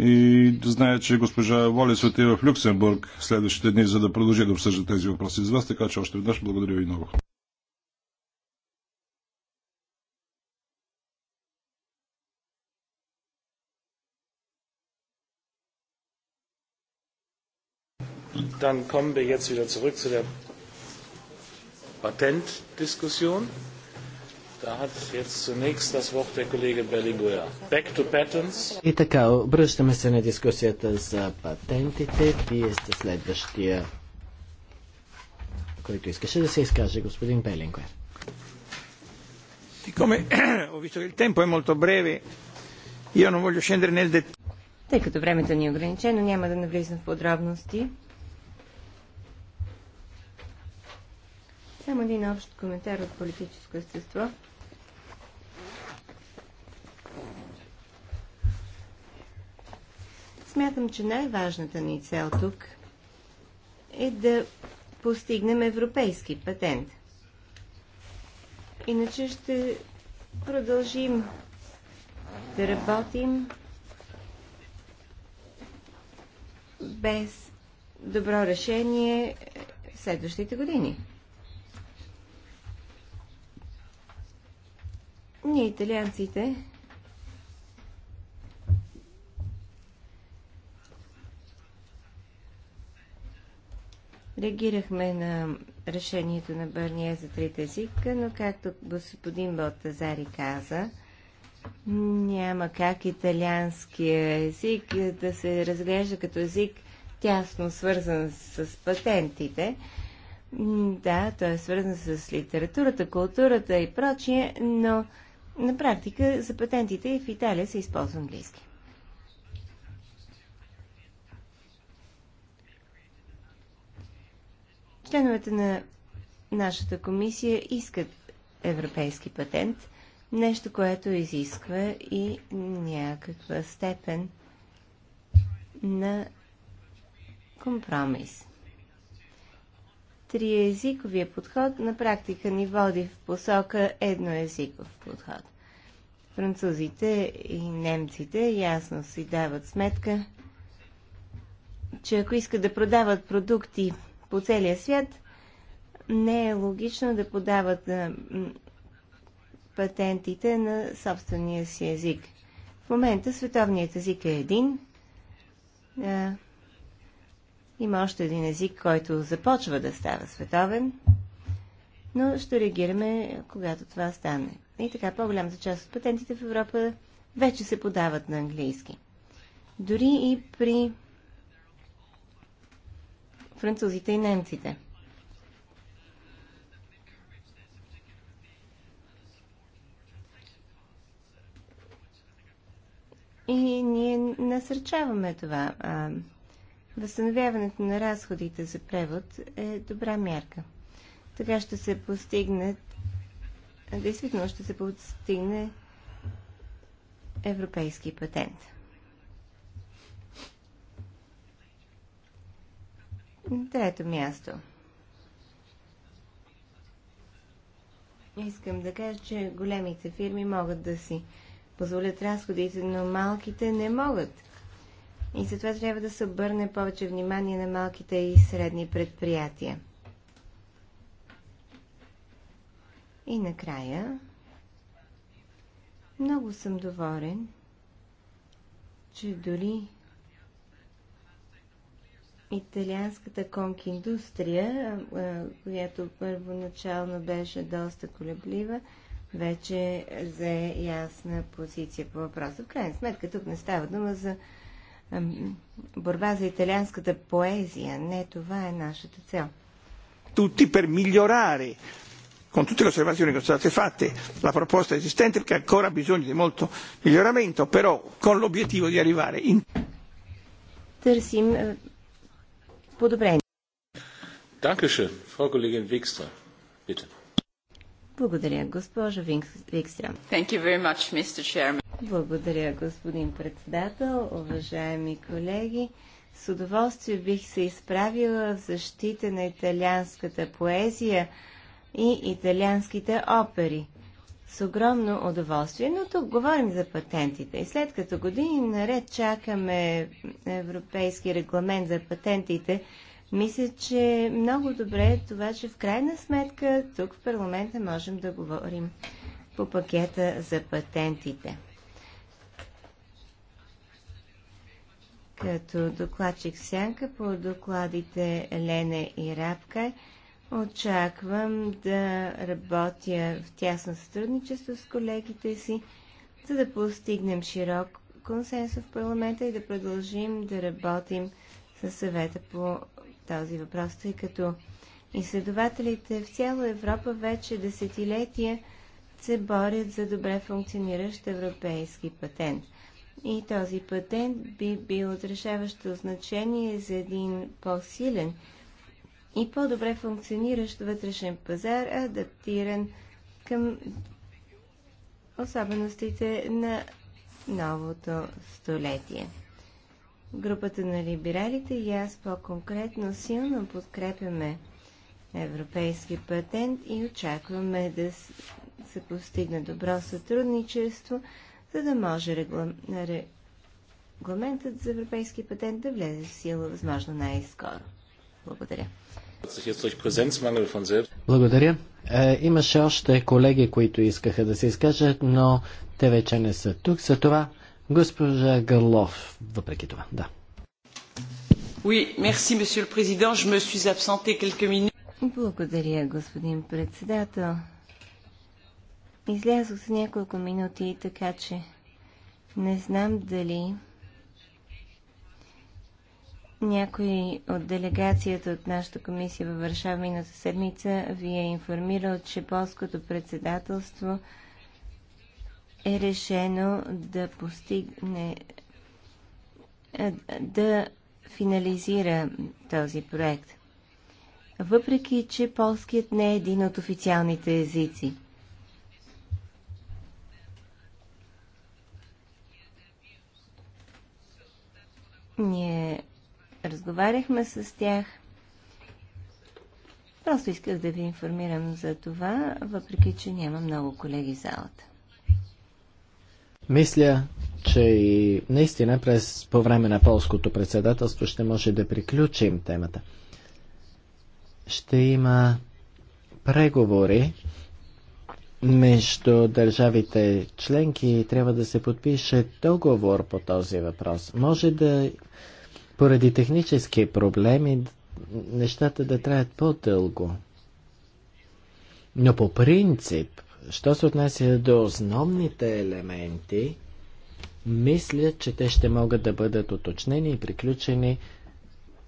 И знае, че госпожа Волес отива в Люксембург следващите дни, за да продължи да обсъжда тези въпроси с вас, така че още веднъж благодаря ви много. Dann kommen wir jetzt wieder zurück zu der Patentdiskussion. И така, обръщаме се на дискусията за патентите. Вие сте следващия, който искаше да се изкаже, господин Белингуер. [clears throat] Тъй като времето ни е ограничено, няма да навлизам в подробности. Само един общ коментар от политическо естество. смятам, че най-важната ни цел тук е да постигнем европейски патент. Иначе ще продължим да работим без добро решение в следващите години. Ние, италианците, Реагирахме на решението на Бърния за трите езика, но както господин Балтазари каза, няма как италианския език да се разглежда като език тясно свързан с патентите. Да, той е свързан с литературата, културата и прочие, но на практика за патентите и в Италия се използва английски. Членовете на нашата комисия искат европейски патент, нещо, което изисква и някаква степен на компромис. Триезиковия подход на практика ни води в посока едноезиков подход. Французите и немците ясно си дават сметка, че ако искат да продават продукти по целия свят, не е логично да подават а, патентите на собствения си език. В момента световният език е един. А, има още един език, който започва да става световен, но ще реагираме, когато това стане. И така, по-голямата част от патентите в Европа вече се подават на английски. Дори и при французите и немците. И ние насърчаваме това. А, възстановяването на разходите за превод е добра мярка. Така ще се постигне, действително ще се постигне европейски патент. трето място. Искам да кажа, че големите фирми могат да си позволят разходите, но малките не могат. И затова трябва да се обърне повече внимание на малките и средни предприятия. И накрая, много съм доволен, че дори италианската конк-индустрия, която първоначално беше доста колеблива, вече взе ясна позиция по въпроса. В крайна сметка тук не става дума за борба за италианската поезия. Не, това е нашата цел. Тути пер migliorare con tutte le osservazioni che sono state fatte la proposta esistente perché ancora bisogno di molto miglioramento, però con l'obiettivo di arrivare in. Търсим подобрение. Благодаря, госпожа Викстрам. Благодаря, господин председател, уважаеми колеги. С удоволствие бих се изправила в защита на италианската поезия и италианските опери с огромно удоволствие, но тук говорим за патентите. И след като години наред чакаме европейски регламент за патентите, мисля, че много добре е това, че в крайна сметка тук в парламента можем да говорим по пакета за патентите. Като докладчик Сянка по докладите Лене и Рапка. Очаквам да работя в тясно сътрудничество с колегите си, за да постигнем широк консенсус в парламента и да продължим да работим със съвета по този въпрос, тъй като изследователите в цяла Европа вече десетилетия се борят за добре функциониращ европейски патент. И този патент би бил от решаващо значение за един по-силен и по-добре функциониращ вътрешен пазар, адаптиран към особеностите на новото столетие. Групата на либералите и аз по-конкретно силно подкрепяме европейски патент и очакваме да се постигне добро сътрудничество, за да може регламентът за европейски патент да влезе в сила възможно най-скоро. Благодаря. Благодаря. Е, имаше още колеги, които искаха да се изкажат, но те вече не са тук. За това госпожа Гърлов, въпреки това, да. Oui, merci, monsieur le président. Je me suis absentée quelques minutes. Благодаря, господин председател. Излязох за няколко минути, така че не знам дали някой от делегацията от нашата комисия във Варшава миналата седмица ви е информирал, че полското председателство е решено да постигне е, да финализира този проект. Въпреки, че полският не е един от официалните езици. Ние разговаряхме с тях. Просто исках да ви информирам за това, въпреки че няма много колеги в залата. Мисля, че и наистина през, по време на полското председателство ще може да приключим темата. Ще има преговори между държавите членки и трябва да се подпише договор по този въпрос. Може да поради технически проблеми нещата да траят по-дълго. Но по принцип, що се отнася до основните елементи, мисля, че те ще могат да бъдат уточнени и приключени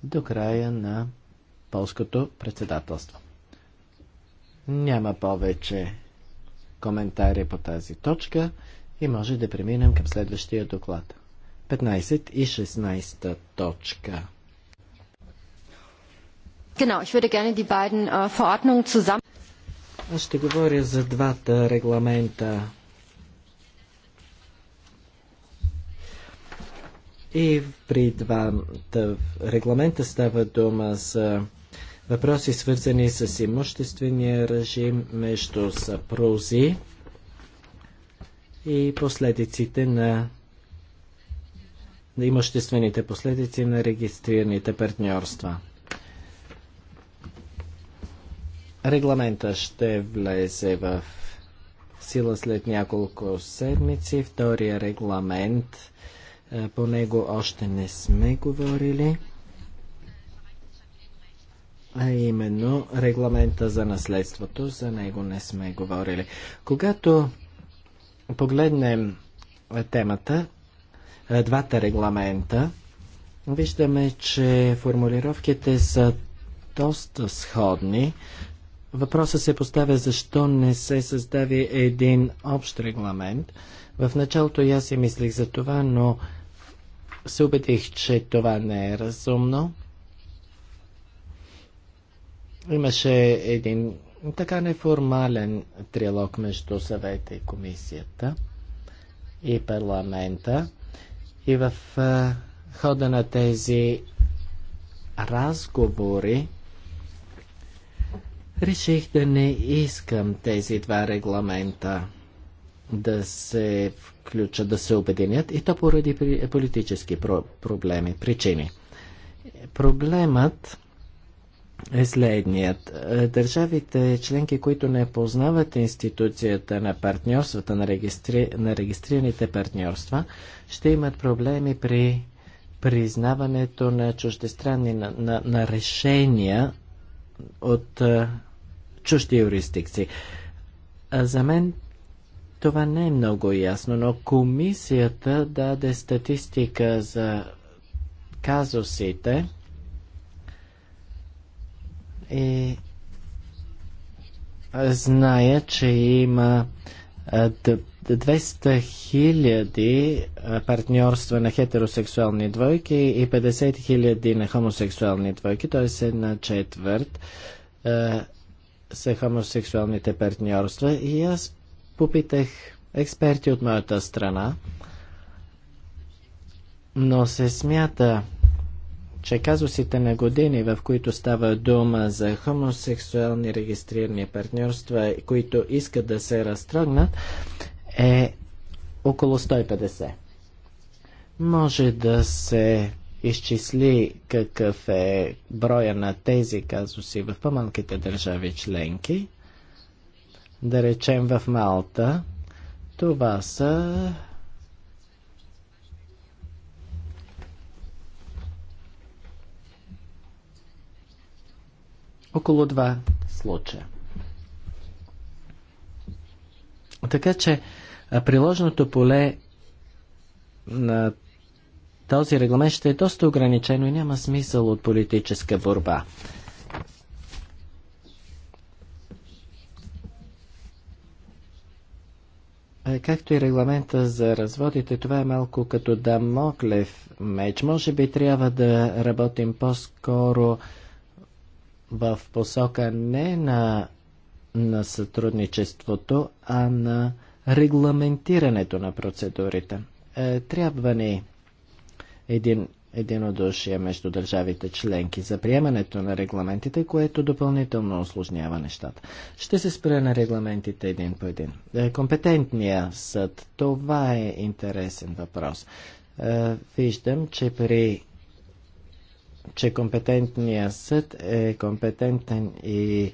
до края на полското председателство. Няма повече коментари по тази точка и може да преминем към следващия доклад. 15 и 16 точка. Genau, ich würde gerne die beiden äh, Verordnungen zusammen. Аз ще говоря за двата регламента. И при двата регламента става дума за въпроси свързани с имуществения режим между съпрузи и последиците на на имуществените последици на регистрираните партньорства. Регламента ще влезе в сила след няколко седмици. Втория регламент, е, по него още не сме говорили, а именно регламента за наследството, за него не сме говорили. Когато погледнем темата, е, двата регламента, виждаме, че формулировките са доста сходни. Въпросът се поставя защо не се създави един общ регламент. В началото и аз си мислих за това, но се убедих, че това не е разумно. Имаше един така неформален трилог между съвета и комисията и парламента. И в хода на тези разговори реших да не искам тези два регламента да се включат, да се обединят и то поради политически проблеми, причини. Проблемът е следният. Е, държавите членки, които не познават институцията на партньорствата, на, регистри... на регистрираните партньорства, ще имат проблеми при признаването на чуждестранни на, на, на решения от а, е, чужди юрисдикции. А за мен това не е много ясно, но комисията даде статистика за казусите, и е, зная, че има 200 хиляди партньорства на хетеросексуални двойки и 50 хиляди на хомосексуални двойки, т.е. една четвърт са хомосексуалните партньорства. И аз попитах експерти от моята страна, но се смята, че казусите на години, в които става дума за хомосексуални регистрирани партньорства, които искат да се разтръгнат, е около 150. Може да се изчисли какъв е броя на тези казуси в по-малките държави членки. Да речем в Малта, това са около два случая. Така че приложното поле на този регламент ще е доста ограничено и няма смисъл от политическа борба. Както и регламента за разводите, това е малко като дамоклев меч. Може би трябва да работим по-скоро в посока не на, на сътрудничеството, а на регламентирането на процедурите. Е, трябва ни един единодушие между държавите членки за приемането на регламентите, което допълнително осложнява нещата. Ще се спра на регламентите един по един. Е, компетентния съд, това е интересен въпрос. Е, виждам, че при че компетентният съд е компетентен и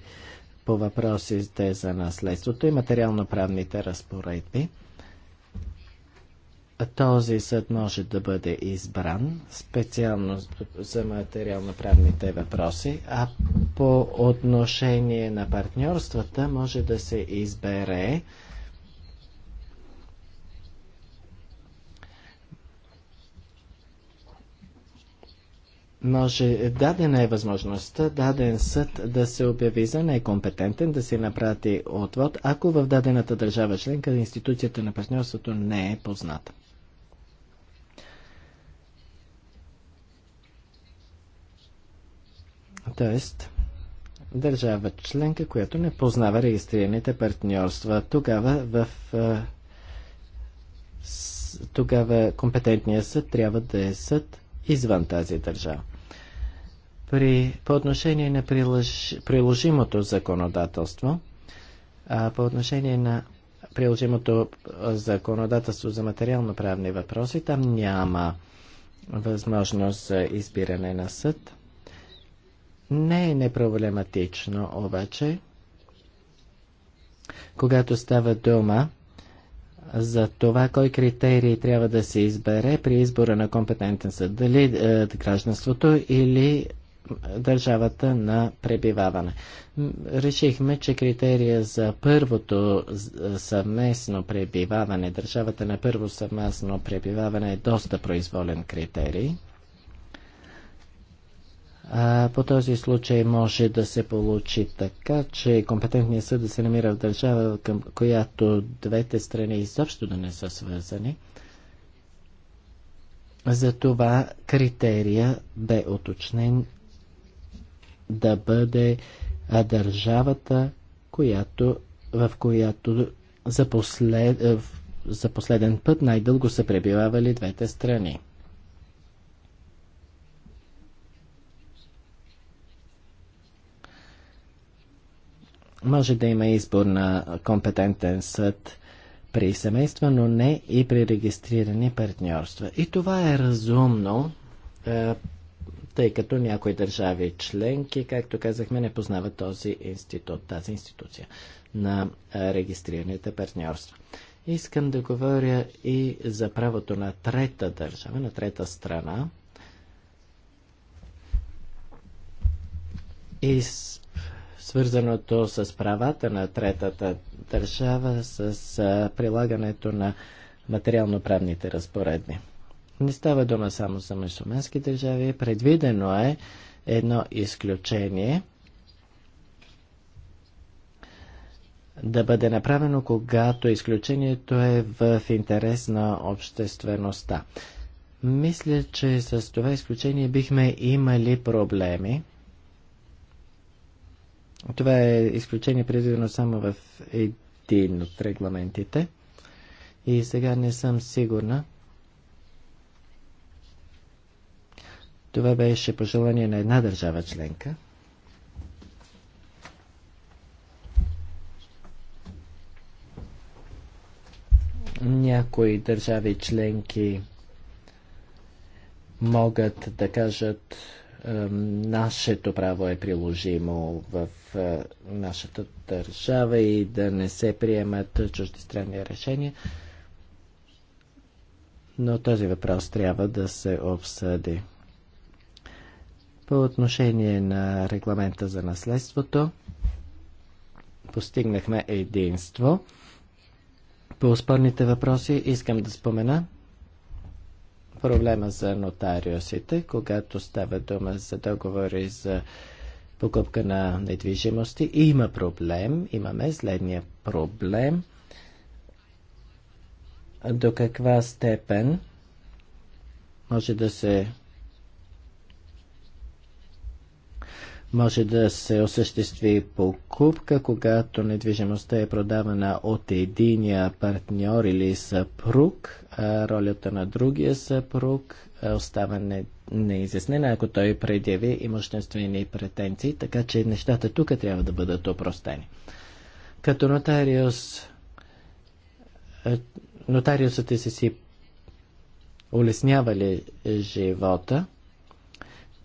по въпросите за наследството и материално-правните разпоредби. Този съд може да бъде избран специално за материално-правните въпроси, а по отношение на партньорствата може да се избере може, дадена е възможността даден съд да се обяви за некомпетентен, да се напрати отвод, ако в дадената държава членка институцията на партньорството не е позната. Тоест, държава членка, която не познава регистрираните партньорства, тогава в тогава компетентният съд трябва да е съд извън тази държава. При, по отношение на прилож, приложимото законодателство, а по отношение на приложимото законодателство за материално-правни въпроси, там няма възможност за избиране на съд. Не е непроблематично, обаче, когато става дума за това кой критерий трябва да се избере при избора на компетентен съд, дали е, гражданството или държавата на пребиваване. Решихме, че критерия за първото съвместно пребиваване, държавата на първо съвместно пребиваване е доста произволен критерий. А, по този случай може да се получи така, че компетентният съд да се намира в държава, към която двете страни изобщо да не са свързани. Затова критерия бе уточнен да бъде държавата, която, в която за, послед, за последен път най-дълго са пребивавали двете страни. Може да има избор на компетентен съд при семейства, но не и при регистрирани партньорства. И това е разумно е, тъй като някои държави членки, както казахме, не познават този институт, тази институция на регистрираните партньорства. Искам да говоря и за правото на трета държава, на трета страна. И свързаното с правата на третата държава, с прилагането на материално-правните разпоредни. Не става дума само за мусулмански държави. Предвидено е едно изключение да бъде направено, когато изключението е в интерес на обществеността. Мисля, че с това изключение бихме имали проблеми. Това е изключение предвидено само в един от регламентите. И сега не съм сигурна Това беше пожелание на една държава членка. Някои държави членки могат да кажат е, нашето право е приложимо в е, нашата държава и да не се приемат чужди странни решения. Но този въпрос трябва да се обсъди. По отношение на регламента за наследството, постигнахме единство. По спорните въпроси искам да спомена проблема за нотариусите, когато става дума за договори за покупка на недвижимости. Има проблем, имаме следния проблем. До каква степен може да се може да се осъществи покупка, когато недвижимостта е продавана от единия партньор или съпруг, а ролята на другия съпруг остава не, неизяснена, ако той предяви имуществени претенции, така че нещата тук трябва да бъдат опростени. Като нотариус, нотариусът е си улеснявали живота,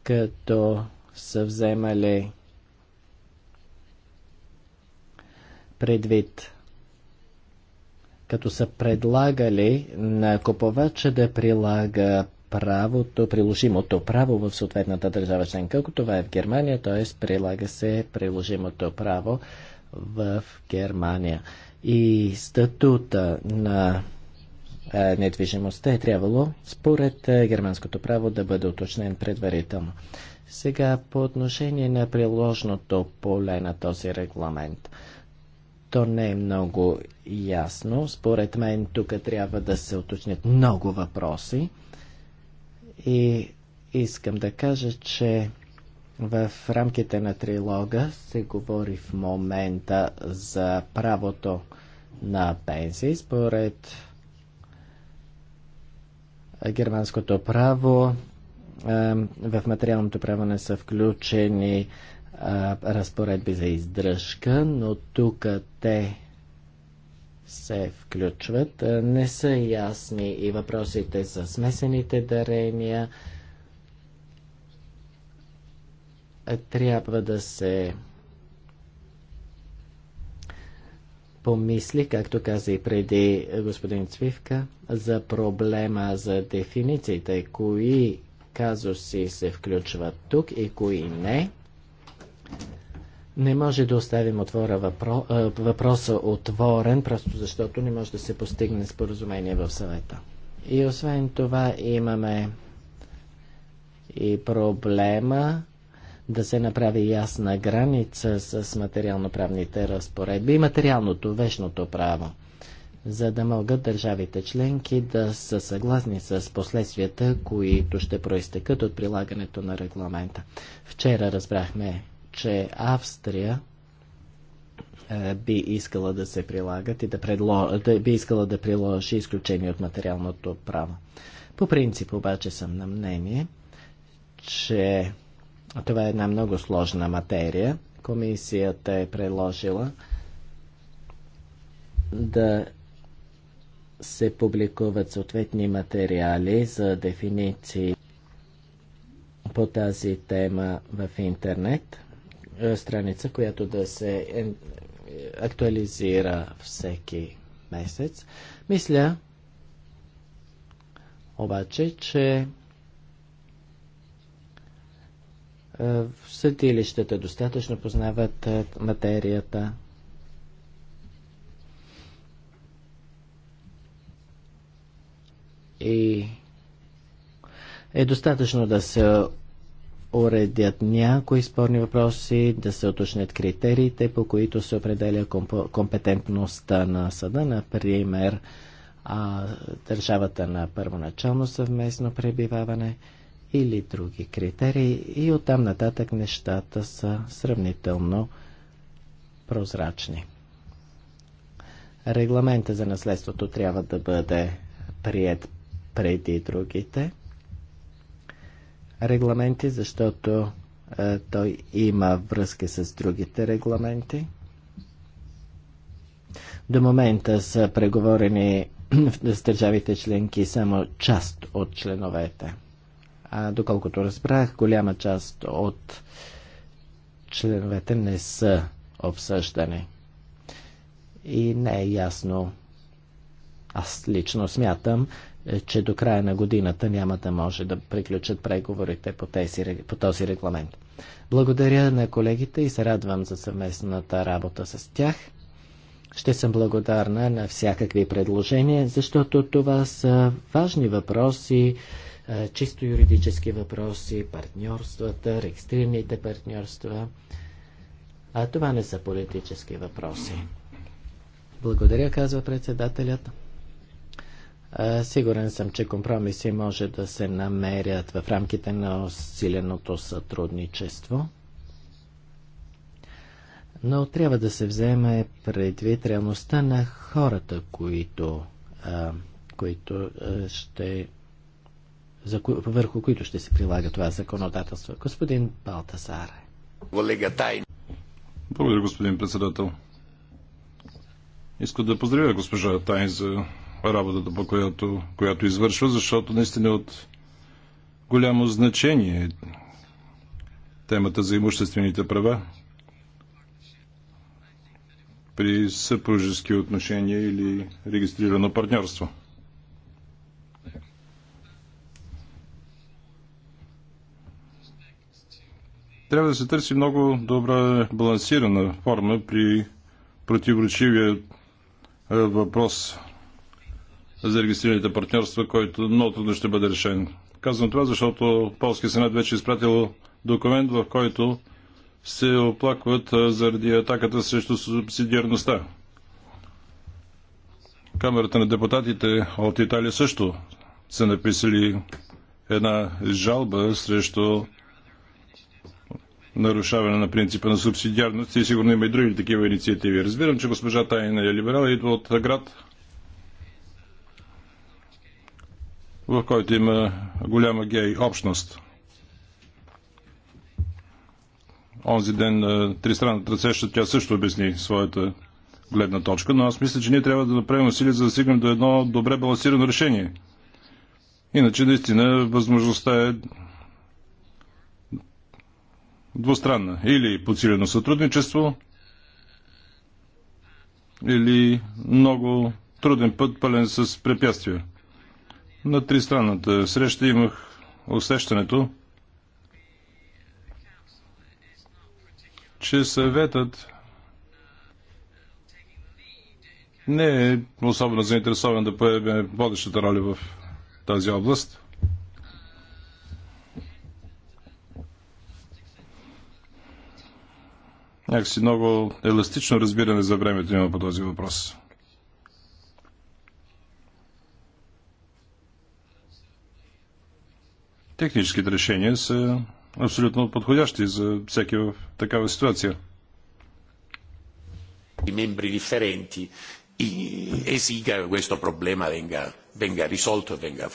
като са вземали предвид, като са предлагали на купувача да прилага правото, приложимото право в съответната държава членка, ако това е в Германия, т.е. прилага се приложимото право в Германия. И статута на е, недвижимостта е трябвало според е, германското право да бъде уточнен предварително. Сега по отношение на приложното поле на този регламент. То не е много ясно. Според мен тук трябва да се уточнят много въпроси. И искам да кажа, че в рамките на трилога се говори в момента за правото на пенсии. Според германското право е, в материалното право не са включени е, разпоредби за издръжка, но тук те се включват. Е, не са ясни и въпросите за смесените дарения. Трябва да се помисли, както каза и преди господин Цвивка, за проблема за дефинициите, кои казуси се включват тук и кои не. Не може да оставим отвора въпро... въпроса отворен, просто защото не може да се постигне споразумение в съвета. И освен това имаме и проблема да се направи ясна граница с материално-правните разпоредби и материалното, вечното право за да могат държавите членки да са съгласни с последствията, които ще проистекат от прилагането на регламента. Вчера разбрахме, че Австрия е, би искала да се прилагат и да, предло... да би искала да приложи изключение от материалното право. По принцип обаче съм на мнение, че това е една много сложна материя. Комисията е предложила да се публикуват съответни материали за дефиниции по тази тема в интернет. Е, страница, която да се е, актуализира всеки месец. Мисля обаче, че в е, съдилищата достатъчно познават материята и е достатъчно да се уредят някои спорни въпроси, да се уточнят критериите, по които се определя компетентността на съда, например а, държавата на първоначално съвместно пребиваване или други критерии и оттам нататък нещата са сравнително прозрачни. Регламента за наследството трябва да бъде прият преди другите регламенти, защото е, той има връзки с другите регламенти. До момента са преговорени [clears throat] с държавите членки само част от членовете. А доколкото разбрах, голяма част от членовете не са обсъждани. И не е ясно. Аз лично смятам, е, че до края на годината няма да може да приключат преговорите по, тези, по този регламент. Благодаря на колегите и се радвам за съвместната работа с тях. Ще съм благодарна на всякакви предложения, защото това са важни въпроси, е, чисто юридически въпроси, партньорствата, регистрираните партньорства. А това не са политически въпроси. Благодаря, казва председателят. Сигурен съм, че компромиси може да се намерят в рамките на усиленото сътрудничество. Но трябва да се вземе предвид реалността на хората, които, а, които а, ще, за, върху които ще се прилага това законодателство. Господин Балтасар. Благодаря, господин председател. Искам да поздравя госпожа Тайн за работата, по която, която извършва, защото наистина е от голямо значение темата за имуществените права при съпружески отношения или регистрирано партньорство. Трябва да се търси много добра балансирана форма при противоречивия въпрос за регистрираните партньорства, който много трудно ще бъде решен. Казвам това, защото Полски сенат вече е изпратил документ, в който се оплакват заради атаката срещу субсидиарността. Камерата на депутатите от Италия също са написали една жалба срещу нарушаване на принципа на субсидиарност и сигурно има и други такива инициативи. Разбирам, че госпожа Тайна е либерал, идва от град в който има голяма гей общност. Онзи ден на тристранната среща тя също обясни своята гледна точка, но аз мисля, че ние трябва да направим усилия за да стигнем до едно добре балансирано решение. Иначе наистина възможността е двустранна. Или подсилено сътрудничество, или много труден път, пълен с препятствия. На тристранната среща имах усещането, че съветът не е особено заинтересован да поеме водещата роля в тази област. Някакси много еластично разбиране за времето има по този въпрос. техническите решения са абсолютно подходящи за всеки в такава ситуация. I membri differenti esiga che questo problema venga, venga risolto e venga.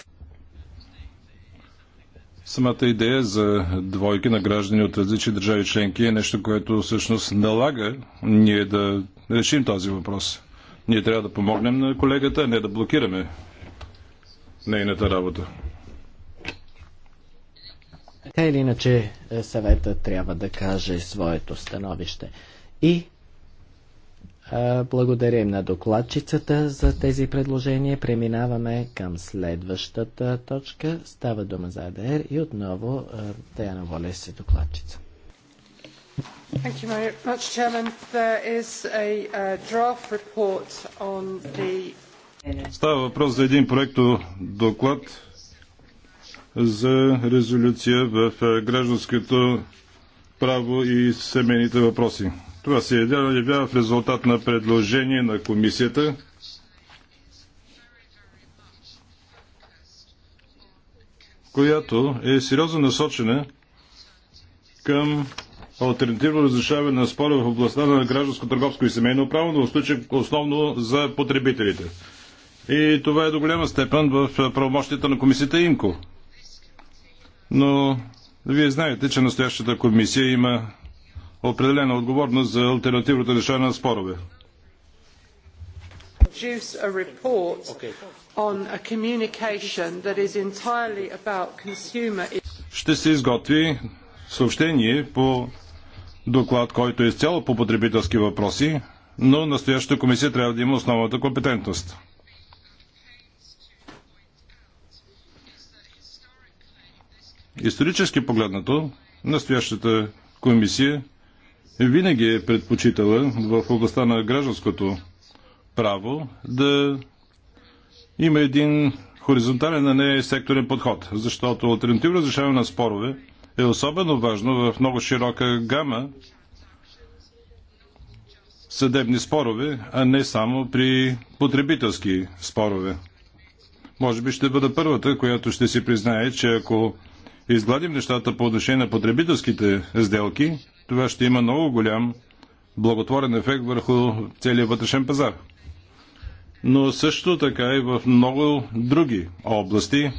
Самата идея за двойки на граждани от различни държави членки е нещо, което всъщност налага ние да решим този въпрос. Ние трябва да помогнем на колегата, а не да блокираме нейната работа. Така или иначе е, съвета трябва да каже своето становище. И а, е, благодарим на докладчицата за тези предложения. Преминаваме към следващата точка. Става дума за АДР и отново Таяна е, Воле е докладчица. Thank you very much, Chairman. There is a uh, draft report on the Става въпрос за един проекто доклад за резолюция в е, гражданското право и семейните въпроси. Това се явява в резултат на предложение на комисията, която е сериозно насочена към альтернативно разрешаване на спора в областта на гражданско, търговско и семейно право, но в случай основно за потребителите. И това е до голяма степен в правомощията на комисията ИМКО. Но вие знаете, че настоящата комисия има определена отговорност за альтернативното решение на спорове. Ще се изготви съобщение по доклад, който е изцяло по потребителски въпроси, но настоящата комисия трябва да има основната компетентност. Исторически погледнато, настоящата комисия винаги е предпочитала в областта на гражданското право да има един хоризонтален, а не секторен подход, защото альтернативно разрешаване на спорове е особено важно в много широка гама съдебни спорове, а не само при потребителски спорове. Може би ще бъда първата, която ще си признае, че ако изгладим нещата по отношение на потребителските сделки, това ще има много голям благотворен ефект върху целия вътрешен пазар. Но също така и в много други области,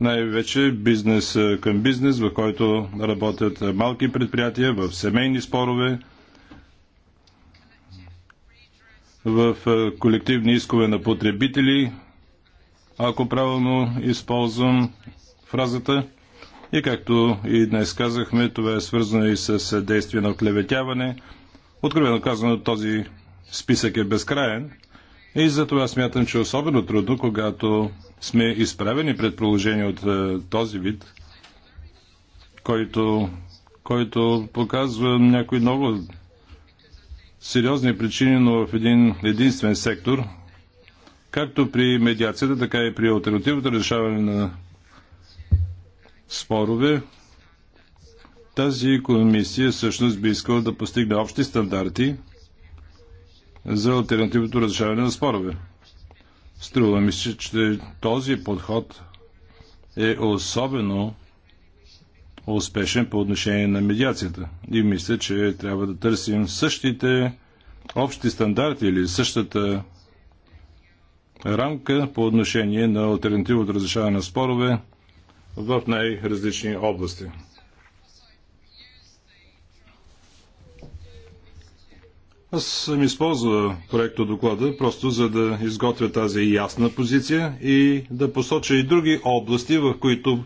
най-вече бизнес към бизнес, в който работят малки предприятия, в семейни спорове, в колективни искове на потребители, ако правилно използвам фразата. И както и днес казахме, това е свързано и с действие на оклеветяване. Откровено казано, този списък е безкраен. И затова смятам, че е особено трудно, когато сме изправени пред положение от е, този вид, който, който показва някои много сериозни причини, но в един единствен сектор, както при медиацията, така и при альтернативното решаване на спорове, тази комисия всъщност би искала да постигне общи стандарти за альтернативното разрешаване на спорове. Струва ми се, че този подход е особено успешен по отношение на медиацията. И мисля, че трябва да търсим същите общи стандарти или същата рамка по отношение на альтернативното разрешаване на спорове в най-различни области. Аз съм използвал проекто доклада просто за да изготвя тази ясна позиция и да посоча и други области, в които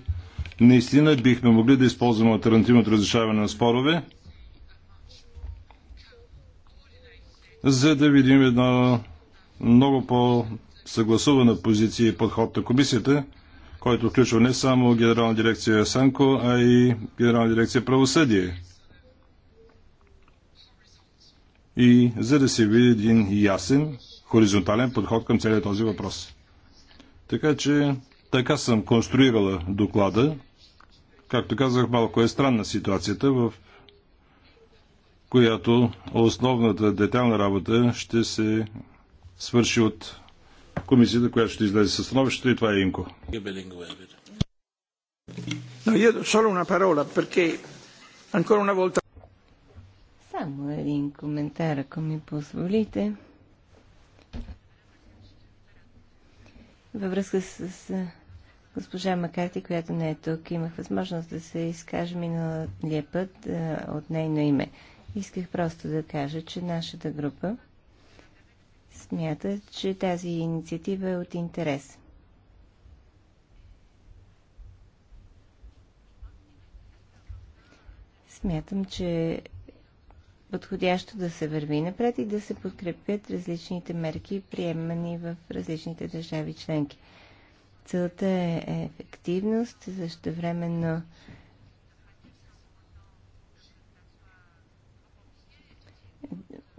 наистина бихме могли да използваме альтернативното разрешаване на спорове, за да видим една много по-съгласувана позиция и подход на комисията – който включва не само Генерална дирекция Санко, а и Генерална дирекция Правосъдие. И за да се види един ясен, хоризонтален подход към целият този въпрос. Така че така съм конструирала доклада. Както казах, малко е странна ситуацията, в която основната детална работа ще се свърши от комисията, която ще излезе със становището и това е Имко. Само един коментар, ако ми позволите. Във връзка с, госпожа Макарти, която не е тук, имах възможност да се изкажа миналия път е, от нейно име. Исках просто да кажа, че нашата група смята, че тази инициатива е от интерес. Смятам, че е подходящо да се върви напред и да се подкрепят различните мерки, приемани в различните държави членки. Целта е ефективност, също времено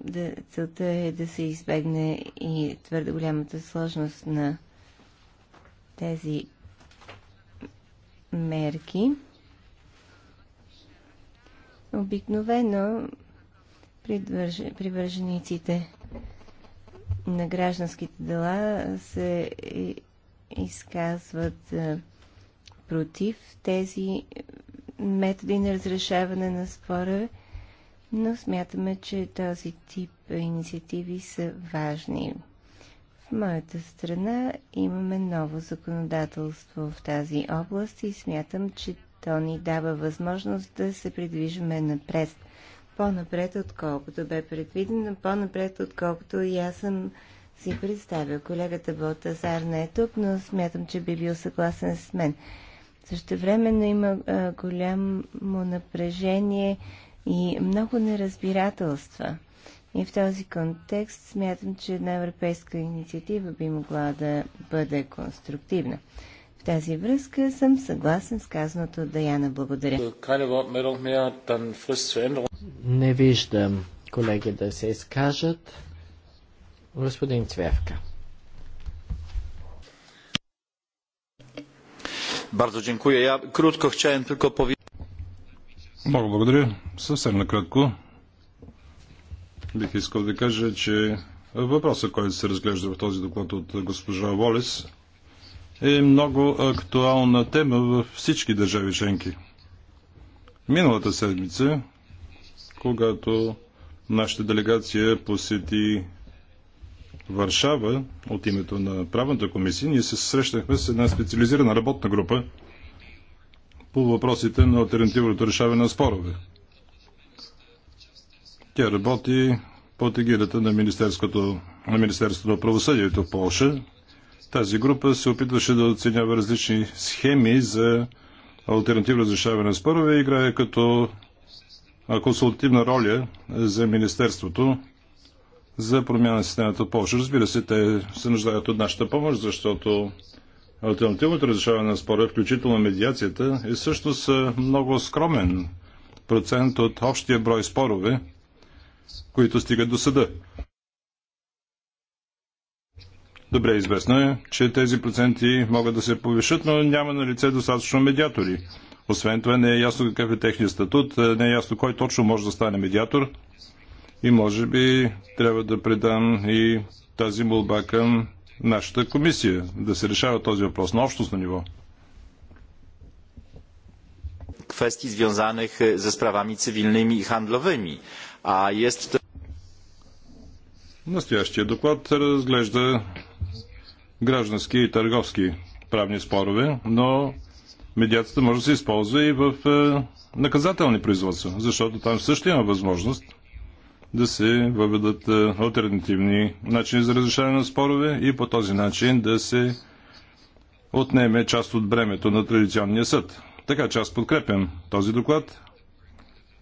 да, целта е да се избегне и твърде голямата сложност на тези мерки. Обикновено привържениците на гражданските дела се изказват е, против тези методи на разрешаване на спорове но смятаме, че този тип инициативи са важни. В моята страна имаме ново законодателство в тази област и смятам, че то ни дава възможност да се придвижваме напред. По-напред, отколкото бе предвидено, по-напред, отколкото и аз съм си представил. Колегата Балтазар не е тук, но смятам, че би бил съгласен с мен. Същевременно има а, голямо напрежение и много неразбирателства. И в този контекст смятам, че една европейска инициатива би могла да бъде конструктивна. В тази връзка съм съгласен с казаното от Даяна. Благодаря. Не виждам колеги да се изкажат. Господин Цвевка. Bardzo dziękuję. Ja krótko chciałem tylko powiedzieć. Много благодаря. Съвсем накратко бих искал да кажа, че въпросът, който се разглежда в този доклад от госпожа Волес, е много актуална тема във всички държави членки. Миналата седмица, когато нашата делегация посети Варшава от името на правната комисия, ние се срещнахме с една специализирана работна група, по въпросите на альтернативното решаване на спорове. Тя работи под егидата на Министерството на, Министерството на правосъдието в Польша. Тази група се опитваше да оценява различни схеми за альтернативно разрешаване на спорове и играе като консултативна роля за Министерството за промяна на системата в Польша. Разбира се, те се нуждаят от нашата помощ, защото Альтернативното разрешаване на спора, включително медиацията, е също с е, много скромен процент от общия брой спорове, които стигат до съда. Добре известно е, че тези проценти могат да се повишат, но няма на лице достатъчно медиатори. Освен това не е ясно какъв е техният статут, е, не е ясно кой точно може да стане медиатор и може би трябва да предам и тази молба към нашата комисия, да се решава този въпрос на общностно ниво. Kwestii związanych e, ze sprawami cywilnymi i handlowymi, a jest. Настоящия доклад разглежда граждански и търговски правни спорове, но медиацията може да се използва и в е, наказателни производства, защото там също има възможност да се въведат е, альтернативни начини за разрешаване на спорове и по този начин да се отнеме част от бремето на традиционния съд. Така че аз подкрепям този доклад.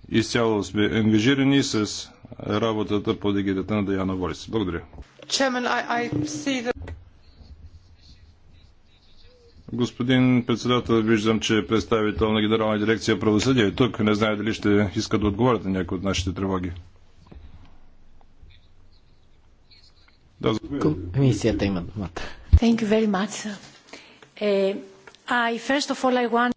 Изцяло сме ангажирани с работата по дегидата на Даяна Волис. Благодаря. Господин председател, виждам, че е представител на Генерална дирекция правосъдие е тук. Не знае дали ще иска да отговорят на някои от нашите тревоги. Комисията има думата. Thank you very much. Е, I, first of all, I want...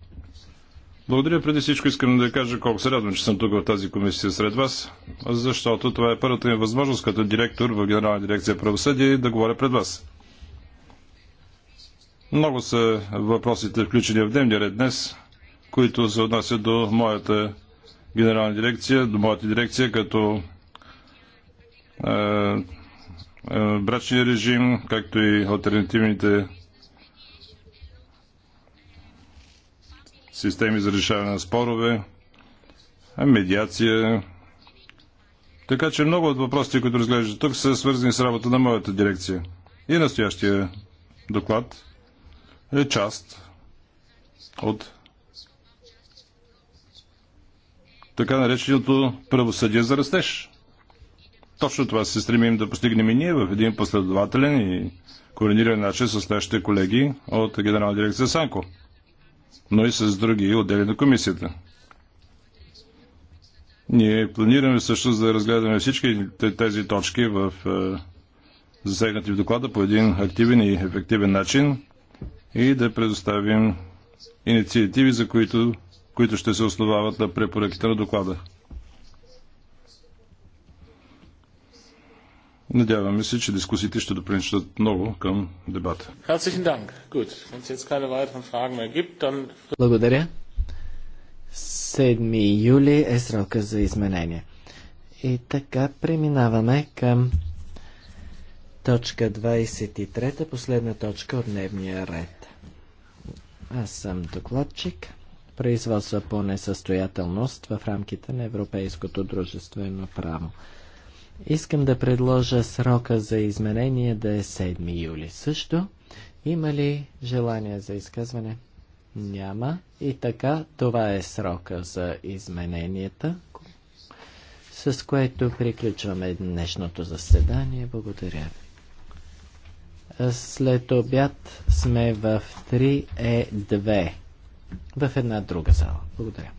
Благодаря. Преди всичко искам да кажа колко се радвам, че съм тук в тази комисия сред вас, защото това е първата ми възможност като директор в Генерална дирекция правосъдие да говоря пред вас. Много са въпросите, включени в дневния ред днес, които се отнасят до моята генерална дирекция, до моята дирекция като е, е, брачния режим, както и альтернативните системи за решаване на спорове, медиация. Така че много от въпросите, които разглеждате тук, са свързани с работа на моята дирекция. И настоящия доклад е част от така нареченото правосъдие за растеж. Точно това се стремим да постигнем и ние в един последователен и координиран начин с нашите колеги от Генерална дирекция Санко, но и с други отдели на комисията. Ние планираме всъщност да разгледаме всички тези точки в е, засегнати в доклада по един активен и ефективен начин и да предоставим инициативи, за които, които ще се основават на препоръките на доклада. Надяваме се, че дискусиите ще допринесат много към дебата. Благодаря. 7 юли е срока за изменение. И така преминаваме към точка 23, последна точка от дневния ред. Аз съм докладчик. Производство по несъстоятелност в рамките на Европейското дружествено право. Искам да предложа срока за изменение да е 7 юли. Също има ли желание за изказване? Няма. И така, това е срока за измененията, с което приключваме днешното заседание. Благодаря ви. След обяд сме в 3Е2, в една друга зала. Благодаря.